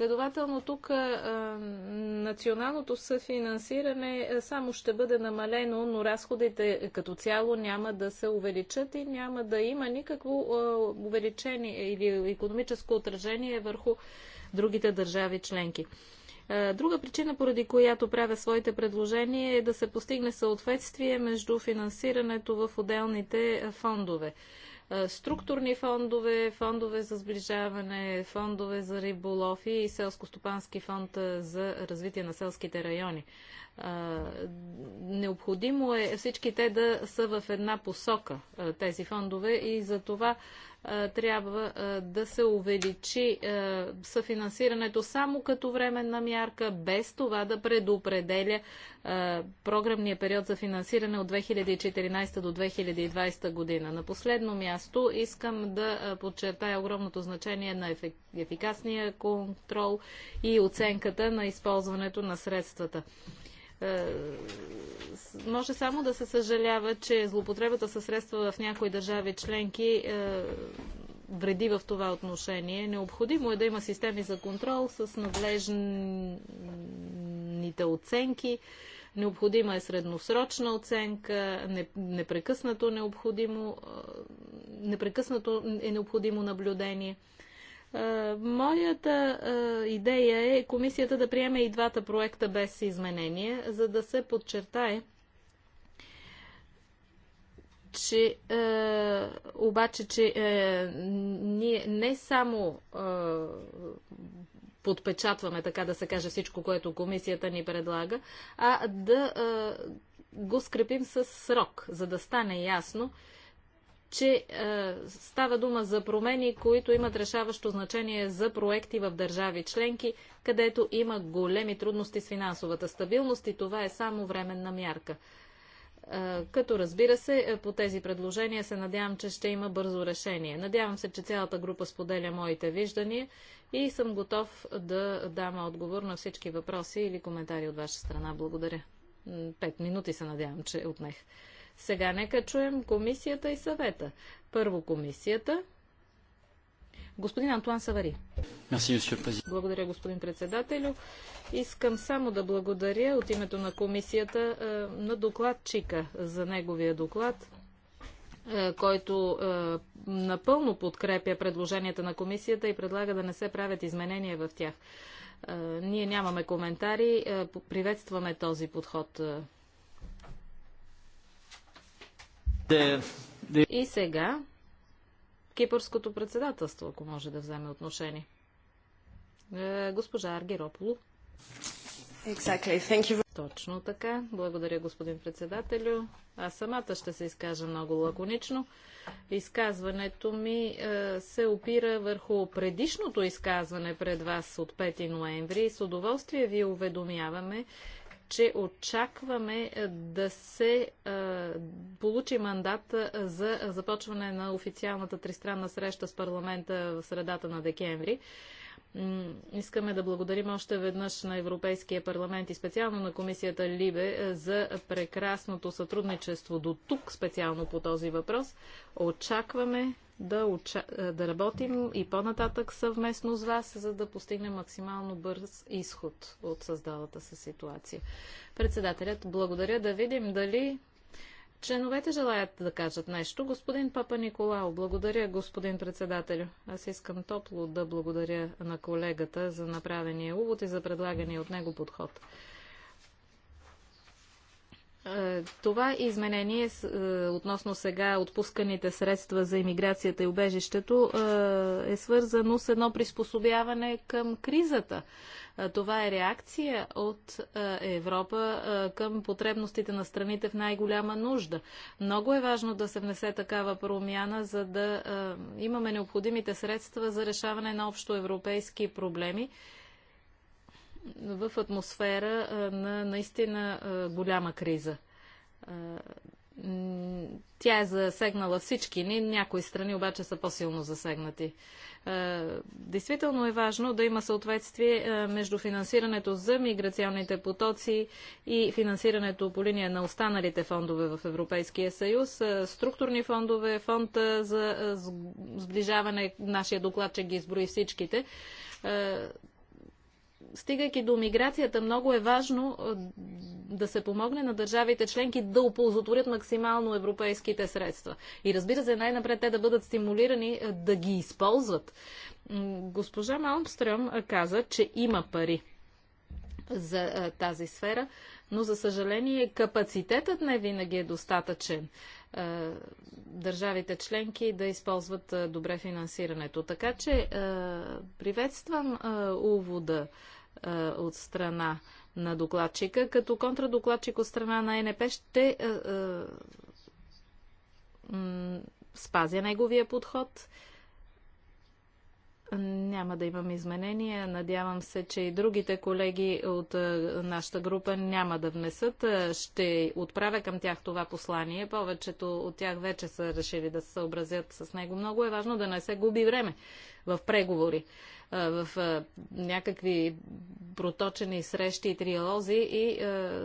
Следователно тук националното съфинансиране само ще бъде намалено, но разходите като цяло няма да се увеличат и няма да има никакво увеличение или економическо отражение върху другите държави членки. Друга причина, поради която правя своите предложения, е да се постигне съответствие между финансирането в отделните фондове структурни фондове, фондове за сближаване, фондове за риболов и селско-стопански фонд за развитие на селските райони. Необходимо е всички те да са в една посока, тези фондове, и за това трябва да се увеличи съфинансирането само като временна мярка, без това да предопределя програмния период за финансиране от 2014 до 2020 година. На последно място искам да подчертая огромното значение на ефикасния контрол и оценката на използването на средствата. Е, може само да се съжалява, че злопотребата със средства в някои държави членки е, вреди в това отношение. Необходимо е да има системи за контрол с надлежните оценки. Необходима е средносрочна оценка, непрекъснато, необходимо, е, непрекъснато е необходимо наблюдение. Е, моята е, идея е комисията да приеме и двата проекта без изменения, за да се подчертае, че е, обаче, че ние не само подпечатваме, така да се каже, всичко, което комисията ни предлага, а да го скрепим с срок, за да стане ясно, че е, става дума за промени, които имат решаващо значение за проекти в държави членки, където има големи трудности с финансовата стабилност и това е само временна мярка. Е, като разбира се, е, по тези предложения се надявам, че ще има бързо решение. Надявам се, че цялата група споделя моите виждания и съм готов да дам отговор на всички въпроси или коментари от ваша страна. Благодаря. Пет минути се надявам, че отнех. Сега нека чуем комисията и съвета. Първо комисията. Господин Антуан Савари. Благодаря, господин председателю. Искам само да благодаря от името на комисията на докладчика за неговия доклад който е, напълно подкрепя предложенията на комисията и предлага да не се правят изменения в тях. Е, ние нямаме коментари, е, приветстваме този подход И сега Кипърското председателство, ако може да вземе отношение. Е, госпожа Аргирополо. Exactly. Thank you. Точно така. Благодаря, господин председателю. Аз самата ще се изкажа много лаконично. Изказването ми е, се опира върху предишното изказване пред вас от 5 ноември. С удоволствие ви уведомяваме, че очакваме е, да се е, получи мандат е, за започване на официалната тристранна среща с парламента в средата на декември. Искаме да благодарим още веднъж на Европейския парламент и специално на комисията Либе е, за прекрасното сътрудничество до тук, специално по този въпрос. Очакваме да, уча... Е, да работим и по-нататък съвместно с вас, за да постигнем максимално бърз изход от създалата се ситуация. Председателят, благодаря да видим дали Членовете желаят да кажат нещо. Господин Папа Николао, благодаря, господин председател. Аз искам топло да благодаря на колегата за направения увод и за предлагания от него подход. Е, това изменение е, относно сега отпусканите средства за иммиграцията и убежището е, е свързано с едно приспособяване към кризата. Това е реакция от Европа към потребностите на страните в най-голяма нужда. Много е важно да се внесе такава промяна, за да имаме необходимите средства за решаване на общо европейски проблеми в атмосфера на наистина голяма криза. Тя е засегнала всички ни, някои страни обаче са по-силно засегнати. Е, действително е важно да има съответствие е, между финансирането за миграционните потоци и финансирането по линия на останалите фондове в Европейския съюз. Е, структурни фондове, фонд за сближаване, нашия доклад, че ги изброи всичките стигайки до миграцията, много е важно да се помогне на държавите членки да оползотворят максимално европейските средства. И разбира се, най-напред те да бъдат стимулирани е, да ги използват. Госпожа Малмстрем е, каза, че има пари за е, тази сфера, но за съжаление капацитетът не винаги е достатъчен държавите членки да използват добре финансирането. Така че приветствам увода от страна на докладчика. Като контрадокладчик от страна на НП ще е, е, спазя неговия подход. Няма да имам изменения. Надявам се, че и другите колеги от е, нашата група няма да внесат. Е, ще отправя към тях това послание. Повечето от тях вече са решили да се съобразят с него. Много е важно да не се губи време в преговори в някакви проточени срещи и триалози и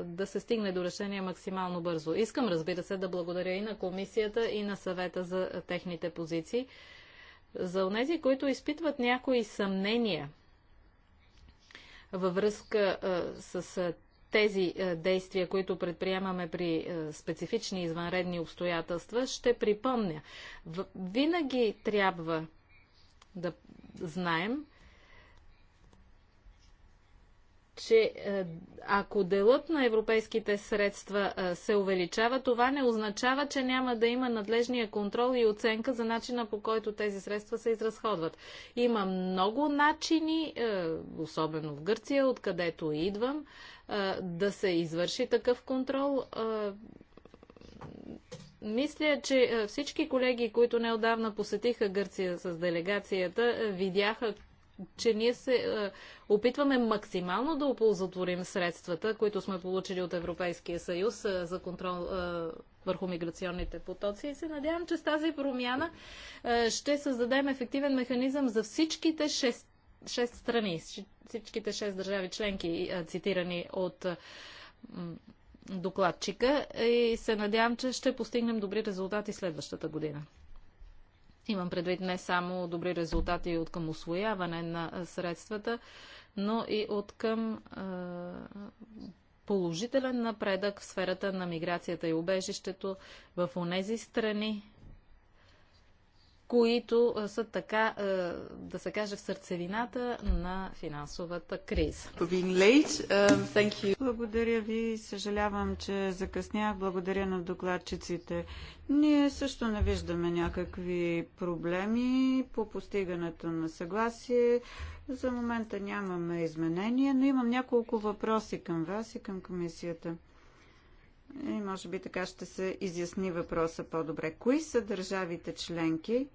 да се стигне до решение максимално бързо. Искам, разбира се, да благодаря и на комисията, и на съвета за техните позиции. За онези, които изпитват някои съмнения във връзка с тези действия, които предприемаме при специфични извънредни обстоятелства, ще припомня. Винаги трябва да знаем, че е, ако делът на европейските средства е, се увеличава, това не означава, че няма да има надлежния контрол и оценка за начина по който тези средства се изразходват. Има много начини, е, особено в Гърция, откъдето идвам, да се извърши такъв контрол. Мисля, че всички колеги, които неодавна посетиха Гърция с делегацията, видяха че ние се е, опитваме максимално да оползотворим средствата, които сме получили от Европейския съюз е, за контрол е, върху миграционните потоци. И се надявам, че с тази промяна е, ще създадем ефективен механизъм за всичките шест, шест страни, всичките шест държави членки, е, цитирани от е, докладчика. И се надявам, че ще постигнем добри резултати следващата година. Имам предвид не само добри резултати от към освояване на средствата, но и от към е, положителен напредък в сферата на миграцията и убежището в онези страни, които са така, да се каже, в сърцевината на финансовата криза. Um, Благодаря ви, съжалявам, че закъснях. Благодаря на докладчиците. Ние също не виждаме някакви проблеми по постигането на съгласие. За момента нямаме изменения, но имам няколко въпроси към вас и към комисията. И може би така ще се изясни въпроса по-добре. Кои са държавите членки,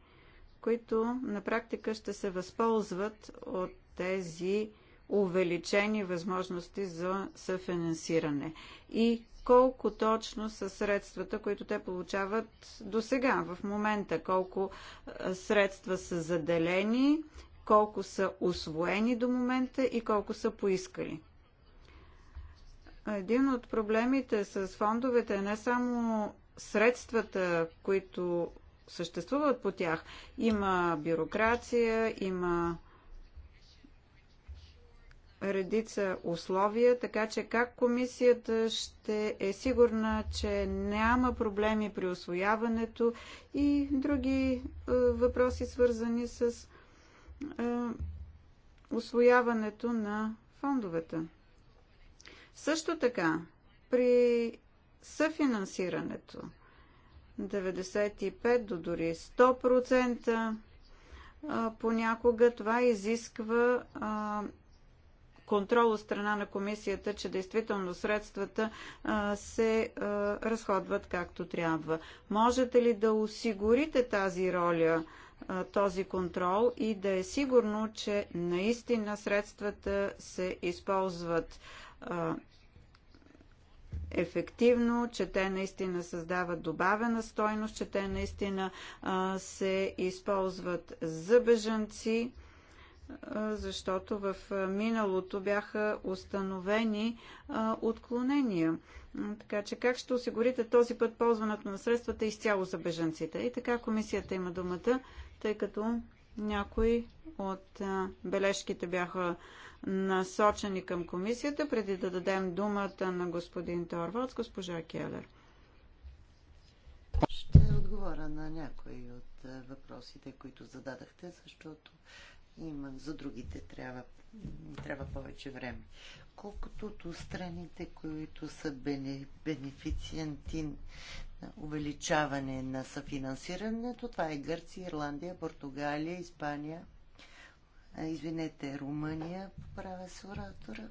които на практика ще се възползват от тези увеличени възможности за съфинансиране. И колко точно са средствата, които те получават до сега, в момента, колко средства са заделени, колко са освоени до момента и колко са поискали. Един от проблемите с фондовете е не само средствата, които съществуват по тях. Има бюрокрация, има редица условия, така че как комисията ще е сигурна, че няма проблеми при освояването и други е, въпроси, свързани с е, освояването на фондовете. Също така, при съфинансирането, 95 до дори 100%. Понякога това изисква контрол от страна на комисията, че действително средствата се разходват както трябва. Можете ли да осигурите тази роля? този контрол и да е сигурно, че наистина средствата се използват ефективно, че те наистина създават добавена стойност, че те наистина се използват за бежанци, защото в миналото бяха установени отклонения. Така че как ще осигурите този път ползването на средствата изцяло за бежанците? И така комисията има думата, тъй като някои от бележките бяха насочени към комисията, преди да дадем думата на господин Торвалц, госпожа Келер. Ще отговоря на някои от е, въпросите, които зададахте, защото има, за другите трябва, трябва повече време. Колкото до страните, които са бенефициенти на увеличаване на съфинансирането, това е Гърция, Ирландия, Португалия, Испания – извинете, Румъния, поправя се оратора.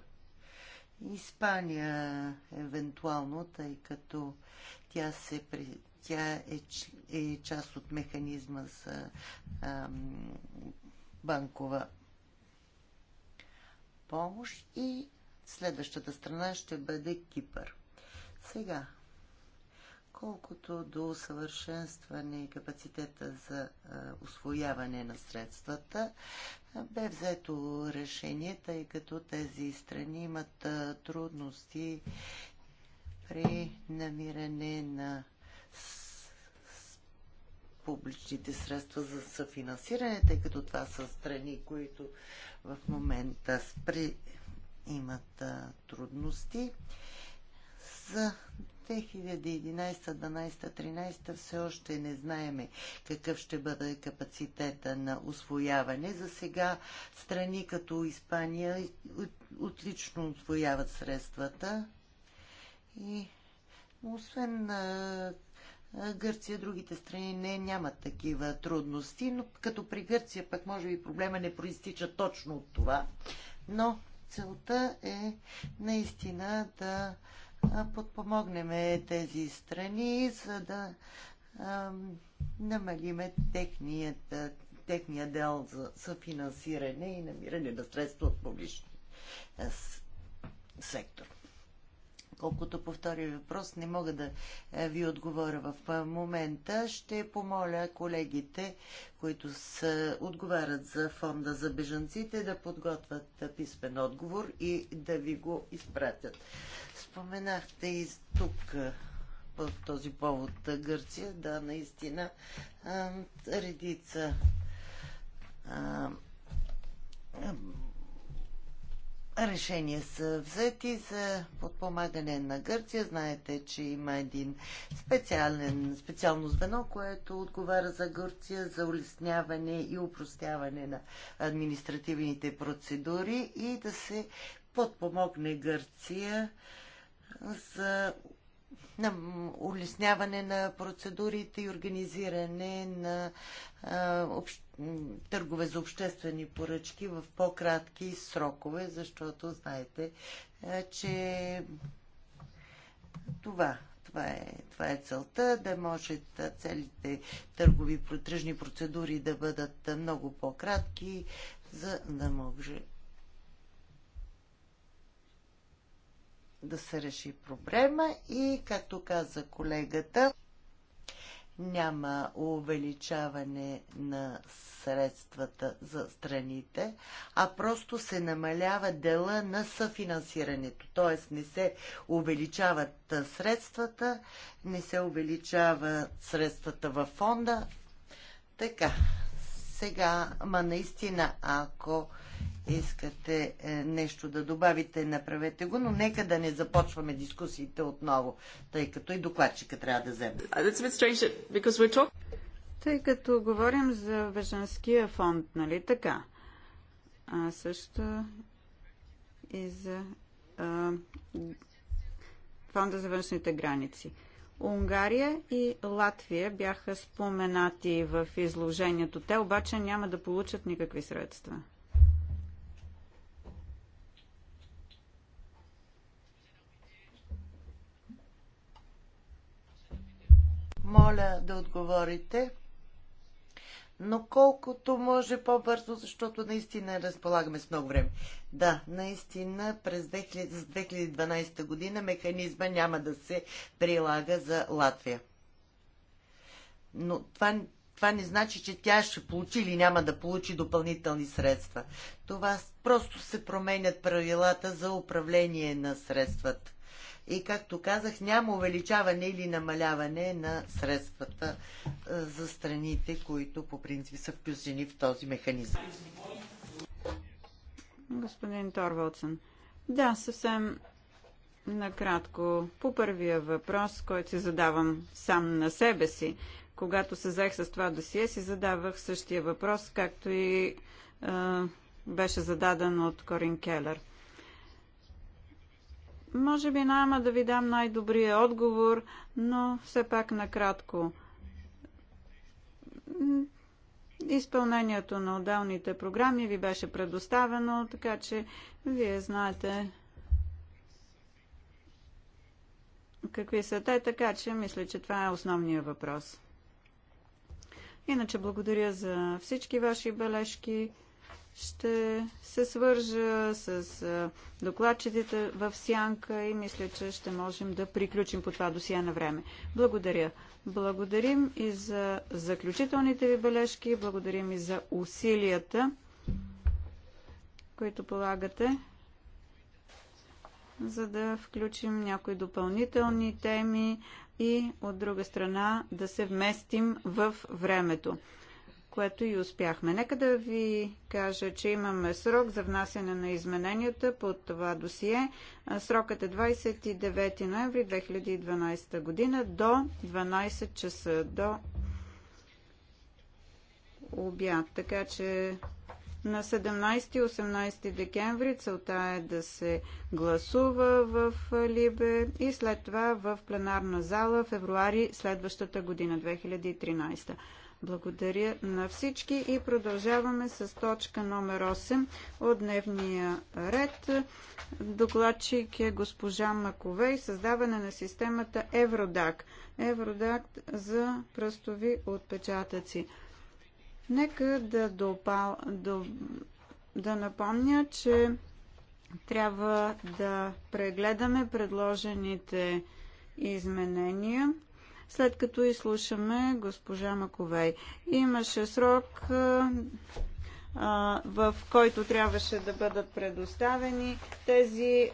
Испания, евентуално, тъй като тя, се, тя е, е част от механизма за а, банкова помощ и следващата страна ще бъде Кипър. Сега, колкото до усъвършенстване и капацитета за а, освояване на средствата, бе взето решение, тъй като тези страни имат трудности при намиране на публичните средства за съфинансиране, тъй като това са страни, които в момента спри имат трудности. За 2011, 12, 13 все още не знаеме какъв ще бъде капацитета на освояване. За сега страни като Испания отлично освояват средствата. И освен а, Гърция, другите страни не нямат такива трудности, но като при Гърция пък може би проблема не проистича точно от това. Но целта е наистина да подпомогнем тези страни, за да намалиме техният, техния дел за съфинансиране и намиране на средства от публичния сектор. Колкото повтори въпрос не мога да е, ви отговоря в момента. Ще помоля колегите, които са, отговарят за фонда за бежанците, да подготвят писмен отговор и да ви го изпратят. Споменахте и тук по този повод Гърция. Да, наистина редица решения са взети за подпомагане на Гърция. Знаете, че има един специален, специално звено, което отговаря за Гърция за улесняване и упростяване на административните процедури и да се подпомогне Гърция за на улесняване на процедурите и организиране на а, общ... търгове за обществени поръчки в по-кратки срокове, защото знаете, а, че това това е, това е целта, да може целите търгови тръжни процедури да бъдат много по-кратки, за да може да се реши проблема и, както каза колегата, няма увеличаване на средствата за страните, а просто се намалява дела на съфинансирането. Т.е. не се увеличават средствата, не се увеличават средствата във фонда. Така, сега, ма наистина, ако искате е, нещо да добавите, направете го, но нека да не започваме дискусиите отново, тъй като и докладчика трябва да вземе. Тъй като говорим за Бежанския фонд, нали така? А също и за а, фонда за външните граници. Унгария и Латвия бяха споменати в изложението. Те обаче няма да получат никакви средства. моля да отговорите, но колкото може по-бързо, защото наистина разполагаме с много време. Да, наистина през 2012 година механизма няма да се прилага за Латвия. Но това, това не значи, че тя ще получи или няма да получи допълнителни средства. Това просто се променят правилата за управление на средствата и, както казах, няма увеличаване или намаляване на средствата е, за страните, които по принцип са включени в този механизъм. Господин Торвалдсън, да, съвсем накратко по първия въпрос, който си задавам сам на себе си. Когато се взех с това досие, си задавах същия въпрос, както и е, беше зададен от Корин Келер. Може би няма да ви дам най-добрия отговор, но все пак накратко. Изпълнението на отделните програми ви беше предоставено, така че вие знаете какви са те, така че мисля, че това е основният въпрос. Иначе благодаря за всички ваши бележки ще се свържа с докладчетите в Сянка и мисля, че ще можем да приключим по това досия на време. Благодаря. Благодарим и за заключителните ви бележки, благодарим и за усилията, които полагате, за да включим някои допълнителни теми и от друга страна да се вместим в времето което и успяхме. Нека да ви кажа, че имаме срок за внасяне на измененията по това досие. Срокът е 29 ноември 2012 година до 12 часа до обяд. Така че на 17-18 декември целта е да се гласува в Либе и след това в пленарна зала в февруари следващата година 2013. Благодаря на всички и продължаваме с точка номер 8 от дневния ред. Докладчик е госпожа Маковей, създаване на системата Евродак. Евродак за пръстови отпечатъци. Нека да, допал, да, да напомня, че трябва да прегледаме предложените изменения след като изслушаме госпожа Маковей. Имаше срок в който трябваше да бъдат предоставени тези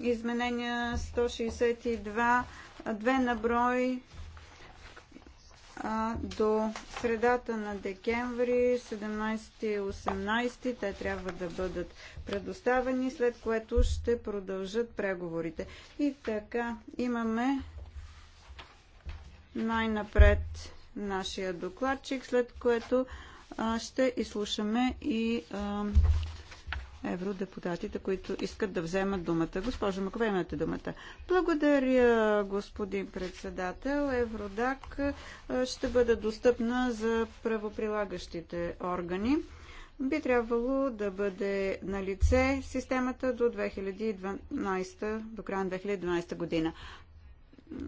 изменения 162, две на брой до средата на декември 17 18 те трябва да бъдат предоставени, след което ще продължат преговорите. И така, имаме най-напред нашия докладчик, след което а, ще изслушаме и а, евродепутатите, които искат да вземат думата. Госпожо Макове, имате думата. Благодаря, господин председател. Евродак ще бъде достъпна за правоприлагащите органи. Би трябвало да бъде на лице системата до 2012, до края на 2012 година.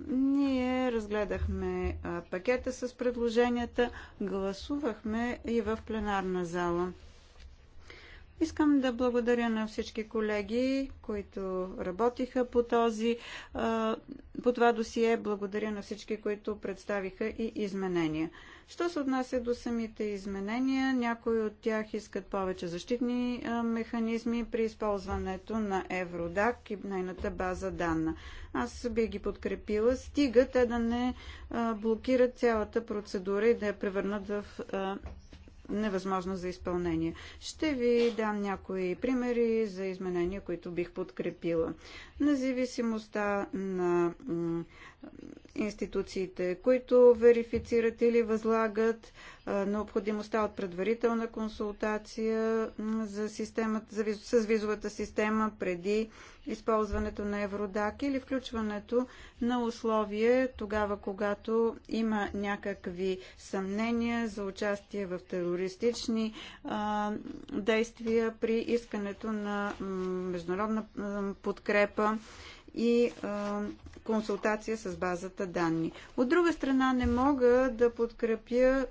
Ние разгледахме пакета с предложенията, гласувахме и в пленарна зала. Искам да благодаря на всички колеги, които работиха по, този, по това досие. Благодаря на всички, които представиха и изменения. Що се отнася до самите изменения, някои от тях искат повече защитни механизми при използването на Евродак и нейната база данна. Аз би ги подкрепила, стига те да не блокират цялата процедура и да я превърнат в невъзможно за изпълнение. Ще ви дам някои примери за изменения, които бих подкрепила. Независимостта на институциите, които верифицират или възлагат необходимостта от предварителна консултация за системата, за виз, с визовата система преди използването на Евродак или включването на условие тогава, когато има някакви съмнения за участие в терористични а, действия при искането на международна подкрепа и а, консултация с базата данни. От друга страна не мога да подкрепя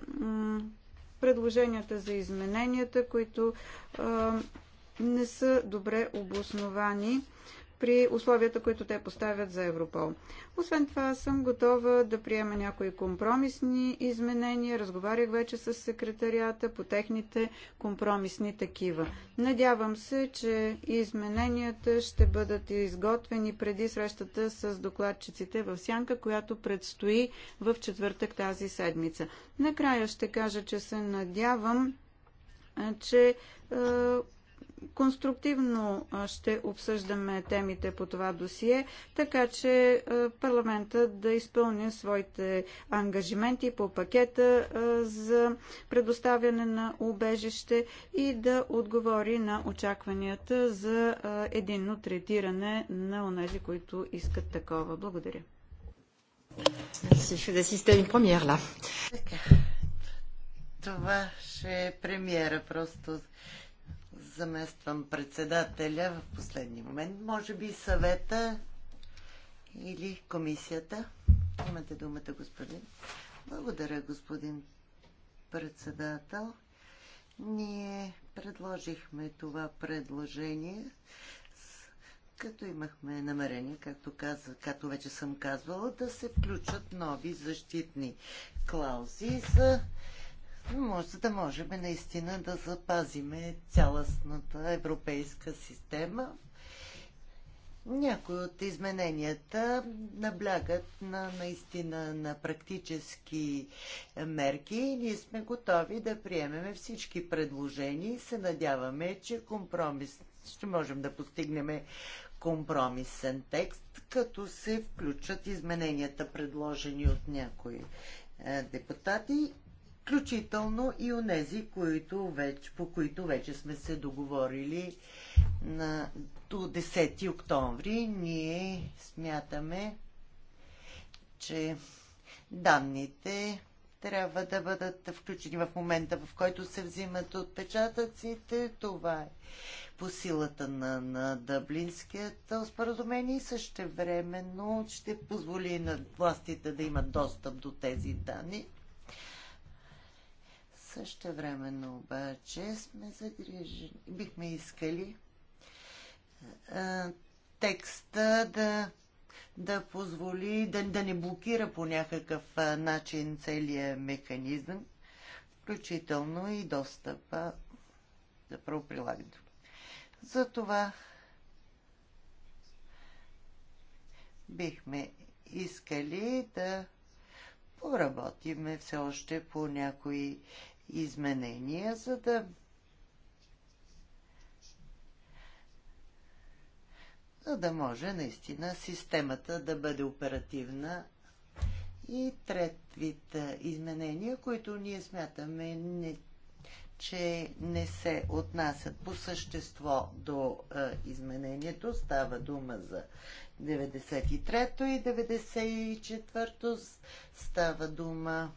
предложенията за измененията, които а, не са добре обосновани при условията, които те поставят за Европол. Освен това съм готова да приема някои компромисни изменения. Разговарях вече с секретарията по техните компромисни такива. Надявам се, че измененията ще бъдат изготвени преди срещата с докладчиците в Сянка, която предстои в четвъртък тази седмица. Накрая ще кажа, че се надявам, че конструктивно ще обсъждаме темите по това досие, така че парламента да изпълни своите ангажименти по пакета за предоставяне на убежище и да отговори на очакванията за единно третиране на онези, които искат такова. Благодаря. Това ще е премиера просто замествам председателя в последния момент. Може би съвета или комисията. Имате думата, господин. Благодаря, господин председател. Ние предложихме това предложение, като имахме намерение, както, каза, както вече съм казвала, да се включат нови защитни клаузи за може да можем наистина да запазиме цялостната европейска система. Някои от измененията наблягат на наистина на практически мерки и ние сме готови да приемеме всички предложения и се надяваме, че компромис ще можем да постигнем компромисен текст, като се включат измененията, предложени от някои е, депутати включително и онези, които вече, по които вече сме се договорили на, до 10 октомври. Ние смятаме, че данните трябва да бъдат включени в момента, в който се взимат отпечатъците. Това е по силата на, на Дъблинският споразумение и времено ще позволи на властите да имат достъп до тези данни. Също времено обаче сме загрижени. Бихме искали а, текста да, да позволи, да, да не блокира по някакъв а, начин целият механизъм, включително и достъпа за правоприлагането. Затова бихме искали да поработиме все още по някои изменения, за да за да може наистина системата да бъде оперативна. И трет вид изменения, които ние смятаме, не, че не се отнасят по същество до изменението. Става дума за 93-то и 94-то. Става дума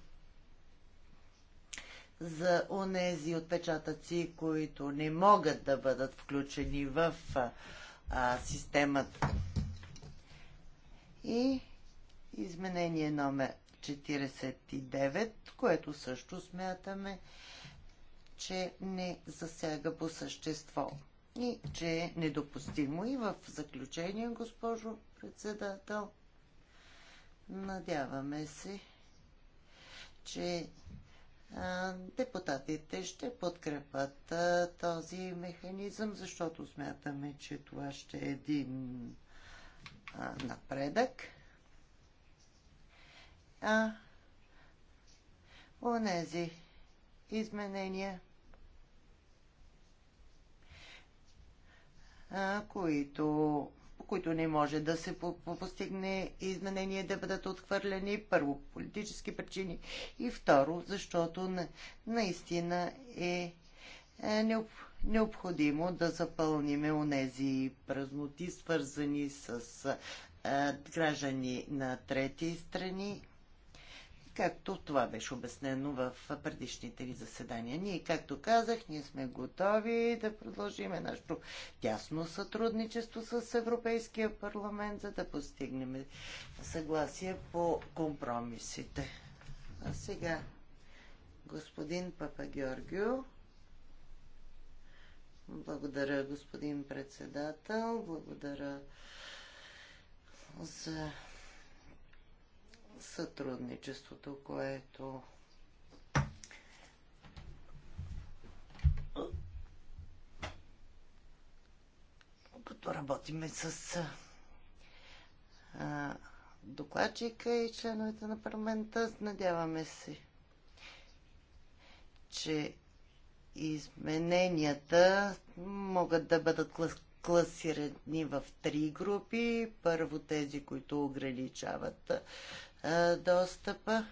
за онези отпечатъци, които не могат да бъдат включени в а, системата. И изменение номер 49, което също смятаме, че не засяга по същество и че е недопустимо. И в заключение, госпожо председател, надяваме се, че депутатите ще подкрепат този механизъм, защото смятаме, че това ще е един напредък. А онези изменения, които които не може да се постигне изменение да бъдат отхвърлени. Първо, по политически причини и второ, защото наистина е, е необходимо да запълниме онези празноти, свързани с е, граждани на трети страни както това беше обяснено в предишните ви заседания. Ние, както казах, ние сме готови да продължим нашето тясно сътрудничество с Европейския парламент, за да постигнем съгласие по компромисите. А сега господин Папа Георгио. Благодаря, господин председател. Благодаря за сътрудничеството, което като работиме с а, докладчика и членовете на парламента, надяваме се, че измененията могат да бъдат клас, класирани в три групи. Първо тези, които ограничават достъпа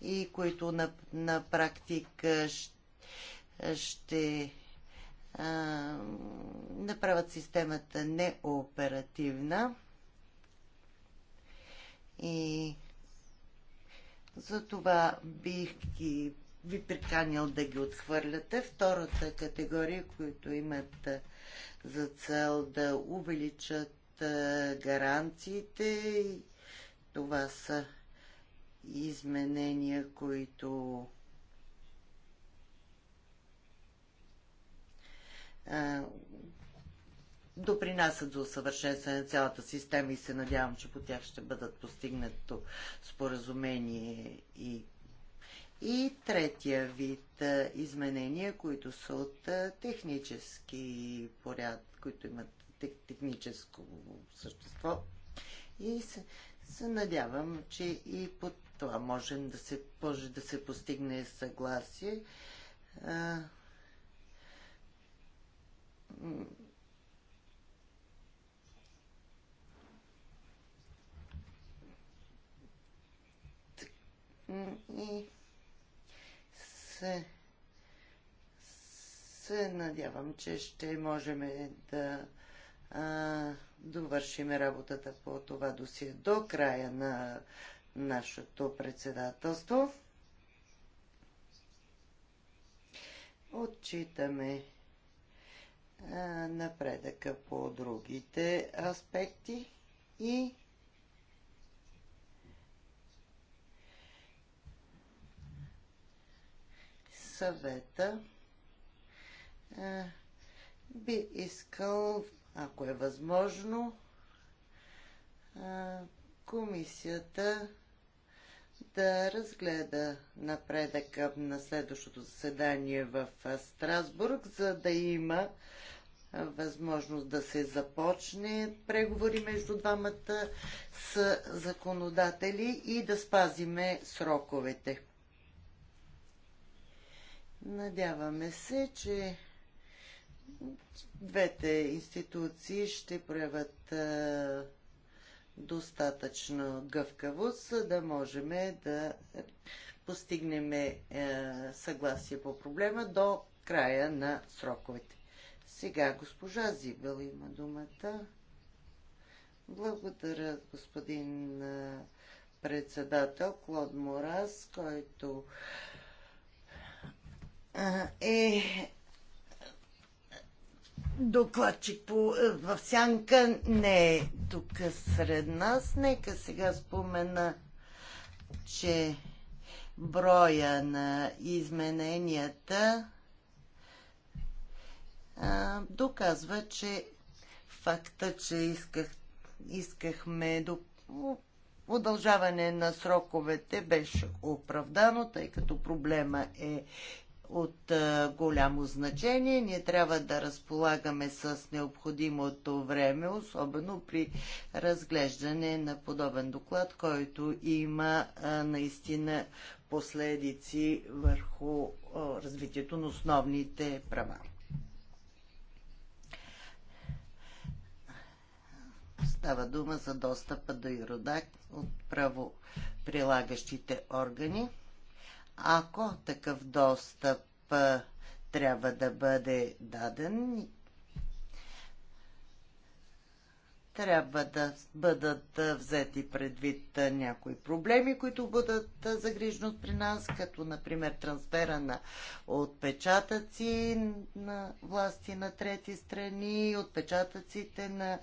и които на, на практика ще а, направят системата неоперативна и за това бих ги ви приканил да ги отхвърляте. Втората категория, които имат за цел да увеличат гаранциите това са изменения, които допринасят за усъвършенстване на цялата система и се надявам, че по тях ще бъдат постигнато споразумение и и третия вид изменения, които са от технически поряд, които имат техническо същество и се, се надявам, че и по това можем да се, може да се постигне съгласие. А, и се, се надявам, че ще можем да довършим работата по това досие до края на нашето председателство. Отчитаме а, напредъка по другите аспекти и съвета а, би искал ако е възможно, комисията да разгледа напредъка на следващото заседание в Страсбург, за да има възможност да се започне преговори между двамата с законодатели и да спазиме сроковете. Надяваме се, че Двете институции ще проявят достатъчно гъвкавост, за да можем да постигнем съгласие по проблема до края на сроковете. Сега госпожа Зибел има думата. Благодаря, господин председател Клод Морас, който е Докладчик по, е, в сянка не е тук сред нас. Нека сега спомена, че броя на измененията а, доказва, че факта, че исках, искахме до удължаване на сроковете беше оправдано, тъй като проблема е от е, голямо значение. Ние трябва да разполагаме с необходимото време, особено при разглеждане на подобен доклад, който има е, наистина последици върху е, развитието на основните права. Става дума за достъпа до Иродак от правоприлагащите органи. Ако такъв достъп трябва да бъде даден, трябва да бъдат взети предвид някои проблеми, които бъдат загрижност при нас, като например трансфера на отпечатъци на власти на трети страни, отпечатъците на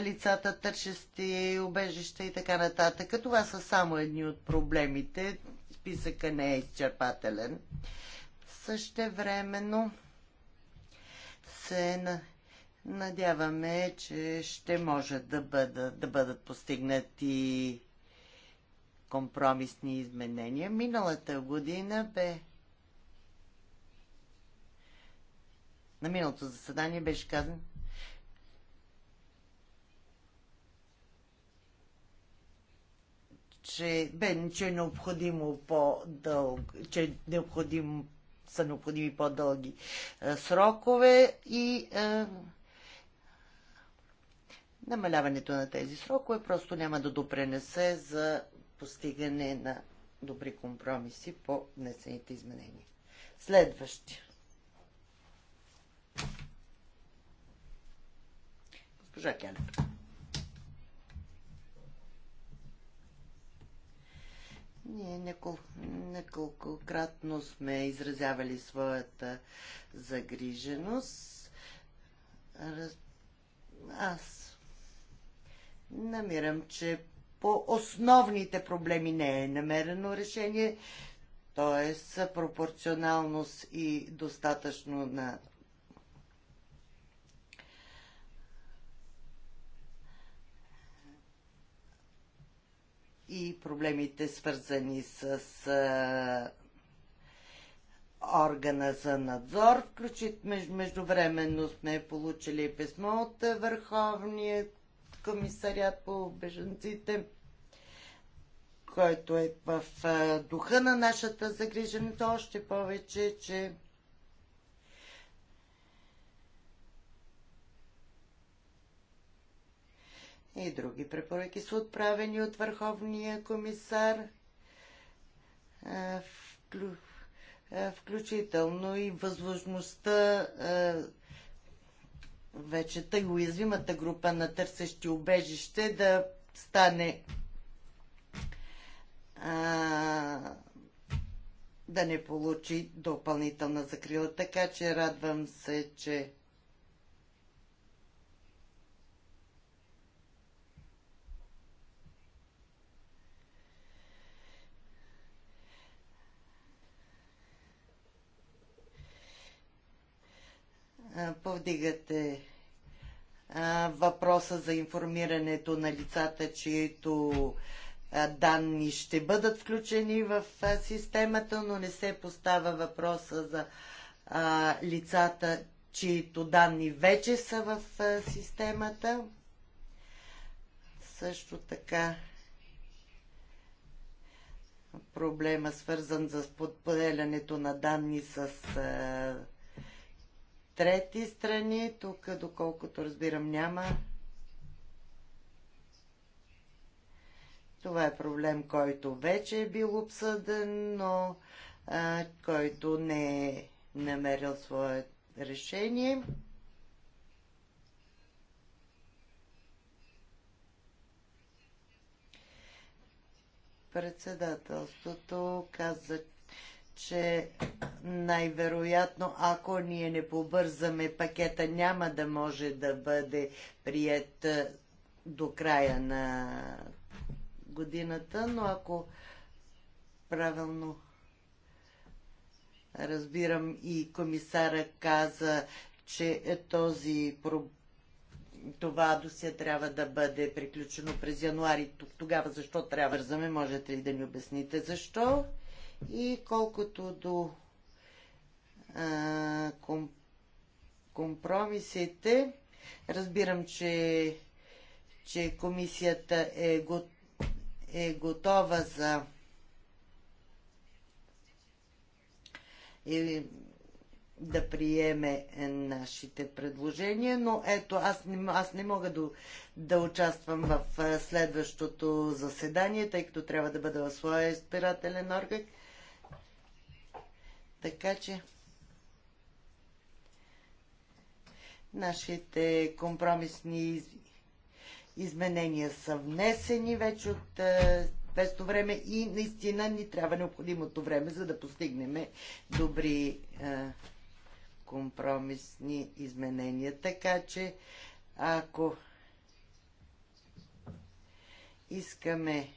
лицата търсещи убежища и така нататък. Това са само едни от проблемите списъка не е изчерпателен. времено се надяваме, че ще може да бъдат, да бъдат постигнати компромисни изменения. Миналата година бе на миналото заседание беше казано, че, бе, че е необходимо по-дълго, че е необходимо, са необходими по-дълги е, срокове и е, намаляването на тези срокове просто няма да допренесе за постигане на добри компромиси по внесените изменения. Следващи. Госпожа Кялев. Ние неколкократно сме изразявали своята загриженост. Раз... Аз намирам, че по основните проблеми не е намерено решение, т.е. пропорционалност и достатъчно на и проблемите свързани с органа за надзор. Включит междувременно сме получили писмо от Върховния комисарят по беженците, който е в духа на нашата загриженост. Още повече, че и други препоръки са отправени от Върховния комисар, включително и възможността вече тъй уязвимата група на търсещи убежище да стане да не получи допълнителна закрила. Така че радвам се, че повдигате въпроса за информирането на лицата, чието данни ще бъдат включени в системата, но не се поставя въпроса за лицата, чието данни вече са в системата. Също така проблема свързан с подподелянето на данни с трети страни. Тук, доколкото разбирам, няма. Това е проблем, който вече е бил обсъден, но а, който не е намерил свое решение. Председателството каза, че най-вероятно, ако ние не побързаме, пакета няма да може да бъде прият до края на годината, но ако правилно разбирам и комисара каза, че този проблем това досия трябва да бъде приключено през януари. Тогава защо трябва вързаме, Можете ли да ни обясните защо? И колкото до а, ком, компромисите, разбирам, че, че комисията е, го, е готова за Или е, да приеме нашите предложения, но ето, аз не, аз не мога да, да участвам в следващото заседание, тъй като трябва да бъда в своя избирателен орган така че нашите компромисни изменения са внесени вече от тесто е, време и наистина ни трябва необходимото време, за да постигнем добри а, е, компромисни изменения. Така че, ако искаме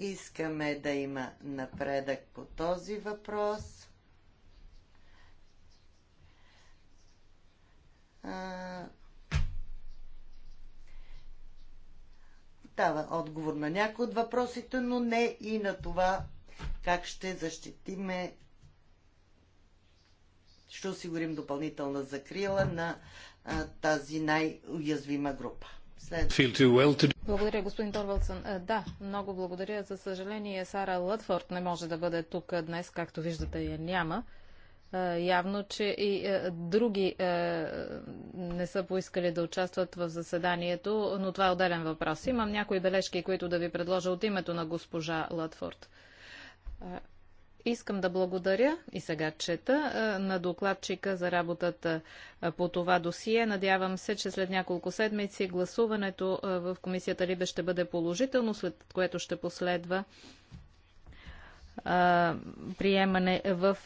Искаме да има напредък по този въпрос. дава отговор на някои от въпросите, но не и на това как ще защитиме, ще осигурим допълнителна закрила на тази най-уязвима група. Благодаря, господин Торвалсън. Е, да, много благодаря. За съжаление, Сара Лътфорд не може да бъде тук днес, както виждате я няма. Е, явно, че и е, други не са поискали да участват в заседанието, но това е отделен въпрос. Имам някои бележки, които да ви предложа от името на госпожа Лътфорд. Искам да благодаря и сега чета на докладчика за работата по това досие. Надявам се, че след няколко седмици гласуването в комисията Либе ще бъде положително, след което ще последва приемане в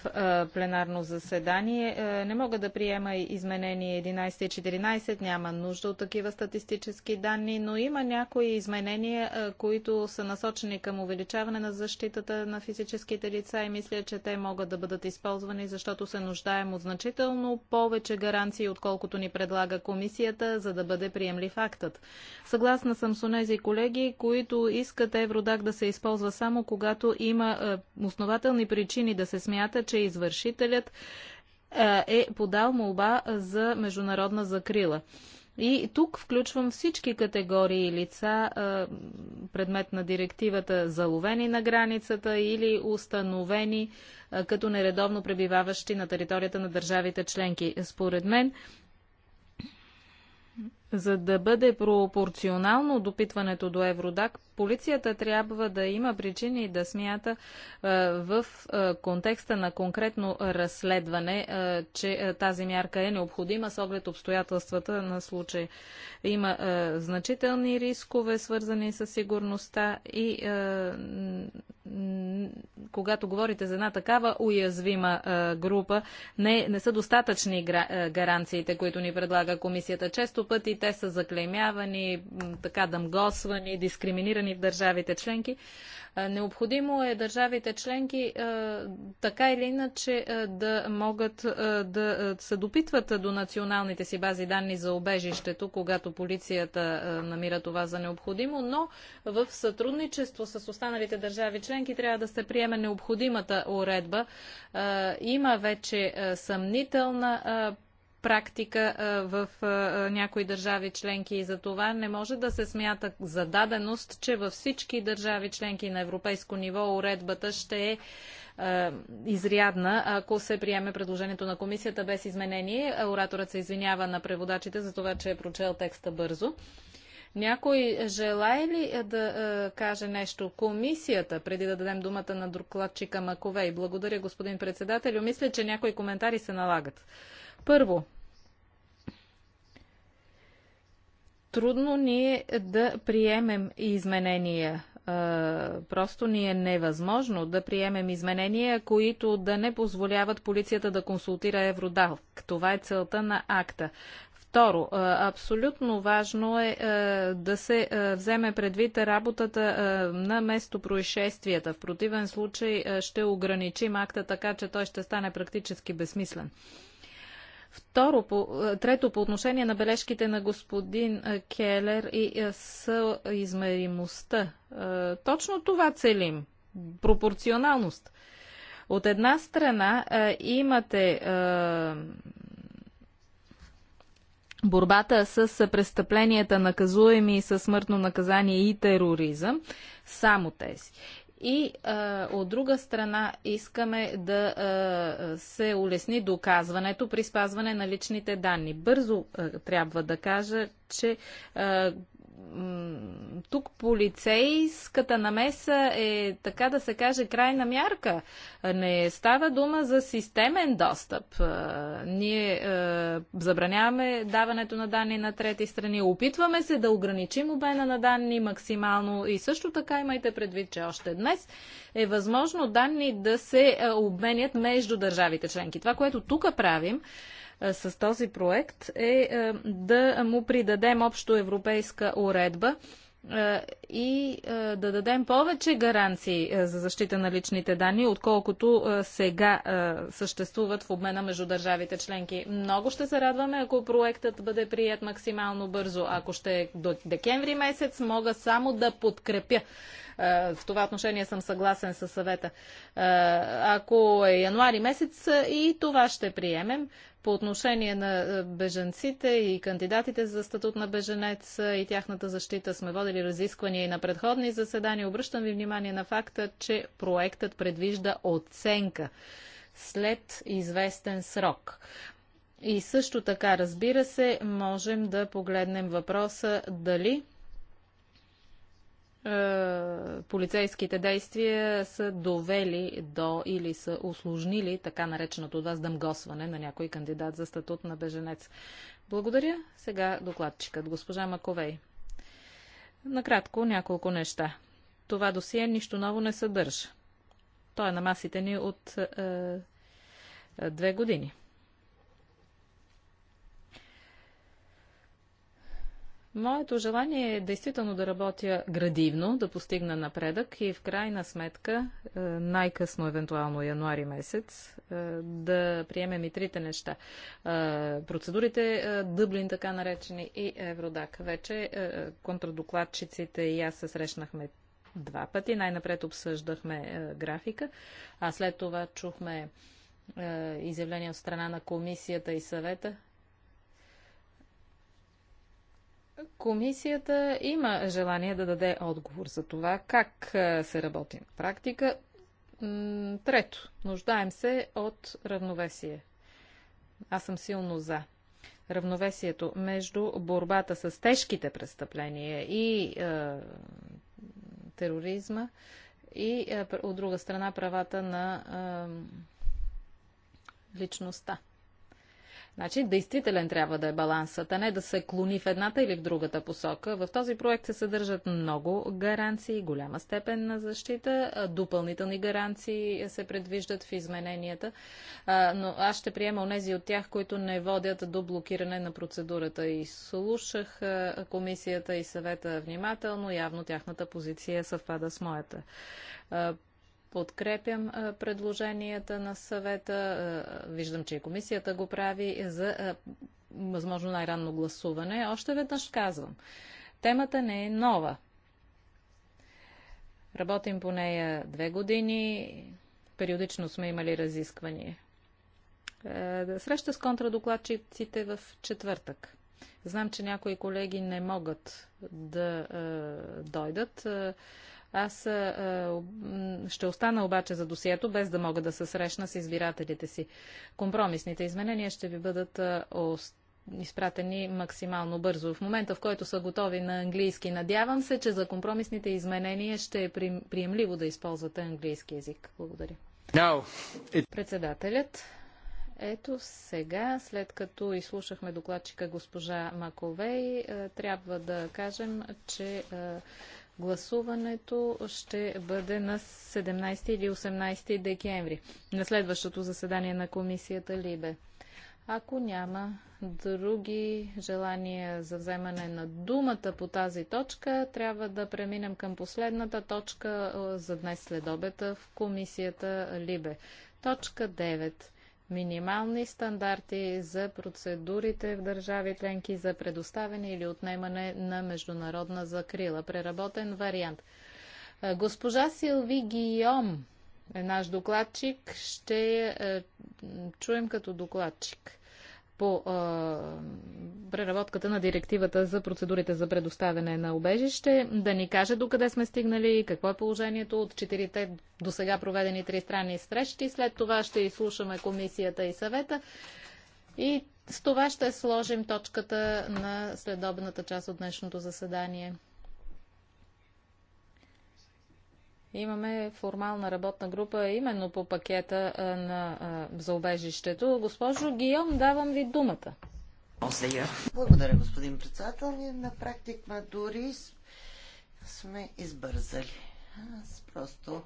пленарно заседание. Не мога да приема изменение 11 и 14, няма нужда от такива статистически данни, но има някои изменения, които са насочени към увеличаване на защитата на физическите лица и мисля, че те могат да бъдат използвани, защото се нуждаем от значително повече гаранции, отколкото ни предлага комисията, за да бъде приемлив актът. Съгласна съм с онези колеги, които искат Евродак да се използва само когато има основателни причини да се смята, че извършителят е подал молба за международна закрила. И тук включвам всички категории лица, предмет на директивата, заловени на границата или установени като нередовно пребиваващи на територията на държавите членки. Според мен за да бъде пропорционално допитването до Евродак, полицията трябва да има причини да смята е, в е, контекста на конкретно разследване, е, че тази мярка е необходима с оглед обстоятелствата на случай. Има значителни рискове, свързани с сигурността и когато говорите за една такава уязвима група, не, не са достатъчни гаранциите, които ни предлага комисията. Често пъти те са заклеймявани, така дъмгосвани, дискриминирани в държавите членки. Необходимо е държавите членки така или иначе да могат да се допитват до националните си бази данни за обежището, когато полицията намира това за необходимо, но в сътрудничество с останалите държави членки трябва да се приеме необходимата уредба. Има вече съмнителна практика в някои държави членки и за това не може да се смята за даденост, че във всички държави членки на европейско ниво уредбата ще е изрядна, ако се приеме предложението на комисията без изменение. Ораторът се извинява на преводачите за това, че е прочел текста бързо. Някой желая ли да е, каже нещо? Комисията, преди да дадем думата на докладчика Маковей. Благодаря, господин председател, Мисля, че някои коментари се налагат. Първо, трудно ни е да приемем изменения. Просто ни е невъзможно да приемем изменения, които да не позволяват полицията да консултира Евродал. Това е целта на акта. Второ, абсолютно важно е да се вземе предвид работата на место происшествията. В противен случай ще ограничим акта така, че той ще стане практически безсмислен. Второ, по, е, трето, по отношение на бележките на господин е, Келер и е, съизмеримостта. Точно това целим. Пропорционалност. От една страна имате борбата с престъпленията, наказуеми с смъртно наказание и тероризъм, само тези и а, от друга страна искаме да а, се улесни доказването при спазване на личните данни. Бързо а, трябва да кажа, че а, тук полицейската намеса е, така да се каже, крайна мярка. Не става дума за системен достъп. Ние забраняваме даването на данни на трети страни. Опитваме се да ограничим обена на данни максимално и също така имайте предвид, че още днес е възможно данни да се обменят между държавите членки. Това, което тук правим, с този проект е да му придадем общо европейска уредба и да дадем повече гаранции за защита на личните данни, отколкото сега съществуват в обмена между държавите членки. Много ще се радваме, ако проектът бъде прият максимално бързо. Ако ще е до декември месец, мога само да подкрепя. В това отношение съм съгласен със съвета. Ако е януари месец и това ще приемем, по отношение на е, бежанците и кандидатите за статут на беженец и тяхната защита сме водили разисквания и на предходни заседания. Обръщам ви внимание на факта, че проектът предвижда оценка след известен срок. И също така, разбира се, можем да погледнем въпроса дали е, полицейските действия са довели до или са усложнили така нареченото от вас дъмгосване на някой кандидат за статут на беженец. Благодаря. Сега докладчикът, госпожа Маковей. Накратко няколко неща. Това досие нищо ново не съдържа. То е на масите ни от е, е две години. Моето желание е действително да работя градивно, да постигна напредък и в крайна сметка, е, най-късно, евентуално януари месец, е, да приемем и трите неща. Е, процедурите Дъблин, така наречени, и Евродак. Вече контрадокладчиците и аз се срещнахме два пъти. Най-напред обсъждахме графика, а след това чухме изявление от страна на комисията и съвета Комисията има желание да даде отговор за това как се работи на практика. Трето, нуждаем се от равновесие. Аз съм силно за равновесието между борбата с тежките престъпления и е, тероризма и е, от друга страна правата на е, личността. Значи, действителен трябва да е балансът, а не да се клони в едната или в другата посока. В този проект се съдържат много гаранции, голяма степен на защита, допълнителни гаранции се предвиждат в измененията, но аз ще приема онези от тях, които не водят до блокиране на процедурата. И слушах комисията и съвета внимателно, явно тяхната позиция съвпада с моята Подкрепям предложенията на съвета. Виждам, че и комисията го прави за възможно най-ранно гласуване. Още веднъж казвам. Темата не е нова. Работим по нея две години. Периодично сме имали разисквания. Е, среща с контрадокладчиците в четвъртък. Знам, че някои колеги не могат да е, дойдат. Е, аз ще остана обаче за досието, без да мога да се срещна с избирателите си. Компромисните изменения ще ви бъдат изпратени максимално бързо. В момента, в който са готови на английски, надявам се, че за компромисните изменения ще е приемливо да използвате английски язик. Благодаря. Now, it... Председателят. Ето сега, след като изслушахме докладчика госпожа Маковей, трябва да кажем, че Гласуването ще бъде на 17 или 18 декември, на следващото заседание на комисията Либе. Ако няма други желания за вземане на думата по тази точка, трябва да преминем към последната точка за днес следобета в комисията Либе. Точка 9 минимални стандарти за процедурите в държави членки за предоставяне или отнемане на международна закрила. Преработен вариант. Госпожа Силви Гийом е наш докладчик. Ще е, чуем като докладчик по а, преработката на директивата за процедурите за предоставяне на обежище, да ни каже докъде сме стигнали какво е положението от четирите до сега проведени три странни срещи. След това ще изслушаме комисията и съвета. И с това ще сложим точката на следобната част от днешното заседание. Имаме формална работна група именно по пакета на, заубежището. Госпожо Гион, давам ви думата. Благодаря, господин председател. Ние на практика дори сме избързали. Аз просто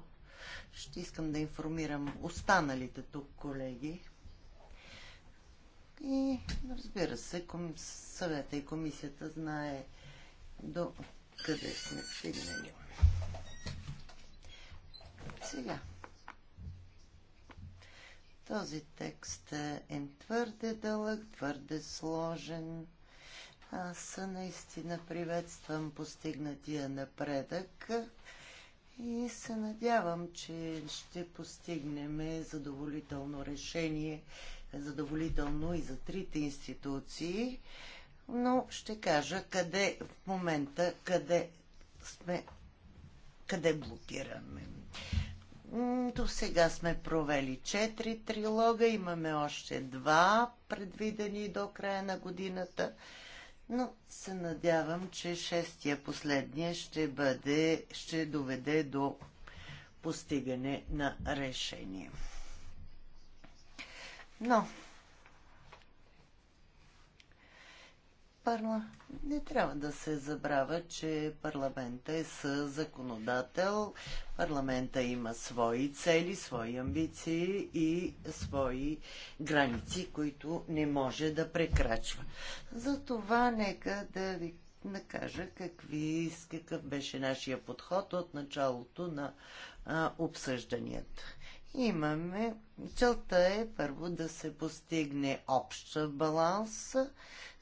ще искам да информирам останалите тук колеги. И разбира се, съвета и комисията знае до къде сме стигнали. Сега. Този текст е твърде дълъг, твърде сложен. Аз наистина приветствам постигнатия напредък и се надявам, че ще постигнем задоволително решение, задоволително и за трите институции, но ще кажа къде в момента, къде сме, къде блокираме. До сега сме провели четири трилога, имаме още два предвидени до края на годината, но се надявам, че шестия последния ще, бъде, ще доведе до постигане на решение. Но Парла... Не трябва да се забравя, че парламента е със законодател. Парламента има свои цели, свои амбиции и свои граници, които не може да прекрачва. Затова нека да ви накажа какви, какъв беше нашия подход от началото на а, обсъжданията. Имаме, целта е първо да се постигне общ баланс,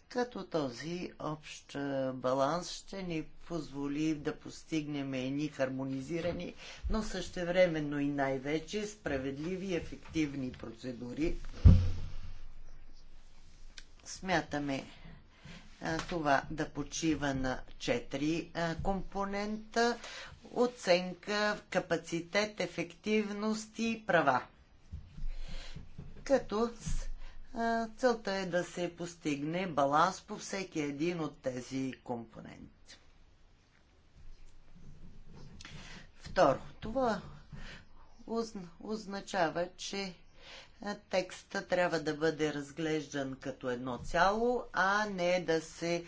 като този общ баланс ще ни позволи да постигнем едни хармонизирани, но същевременно и най-вече справедливи и ефективни процедури. Смятаме това да почива на четири компонента оценка, капацитет, ефективност и права. Като Целта е да се постигне баланс по всеки един от тези компоненти. Второ, това означава, че текста трябва да бъде разглеждан като едно цяло, а не да се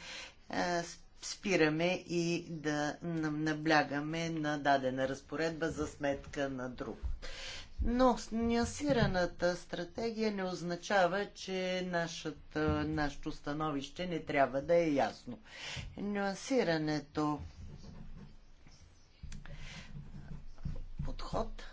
спираме и да наблягаме на дадена разпоредба за сметка на друг. Но нюансираната стратегия не означава, че нашата, нашето становище не трябва да е ясно. Нюансирането подход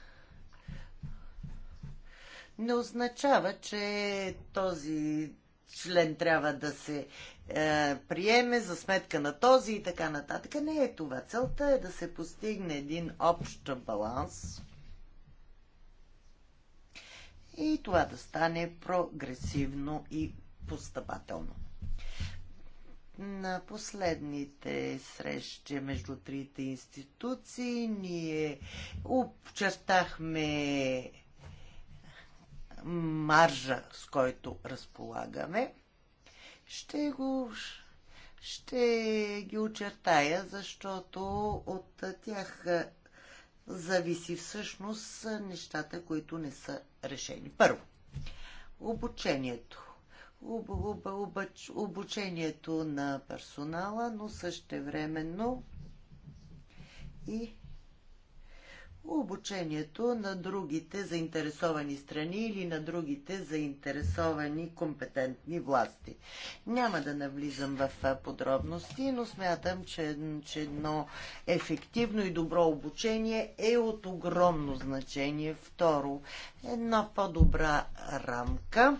не означава, че този член трябва да се е, приеме за сметка на този и така нататък. Не е това. Целта е да се постигне един общ баланс – и това да стане прогресивно и постъпателно. На последните срещи между трите институции ние обчертахме маржа, с който разполагаме. Ще го ще ги очертая, защото от тях зависи всъщност нещата, които не са решени. Първо, обучението. Об, об, обач, обучението на персонала, но същевременно и обучението на другите заинтересовани страни или на другите заинтересовани компетентни власти. Няма да навлизам в подробности, но смятам, че, че едно ефективно и добро обучение е от огромно значение. Второ, една по-добра рамка,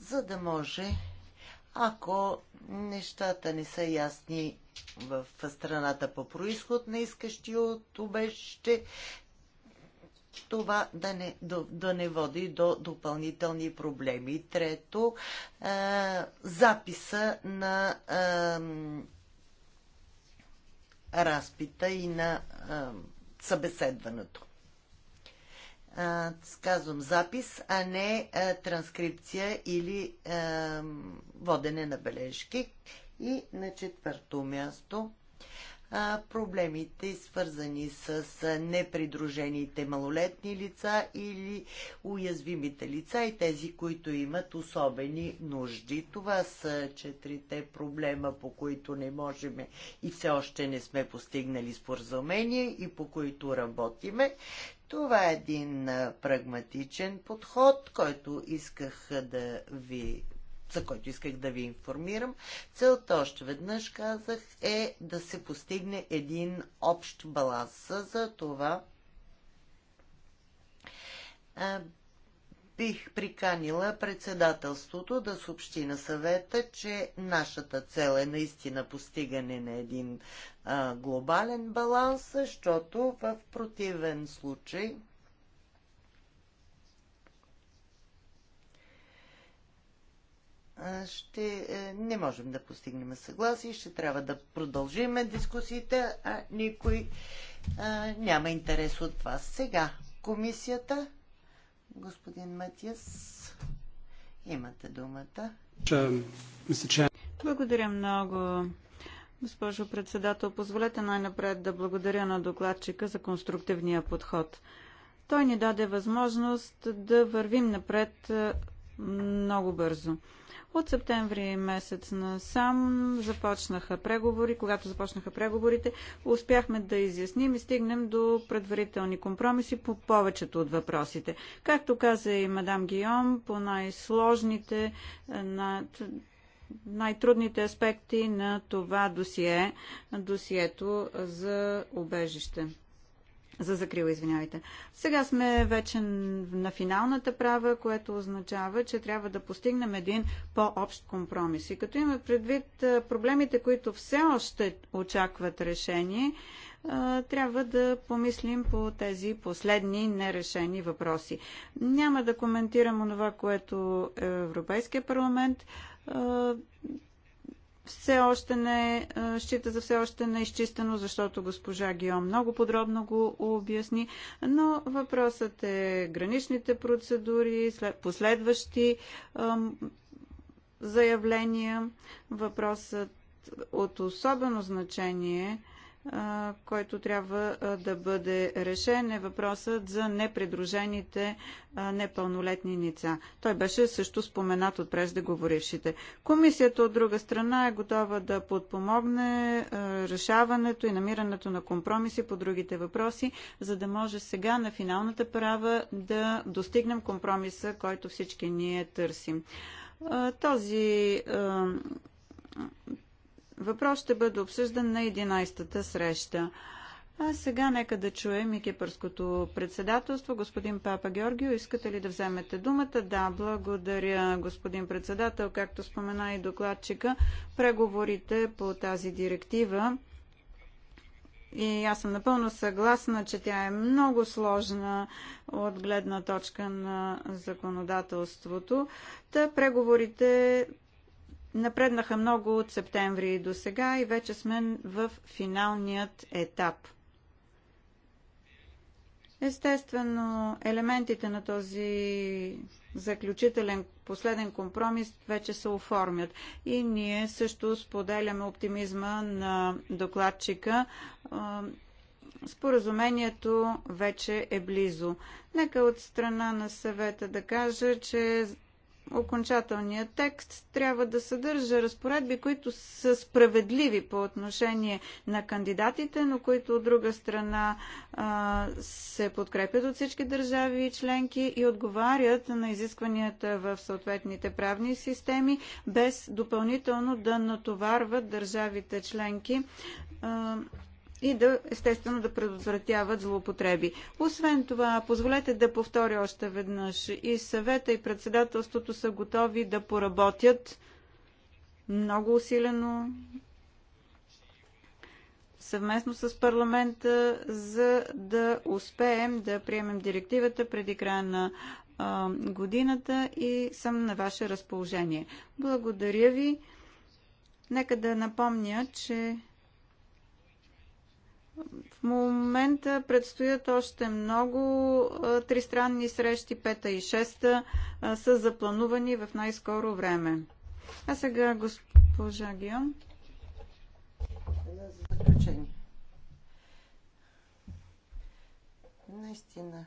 за да може ако нещата не са ясни в страната по происход на искащи от убежище, това да не, да, да не води до допълнителни проблеми. Трето, е, записа на е, разпита и на е, събеседването казвам запис, а не а, транскрипция или а, водене на бележки. И на четвърто място а, проблемите, свързани с непридружените малолетни лица или уязвимите лица и тези, които имат особени нужди. Това са четирите проблема, по които не можем и все още не сме постигнали споразумение и по които работиме. Това е един прагматичен подход, който исках да ви за който исках да ви информирам. Целта, още веднъж казах, е да се постигне един общ баланс. За това бих приканила председателството да съобщи на съвета, че нашата цел е наистина постигане на един а, глобален баланс, защото в противен случай ще е, не можем да постигнем съгласие, ще трябва да продължиме дискусиите, а никой а, няма интерес от вас. Сега комисията Господин Матиас, имате думата. Благодаря много. Госпожо председател, позволете най-напред да благодаря на докладчика за конструктивния подход. Той ни даде възможност да вървим напред е, много бързо. От септември месец насам започнаха преговори. Когато започнаха преговорите, успяхме да изясним и стигнем до предварителни компромиси по повечето от въпросите. Както каза и мадам Гийом, по най-сложните, е, най-трудните аспекти на това досие, досието за убежище за закрила, извинявайте. Сега сме вече на финалната права, което означава, че трябва да постигнем един по-общ компромис. И като имаме предвид проблемите, които все още очакват решение, трябва да помислим по тези последни нерешени въпроси. Няма да коментирам онова, което Европейския парламент все още не счита за все още не изчистено, защото госпожа Гио много подробно го обясни, но въпросът е граничните процедури, последващи заявления, въпросът от особено значение е който трябва да бъде решен е въпросът за непридружените непълнолетни лица. Той беше също споменат от преждеговорившите. Комисията от друга страна е готова да подпомогне решаването и намирането на компромиси по другите въпроси, за да може сега на финалната права да достигнем компромиса, който всички ние търсим. Този въпрос ще бъде обсъждан на 11-та среща. А сега нека да чуем и кипърското председателство. Господин Папа Георгио, искате ли да вземете думата? Да, благодаря, господин председател. Както спомена и докладчика, преговорите по тази директива и аз съм напълно съгласна, че тя е много сложна от гледна точка на законодателството. Та преговорите Напреднаха много от септември до сега и вече сме в финалният етап. Естествено, елементите на този заключителен последен компромис вече се оформят. И ние също споделяме оптимизма на докладчика. Споразумението вече е близо. Нека от страна на съвета да кажа, че окончателният текст трябва да съдържа разпоредби, които са справедливи по отношение на кандидатите, но които от друга страна се подкрепят от всички държави и членки и отговарят на изискванията в съответните правни системи, без допълнително да натоварват държавите членки и да, естествено, да предотвратяват злоупотреби. Освен това, позволете да повторя още веднъж. И съвета и председателството са готови да поработят много усилено съвместно с парламента, за да успеем да приемем директивата преди края на а, годината и съм на ваше разположение. Благодаря ви. Нека да напомня, че в момента предстоят още много тристранни срещи, пета и шеста, са запланувани в най-скоро време. А сега госпожа Гион. За заключение. Наистина.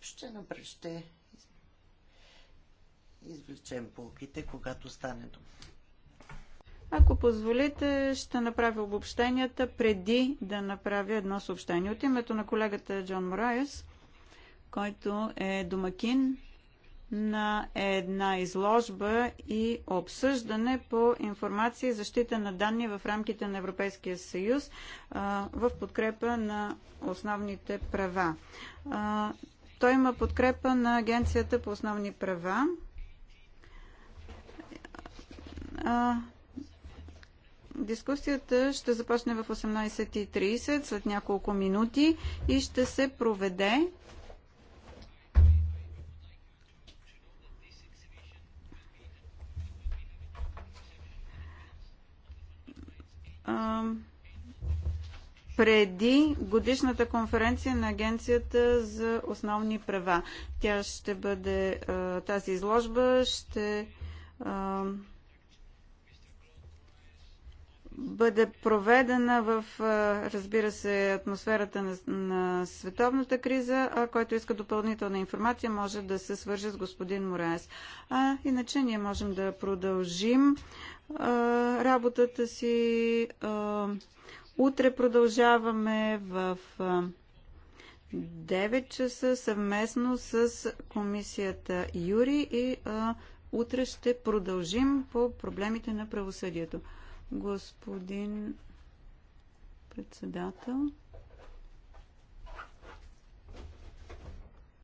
Ще напред ще извлечем полките, когато стане дума. Ако позволите, ще направя обобщенията преди да направя едно съобщение. От името на колегата Джон Морайес, който е домакин на една изложба и обсъждане по информация и защита на данни в рамките на Европейския съюз в подкрепа на основните права. той има подкрепа на Агенцията по основни права. Дискусията ще започне в 18.30, след няколко минути и ще се проведе преди годишната конференция на Агенцията за основни права. Тя ще бъде, тази изложба ще бъде проведена в, разбира се, атмосферата на, на световната криза, а който иска допълнителна информация, може да се свърже с господин Мораес. А иначе ние можем да продължим а, работата си. А, утре продължаваме в а, 9 часа съвместно с комисията Юри и а, утре ще продължим по проблемите на правосъдието господин председател.